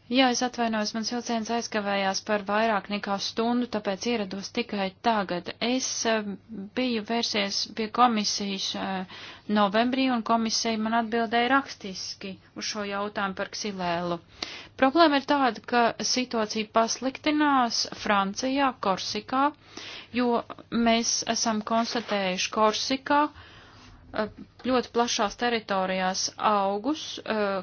Jā, es atvainojos, mans vilciens aizkavējās par vairāk nekā stundu, tāpēc ierados tikai tagad. Es eh, biju vērsies pie komisijas eh, novembrī, un komisija man atbildēja rakstiski uz šo jautājumu par ksilēlu. Problēma ir tāda, ka situācija pasliktinās Francijā, Korsikā, jo mēs esam konstatējuši Korsikā, uh, ļoti plašās teritorijās augus,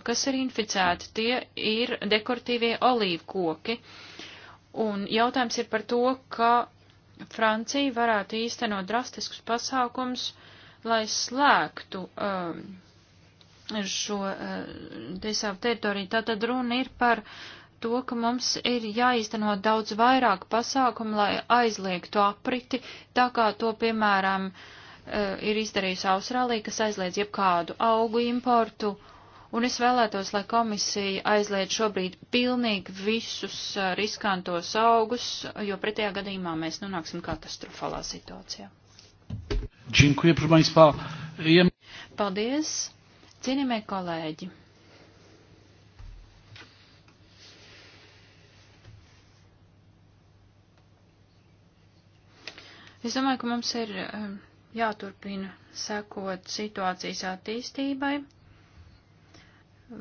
kas ir inficēti. Tie ir dekoratīvie olīvkoki. Un jautājums ir par to, ka Francija varētu īstenot drastiskus pasākums, lai slēgtu um, šo te uh, savu teritoriju. Tātad runa ir par to, ka mums ir jāīsteno daudz vairāk pasākumu, lai aizliegtu apriti, tā kā to, piemēram, uh, Eh, ir izdarījusi Austrālija, kas aizliedz jebkādu augu importu, un es vēlētos, lai komisija aizliedz šobrīd pilnīgi visus eh, riskantos augus, jo pretējā gadījumā mēs nonāksim katastrofālā situācijā. Dziękuję, proszę Państwa. Paldies, cienījamie kolēģi. Es domāju, ka mums ir. Um, jāturpina sekot situācijas attīstībai.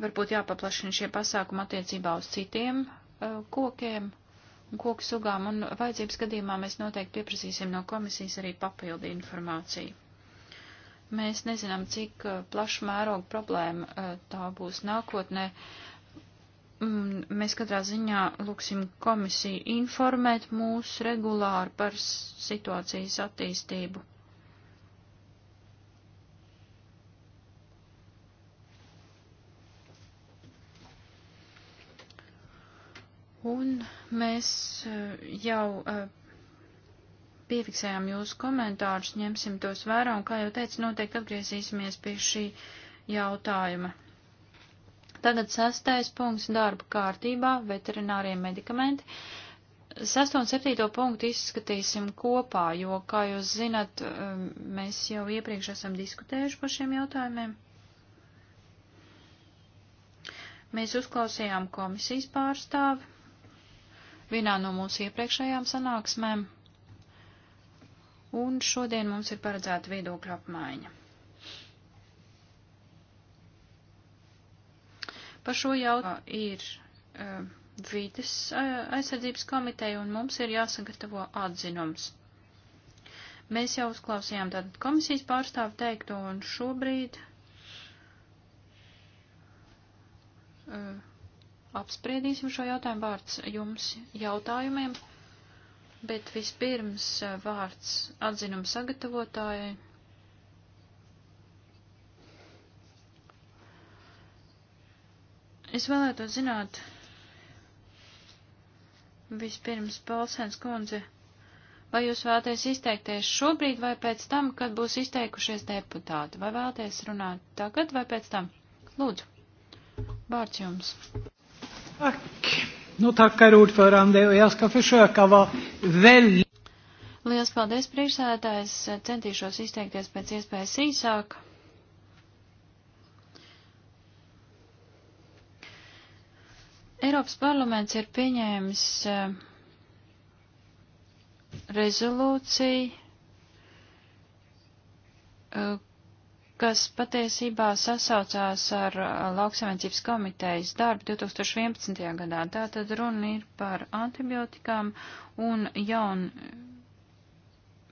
Varbūt jāpaplašina šie pasākumi attiecībā uz citiem uh, kokiem un koku sugām, un vajadzības gadījumā mēs noteikti pieprasīsim no komisijas arī papildu informāciju. Mēs nezinām, cik uh, plaša mēroga problēma uh, tā būs nākotnē. Mm, mēs katrā ziņā lūksim komisiju informēt mūs regulāri par situācijas attīstību. Un mēs eh, jau eh, piefiksējām jūsu komentārus, ņemsim tos vērā, un, kā jau teicu, noteikti atgriezīsimies pie šī jautājuma. Tagad sastais punkts darba kārtībā - veterinārie medikamenti. Sesto un septīto punktu izskatīsim kopā, jo, kā jūs zinat, eh, mēs jau iepriekš esam diskutējuši par šiem jautājumiem. Mēs uzklausījām komisijas pārstāvi vienā no mūsu iepriekšējām sanāksmēm, un šodien mums ir paredzēta viedokļa apmaiņa. Par šo jautājumu ir uh, e, vides e, aizsardzības komiteja, un mums ir jāsagatavo atzinums. Mēs jau uzklausījām tātad komisijas pārstāvu teikto, un šobrīd. Uh, apspriedīsim šo jautājumu vārds jums jautājumiem, bet vispirms eh, vārds atzinumu sagatavotājai. Es vēlētos zināt, vispirms Balsēns kundze, vai jūs vēlaties izteikties šobrīd vai pēc tam, kad būs izteikušies deputāti, vai vēlaties runāt tagad vai pēc tam? Lūdzu, vārds jums. Tack. Nu tackar ordförande och jag ska försöka vara väldigt... Lielas paldies, priekšsēdētājs. Centīšos izteikties pēc iespējas īsāk. Eiropas parlaments ir pieņēmis eh, rezolūciju, eh, kas patiesībā sasaucās ar uh, lauksaimniecības komitejas darbu 2011. gadā. Tātad runa ir par antibiotikām un jaunu uh,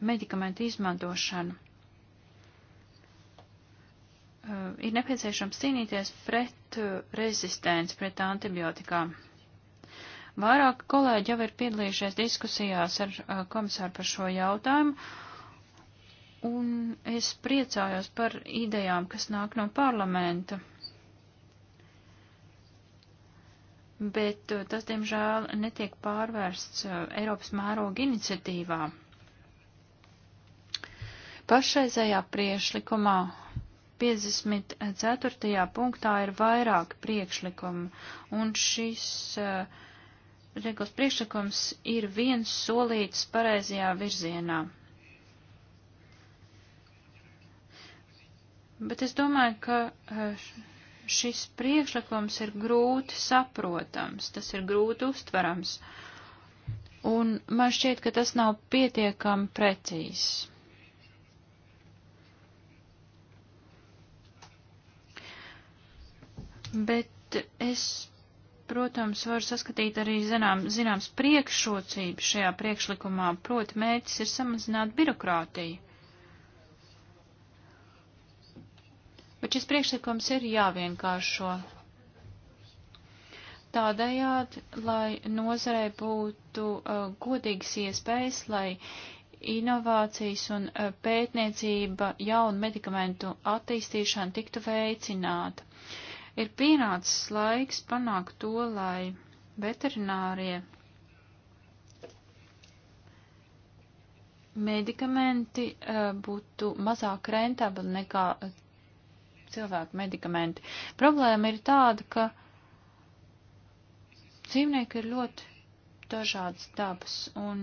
medikamentu izmantošanu. Uh, ir nepieciešams cīnīties pret rezistenci pret antibiotikām. Vairāk kolēģi jau ir piedalījušies diskusijās ar komisāru par šo jautājumu un es priecājos par idejām, kas nāk no parlamenta. Bet eh, tas, diemžēl, netiek pārvērsts eh, Eiropas mēroga iniciatīvā. Pašreizējā priešlikumā 54. punktā ir vairāk priekšlikumu, un šis uh, eh, regulas priekšlikums ir viens solīts pareizajā virzienā. Bet es domāju, ka eh, šis priekšlikums ir grūti saprotams, tas ir grūti uztverams. Un man šķiet, ka tas nav pietiekami precīzs. Bet es, protams, varu saskatīt arī zinām, zināms priekšrocības šajā priekšlikumā, proti mērķis ir samazināt birokrātiju. Bet šis priekšlikums ir jāvienkāršo tādējādi, lai nozarei būtu uh, godīgas iespējas, lai inovācijas un uh, pētniecība jaunu medikamentu attīstīšana tiktu veicināta. Ir pienācis laiks panākt to, lai veterinārie medikamenti uh, būtu mazāk rentabli nekā cilvēku medikamenti. Problēma ir tāda, ka dzīvnieki ir ļoti dažādas dabas, un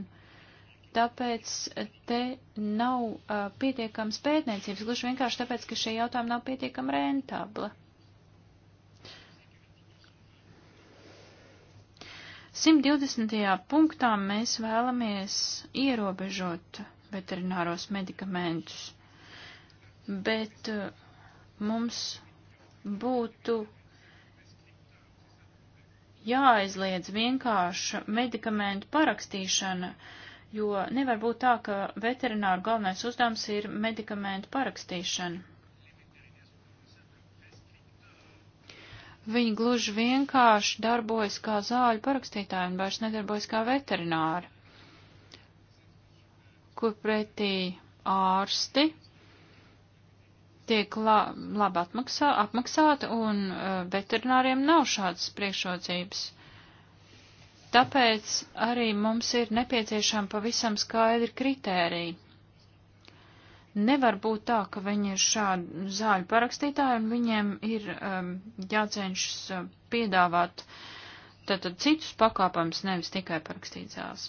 tāpēc te nav uh, pietiekams pētniecības, gluži vienkārši tāpēc, ka šie jautājumi nav pietiekami rentabli. 120. punktā mēs vēlamies ierobežot veterināros medikamentus, bet uh, mums būtu jāaizliedz vienkārša medikamentu parakstīšana, jo nevar būt tā, ka veterināru galvenais uzdevums ir medikamentu parakstīšana. Viņi gluži vienkārši darbojas kā zāļu parakstītāji un vairs nedarbojas kā veterināri, kur pretī ārsti tiek la, labi atmaksā, apmaksāti, un uh, veterināriem nav šādas priekšrocības. Tāpēc arī mums ir nepieciešama pavisam skaidri kritērija. Nevar būt tā, ka viņi ir šādi zāļu parakstītāji un viņiem ir um, jācenšas eh, piedāvāt tātad citus pakāpams, nevis tikai parakstīt zāles.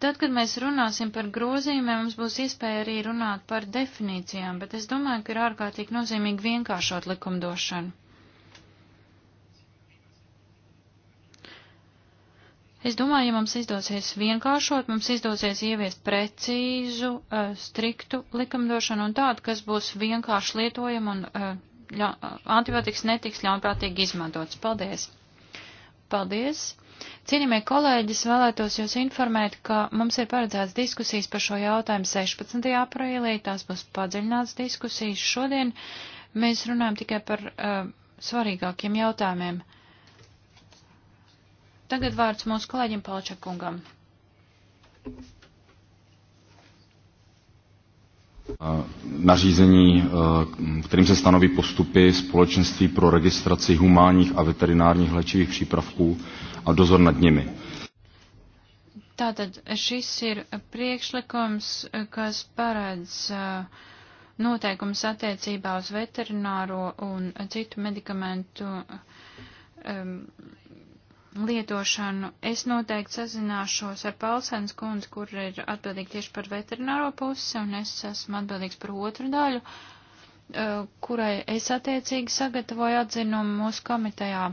Tad, kad mēs runāsim par grozījumiem, mums būs iespēja arī runāt par definīcijām, bet es domāju, ka ir ārkārtīgi nozīmīgi vienkāršot likumdošanu. Es domāju, ja mums izdosies vienkāršot, mums izdosies ieviest precīzu, eh, striktu likumdošanu un tādu, kas būs vienkārši lietojama un eh, antibiotikas netiks ļaunprātīgi izmantots. Paldies! Paldies! Cienījamie kolēģi, es vēlētos jūs informēt, ka mums ir paredzēts diskusijas par šo jautājumu 16. aprīlī, tās būs padziļināts diskusijas. Šodien mēs runājam tikai par uh, svarīgākiem jautājumiem. Tagad vārds mūsu kolēģim Palčakungam. nařízení, kterým se stanoví postupy společenství pro registraci humánních a veterinárních léčivých přípravků a dozor nad nimi. Tātad šis ir priekšlikums, kas paredz uh, noteikums attiecībā uz veterināro un citu medikamentu um, lietošanu. Es noteikti sazināšos ar Palsens kundzi, kur ir atbildīgi tieši par veterināro pusi, un es esmu atbildīgs par otru daļu, uh, kurai es attiecīgi sagatavoju atzinumu mūsu komitejā.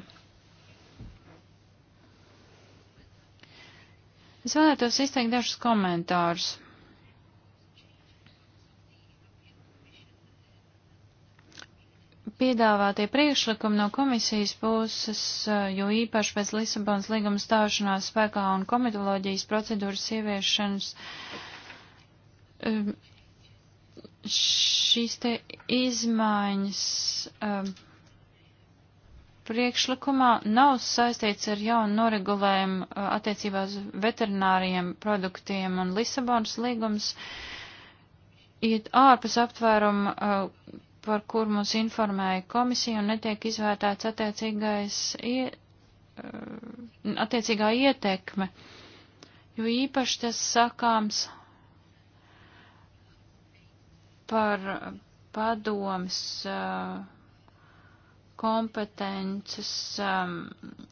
Es vēlētos izteikt dažus komentārus. Piedāvātie priekšlikumi no komisijas puses, jo īpaši pēc Lisabonas līguma stāšanās spēkā un komitoloģijas procedūras ieviešanas, um, šīs te izmaiņas um, priekšlikumā nav saistīts ar jaunu noregulējumu uh, attiecībā uz veterināriem produktiem, un Lisabonas līgums iet ārpus aptvērumu, uh, par kur mums informēja komisija, un netiek izvērtēts attiecīgais, ie, uh, attiecīgā ietekme, jo īpaši tas sakāms par padomas uh, kompetences um,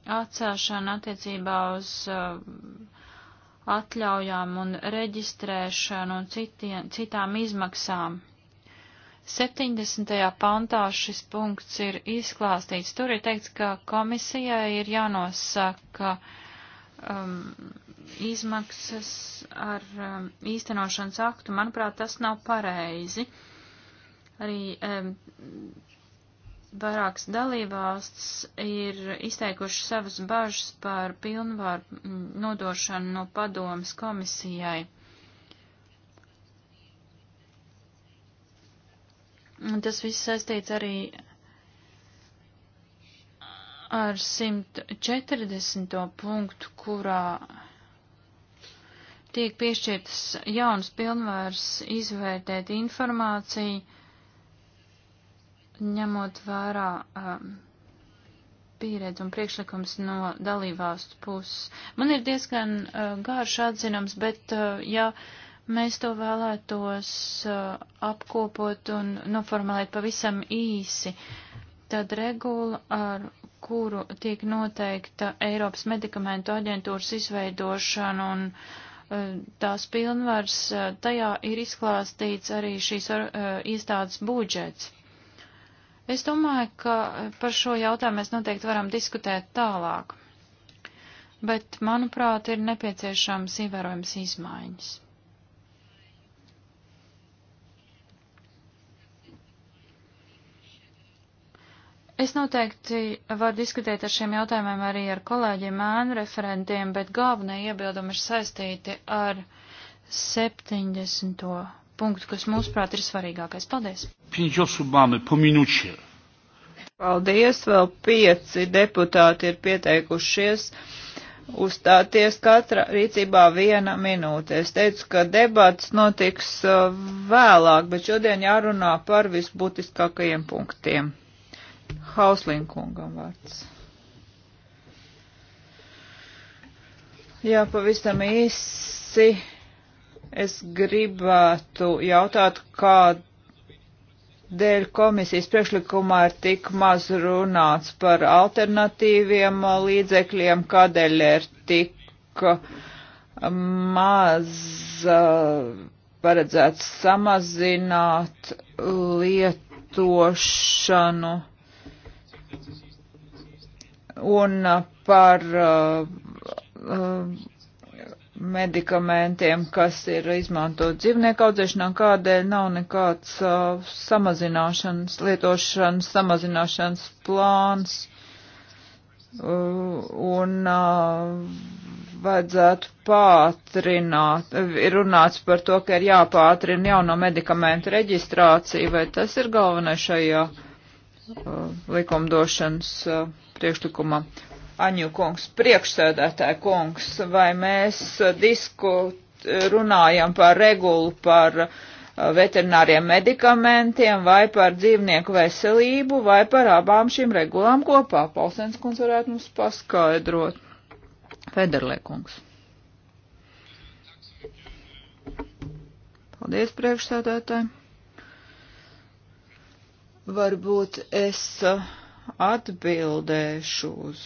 atcelšana attiecībā uz um, atļaujām un reģistrēšanu un citiem, citām izmaksām. 70. pantā šis punkts ir izklāstīts. Tur ir teikts, ka komisijai ir jānosaka um, izmaksas ar um, īstenošanas aktu. Manuprāt, tas nav pareizi. Arī um, Vairākas dalībvalstis ir izteikuši savas bažas par pilnvaru mm, nodošanu no padomas komisijai. Un tas viss saistīts arī ar 140. punktu, kurā tiek piešķirtas jaunas pilnvērs izvērtēt informāciju ņemot vērā um, pieredzi un priekšlikums no dalībvalstu puses. Man ir diezgan uh, gārš atzinums, bet uh, ja mēs to vēlētos uh, apkopot un noformulēt pavisam īsi, tad regula, ar kuru tiek noteikta Eiropas medikamentu aģentūras izveidošana un uh, tās pilnvars, uh, tajā ir izklāstīts arī šīs uh, iestādes budžets. Es domāju, ka par šo jautājumu mēs noteikti varam diskutēt tālāk, bet, manuprāt, ir nepieciešams ievērojams izmaiņas. Es noteikti varu diskutēt ar šiem jautājumiem arī ar kolēģiem, ēnu referentiem, bet galvenie iebildumi ir saistīti ar 70 punktu, kas mūsuprāt ir svarīgākais. Paldies! Paldies! Vēl pieci deputāti ir pieteikušies uzstāties katra rīcībā viena minūte. Es teicu, ka debats notiks uh, vēlāk, bet šodien jārunā par visbūtiskākajiem punktiem. Hauslinkungam vārds. Jā, pavisam īsi Es gribētu jautāt, kādēļ komisijas priekšlikumā ir tik maz runāts par alternatīviem līdzekļiem, kādēļ ir tik maz uh, paredzēts samazināt lietošanu un uh, par uh, uh, medikamentiem, kas ir izmantot dzīvnieku audzēšanā, kādēļ nav nekāds uh, samazināšanas, lietošanas samazināšanas plāns. Uh, un uh, vajadzētu pātrināt, ir runāts par to, ka ir jāpātrina jauno medikamentu reģistrācija, vai tas ir galvenais šajā uh, likumdošanas uh, priekšlikumā. Aņu kungs, priekšsēdētāja kungs, vai mēs uh, diskut, uh, runājam par regulu par uh, veterināriem medikamentiem vai par dzīvnieku veselību vai par abām šīm regulām kopā. Paulsens kungs varētu mums paskaidrot. Federlē kungs. Paldies priekšsēdētāji. Varbūt es. Uh, atbildēšu uz,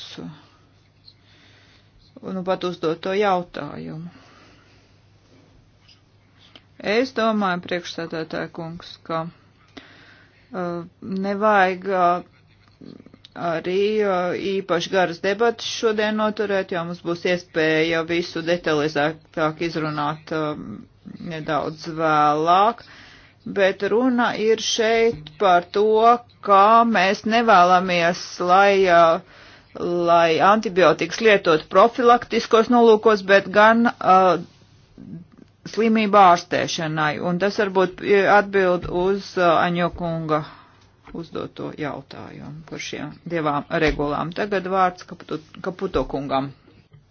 nu pat uzdot to jautājumu. Es domāju, priekšstādātāja kungs, ka uh, nevajag uh, arī uh, īpaši garas debatas šodien noturēt, jo mums būs iespēja visu detalizētāk izrunāt uh, nedaudz vēlāk. Uh, bet runa ir šeit par to, kā mēs nevēlamies, lai, uh, lai antibiotikas lietot profilaktiskos nolūkos, bet gan uh, slimību ārstēšanai. Un tas varbūt atbild uz uh, Aņokunga uzdoto jautājumu par šiem divām regulām. Tagad vārds Kaputo, kaputo kungam.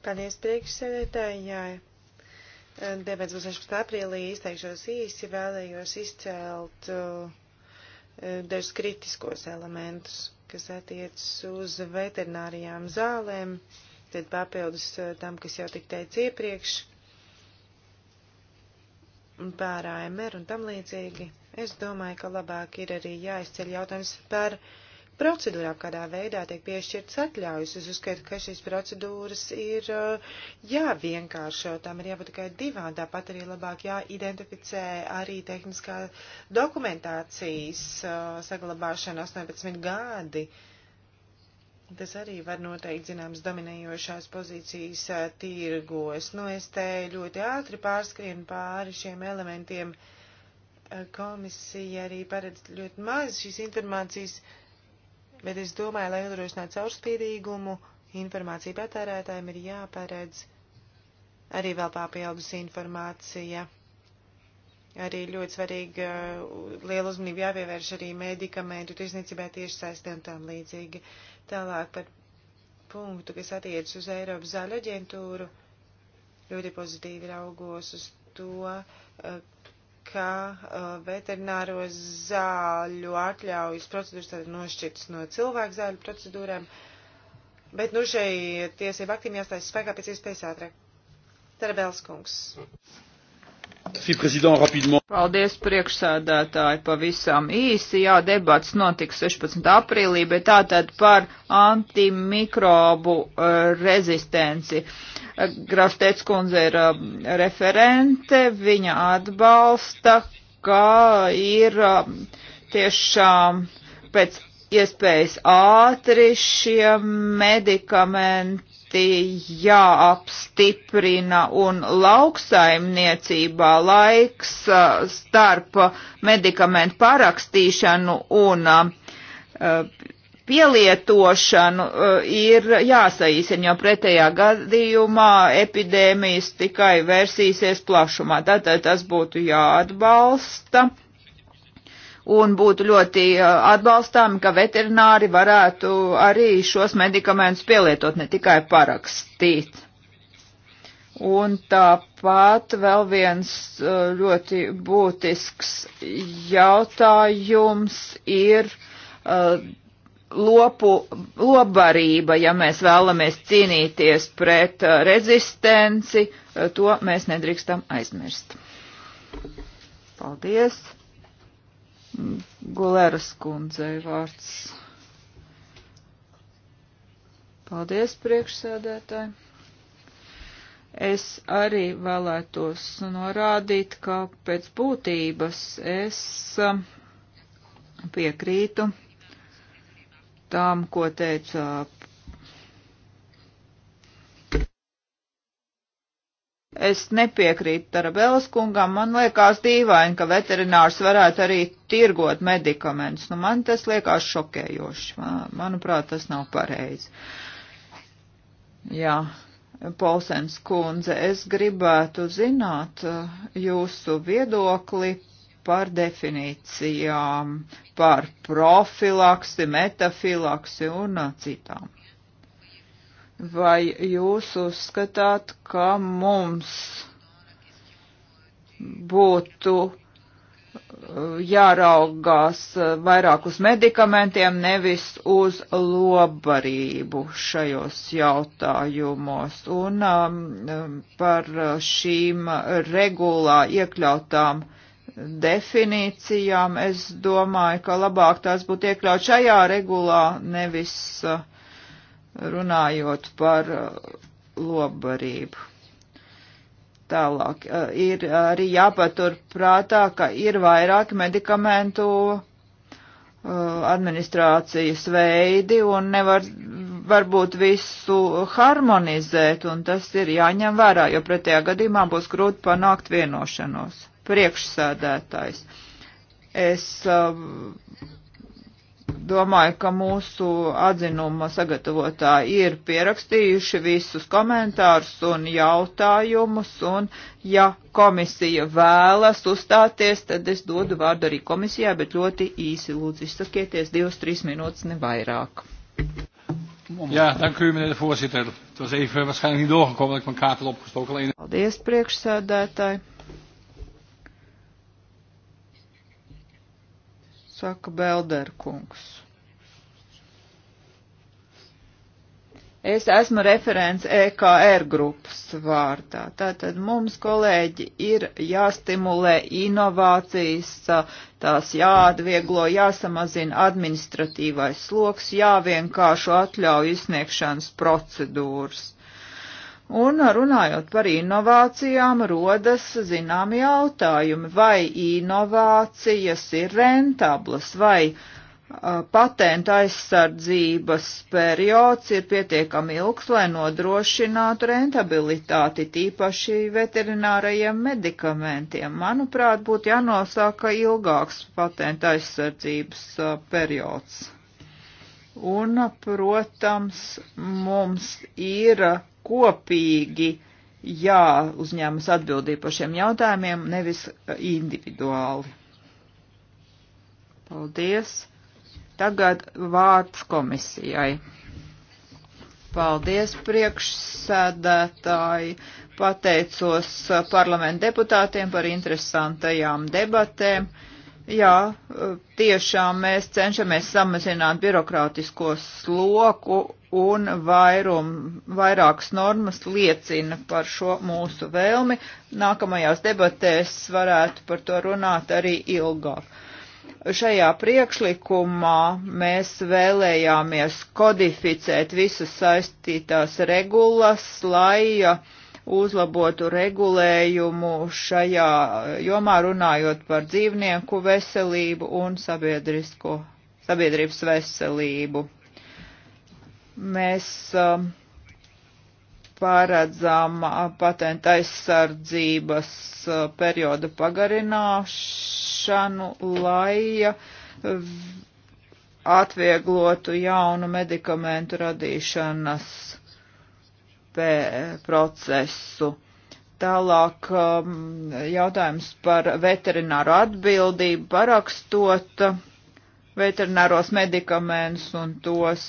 Paldies priekšsēdētāji, jā, Tāpēc būs 16. aprīlī izteikšos īsi, vēlējos izcelt uh, dažus kritiskos elementus, kas attiecas uz veterinārijām zālēm, tad papildus uh, tam, kas jau tik teica iepriekš, pār AMR un tam līdzīgi. Es domāju, ka labāk ir arī jāizceļ jautājums par uh, procedūrām, kādā veidā tiek piešķirtas atļaujas. Es uzskatu, ka šīs procedūras ir uh, jāvienkāršo, tam ir jābūt tikai divām, tāpat arī labāk jāidentificē arī tehniskā dokumentācijas uh, saglabāšana 18 gadi. Tas arī var noteikt zināmas dominējošās pozīcijas uh, tirgos. Nu, es te ļoti ātri pārskrienu pāri šiem elementiem. Komisija arī paredz ļoti maz šīs informācijas uh, Bet es domāju, lai nodrošinātu caurspīdīgumu, informācija patērētājiem ir jāparedz arī vēl papildus informācija. Arī ļoti svarīgi uh, liela uzmanība jāpievērš arī medikamentu tirsniecībai tieši saistēm tam līdzīgi. Tālāk par punktu, kas attiecas uz Eiropas zaļu aģentūru, ļoti pozitīvi raugos uz to, uh, ka uh, veterināro zāļu atļaujas procedūras tad ir nošķirtas no cilvēku zāļu procedūrām, bet nu šai tiesību aktīm jāstājas spēkā pēc iespējas ātrāk. Tarabēls kungs. Mm. Paldies priekšsēdētāji pavisam īsi. Jā, debats notiks 16. aprīlī, bet tātad par antimikrobu uh, rezistenci. Eh, Grafstēts kundze ir uh, referente, viņa atbalsta, ka ir uh, tiešām pēc iespējas ātri šie medikamenti valstī jāapstiprina un lauksaimniecībā laiks starp medikamentu parakstīšanu un pielietošanu ir jāsaīsina, jo pretējā gadījumā epidēmijas tikai vērsīsies plašumā. Tātad tas būtu jāatbalsta un būtu ļoti atbalstāmi, ka veterināri varētu arī šos medikamentus pielietot, ne tikai parakstīt. Un tāpat vēl viens ļoti būtisks jautājums ir uh, lopu, lobbarība, ja mēs vēlamies cīnīties pret rezistenci, to mēs nedrīkstam aizmirst. Paldies! Gulēras kundzei vārds. Paldies, priekšsēdētāji. Es arī vēlētos norādīt, ka pēc būtības es um, piekrītu tām, ko teica Es nepiekrītu Tarabēlas kungam, man liekas dīvaini, ka veterinārs varētu arī tirgot medikamentus. Nu, man tas liekas šokējoši. Manuprāt, tas nav pareizi. Jā, Polsens kundze, es gribētu zināt eh, jūsu viedokli par definīcijām, par profilaksi, metafilaksi un eh, citām. Vai jūs uzskatāt, ka mums būtu uh, jāraugās uh, vairāk uz medikamentiem, nevis uz lobarību šajos jautājumos. Un um, um, par šīm regulā iekļautām definīcijām es domāju, ka labāk tās būtu iekļaut šajā regulā, nevis uh, runājot par uh, lobbarību. Tālāk uh, ir arī jāpatur prātā, ka ir vairāki medikamentu uh, administrācijas veidi un nevar varbūt visu harmonizēt, un tas ir jāņem vērā, jo pretējā gadījumā būs grūti panākt vienošanos. Priekšsēdētājs. Es uh, domāju, ka mūsu atzinuma sagatavotāji ir pierakstījuši visus komentārus un jautājumus, un ja komisija vēlas uzstāties, tad es dodu vārdu arī komisijā, bet ļoti īsi lūdzu izsakieties, divas, trīs minūtes nevairāk. Jā, dank u, meneer de voorzitter. Het was even waarschijnlijk niet doorgekomen dat ik mijn kaart had opgestoken. Alleen... Paldies, priekšsēdētāji. saka Belderkungs. Es esmu referents EKR grupas vārdā. Tātad mums, kolēģi, ir jāstimulē inovācijas, tās jāatvieglo, jāsamazina administratīvais sloks, jāvienkāršo atļauju izsniegšanas procedūras. Un runājot par inovācijām, rodas zinām jautājumi, vai inovācijas ir rentablas, vai uh, patenta aizsardzības periods ir pietiekami ilgs, lai nodrošinātu rentabilitāti, tīpaši veterinārajiem medikamentiem. Manuprāt, būtu jānosāka ilgāks patenta aizsardzības uh, periods. Un, protams, mums ir kopīgi jāuzņemas atbildība par šiem jautājumiem, nevis individuāli. Paldies. Tagad vārds komisijai. Paldies priekšsēdētāji. Pateicos parlamentu deputātiem par interesantajām debatēm. Jā, tiešām mēs cenšamies samazināt birokrātisko sloku un vairum, vairākas normas liecina par šo mūsu vēlmi. Nākamajās debatēs varētu par to runāt arī ilgāk. Šajā priekšlikumā mēs vēlējāmies kodificēt visas saistītās regulas, lai uh, uzlabotu regulējumu šajā jomā runājot par dzīvnieku veselību un sabiedrisko, sabiedrības veselību. Mēs um, paredzam uh, patenta aizsardzības uh, perioda pagarināšanu, lai uh, atvieglotu jaunu medikamentu radīšanas procesu. Tālāk um, jautājums par veterināru atbildību parakstot uh, veterināros medikamentus un tos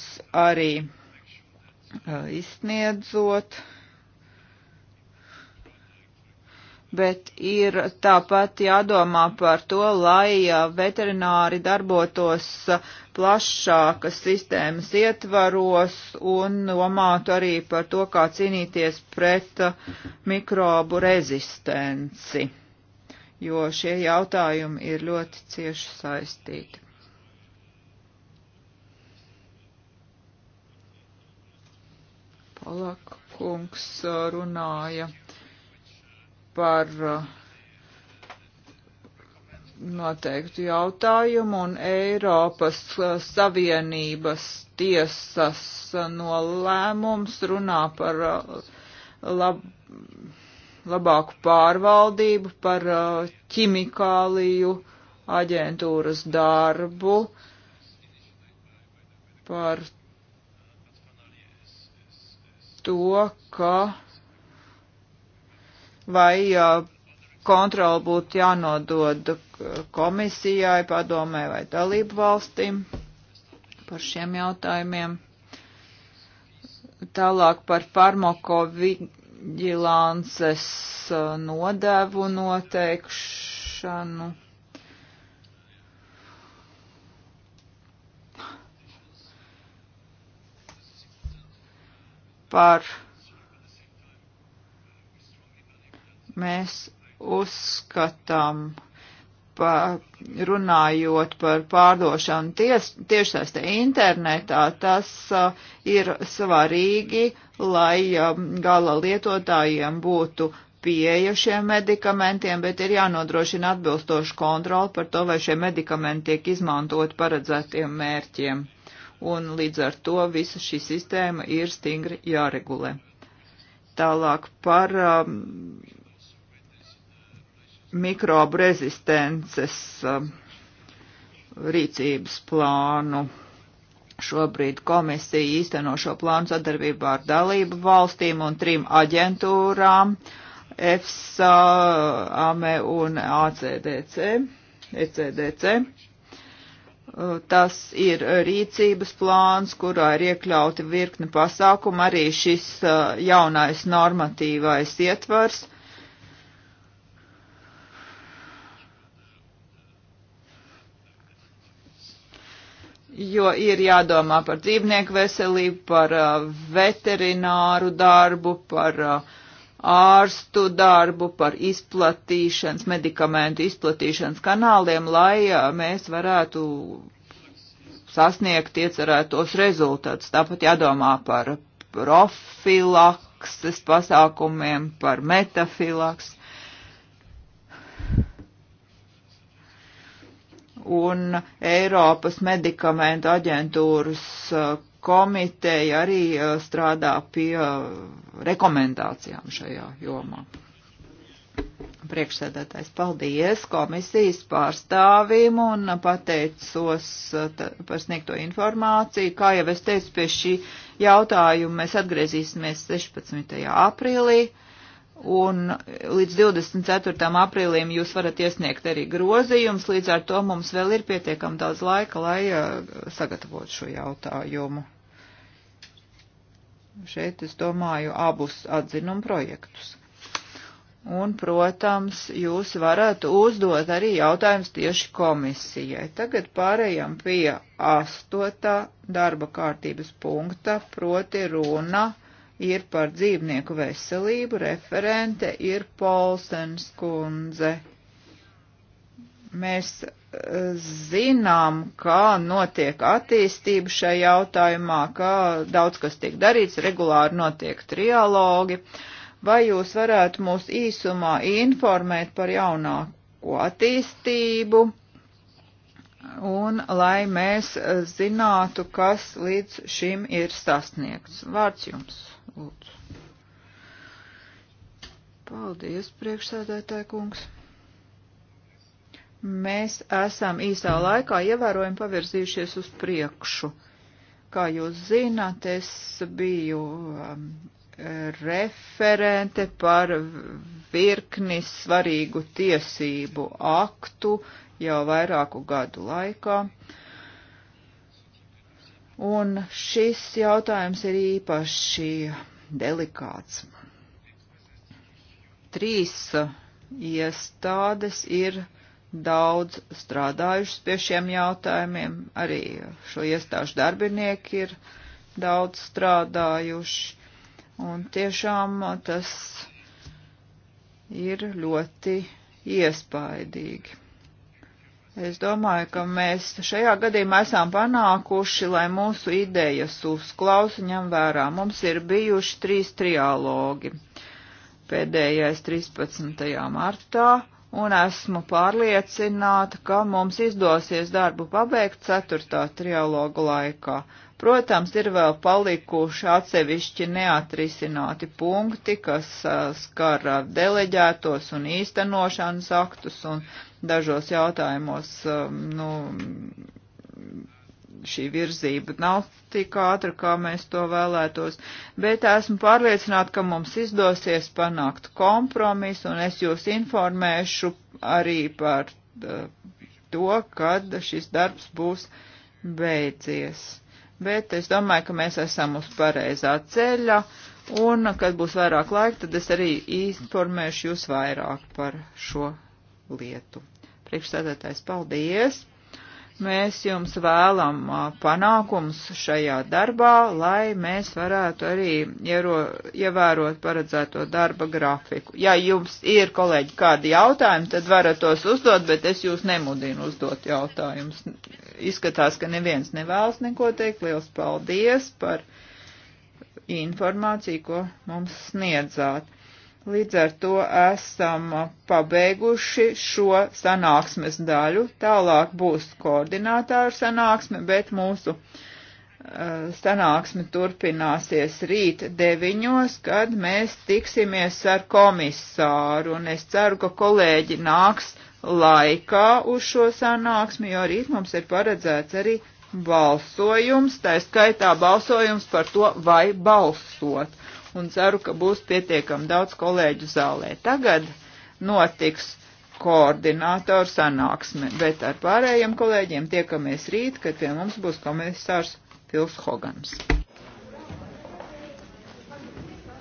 arī uh, izsniedzot. Uh, bet ir tāpat jādomā par to, lai veterināri darbotos plašākas sistēmas ietvaros un domātu arī par to, kā cīnīties pret mikrobu rezistenci, jo šie jautājumi ir ļoti cieši saistīti. Polak kungs runāja par uh, noteiktu jautājumu un Eiropas uh, Savienības tiesas uh, nolēmums runā par lab, labāku pārvaldību, par ķimikāliju aģentūras darbu, par to, ka vai uh, kontroli būtu jānodod komisijai, padomē vai dalību valstīm par šiem jautājumiem. Tālāk par farmakoviģilances uh, nodevu noteikšanu. Par Mēs uzskatām, pa, runājot par pārdošanu ties, tiešsaistē internetā, tas uh, ir svarīgi, lai um, gala lietotājiem būtu pieeja šiem medikamentiem, bet ir jānodrošina atbilstoši kontroli par to, vai šie medikamenti tiek izmantot paredzētiem mērķiem. Un līdz ar to visa šī sistēma ir stingri jāregulē. Tālāk par um, mikrobu rezistences um, rīcības plānu. Šobrīd komisija īsteno šo plānu sadarbībā ar dalību valstīm un trim aģentūrām - EFSA, AME un ACDC. ECDC. Tas ir rīcības plāns, kurā ir iekļauti virkni pasākumu, arī šis uh, jaunais normatīvais ietvars – jo ir jādomā par dzīvnieku veselību, par uh, veterināru darbu, par uh, ārstu darbu, par izplatīšanas, medikamentu izplatīšanas kanāliem, lai uh, mēs varētu sasniegt iecerētos rezultātus. Tāpat jādomā par profilakses pasākumiem, par metafilaks. un Eiropas medikamentu aģentūras uh, komiteja arī uh, strādā pie uh, rekomendācijām šajā jomā. Priekšsēdētājs, paldies komisijas pārstāvim un pateicos par sniegto informāciju. Kā jau es teicu, pie šī jautājuma mēs atgriezīsimies 16. aprīlī un līdz 24. aprīlim jūs varat iesniegt arī grozījums, līdz ar to mums vēl ir pietiekami daudz laika, lai uh, sagatavotu šo jautājumu. Šeit es domāju abus atzinumu projektus. Un, protams, jūs varat uzdot arī jautājumus tieši komisijai. Tagad pārējām pie astotā darba kārtības punkta, proti runa ir par dzīvnieku veselību, referente ir Polsens kundze. Mēs eh, zinām, kā notiek attīstība šajā jautājumā, kā daudz kas tiek darīts, regulāri notiek trialogi. Vai jūs varētu mūs īsumā informēt par jaunāko attīstību? un lai mēs eh, zinātu, kas līdz šim ir sasniegts. Vārds jums! Lūdzu. Paldies, priekšsēdētāja kungs. Mēs esam īsā laikā ievērojami pavirzījušies uz priekšu. Kā jūs zināt, es biju um, referente par virkni svarīgu tiesību aktu jau vairāku gadu laikā. Uh, un šis jautājums ir īpaši delikāts. Trīs iestādes ir daudz strādājušas pie šiem jautājumiem, arī šo iestāžu darbinieki ir daudz strādājuši, un tiešām tas ir ļoti iespaidīgi. Es domāju, ka mēs šajā gadījumā esam panākuši, lai mūsu idejas uzklausa ņem vērā. Mums ir bijuši trīs trialogi. Pēdējais 13. martā, un esmu pārliecināta, ka mums izdosies darbu pabeigt 4. trialogu laikā. Protams, ir vēl palikuši atsevišķi neatrisināti punkti, kas skar deleģētos un īstenošanas aktus, un dažos jautājumos nu, šī virzība nav tik ātra, kā mēs to vēlētos, bet esmu pārliecināta, ka mums izdosies panākt kompromisu, un es jūs informēšu arī par to, kad šis darbs būs beidzies bet es domāju, ka mēs esam uz pareizā ceļa, un, kad būs vairāk laika, tad es arī informēšu jūs vairāk par šo lietu. Priekšstādātājs, paldies! Mēs jums vēlam panākums šajā darbā, lai mēs varētu arī iero, ievērot paredzēto darba grafiku. Ja jums ir, kolēģi, kādi jautājumi, tad varat tos uzdot, bet es jūs nemudinu uzdot jautājumus. Izskatās, ka neviens nevēlas neko teikt. Liels paldies par informāciju, ko mums sniedzāt. Līdz ar to esam pabeiguši šo sanāksmes daļu. Tālāk būs koordinātāru sanāksme, bet mūsu eh, sanāksme turpināsies rīt deviņos, kad mēs tiksimies ar komisāru, un es ceru, ka kolēģi nāks laikā uz šo sanāksmi, jo rīt mums ir paredzēts arī balsojums, tā skaitā balsojums par to, vai balsot un ceru, ka būs pietiekam daudz kolēģu zālē. Tagad notiks koordinātoru sanāksme, bet ar pārējiem kolēģiem tiekamies rīt, kad pie mums būs komisārs Pils Hogans.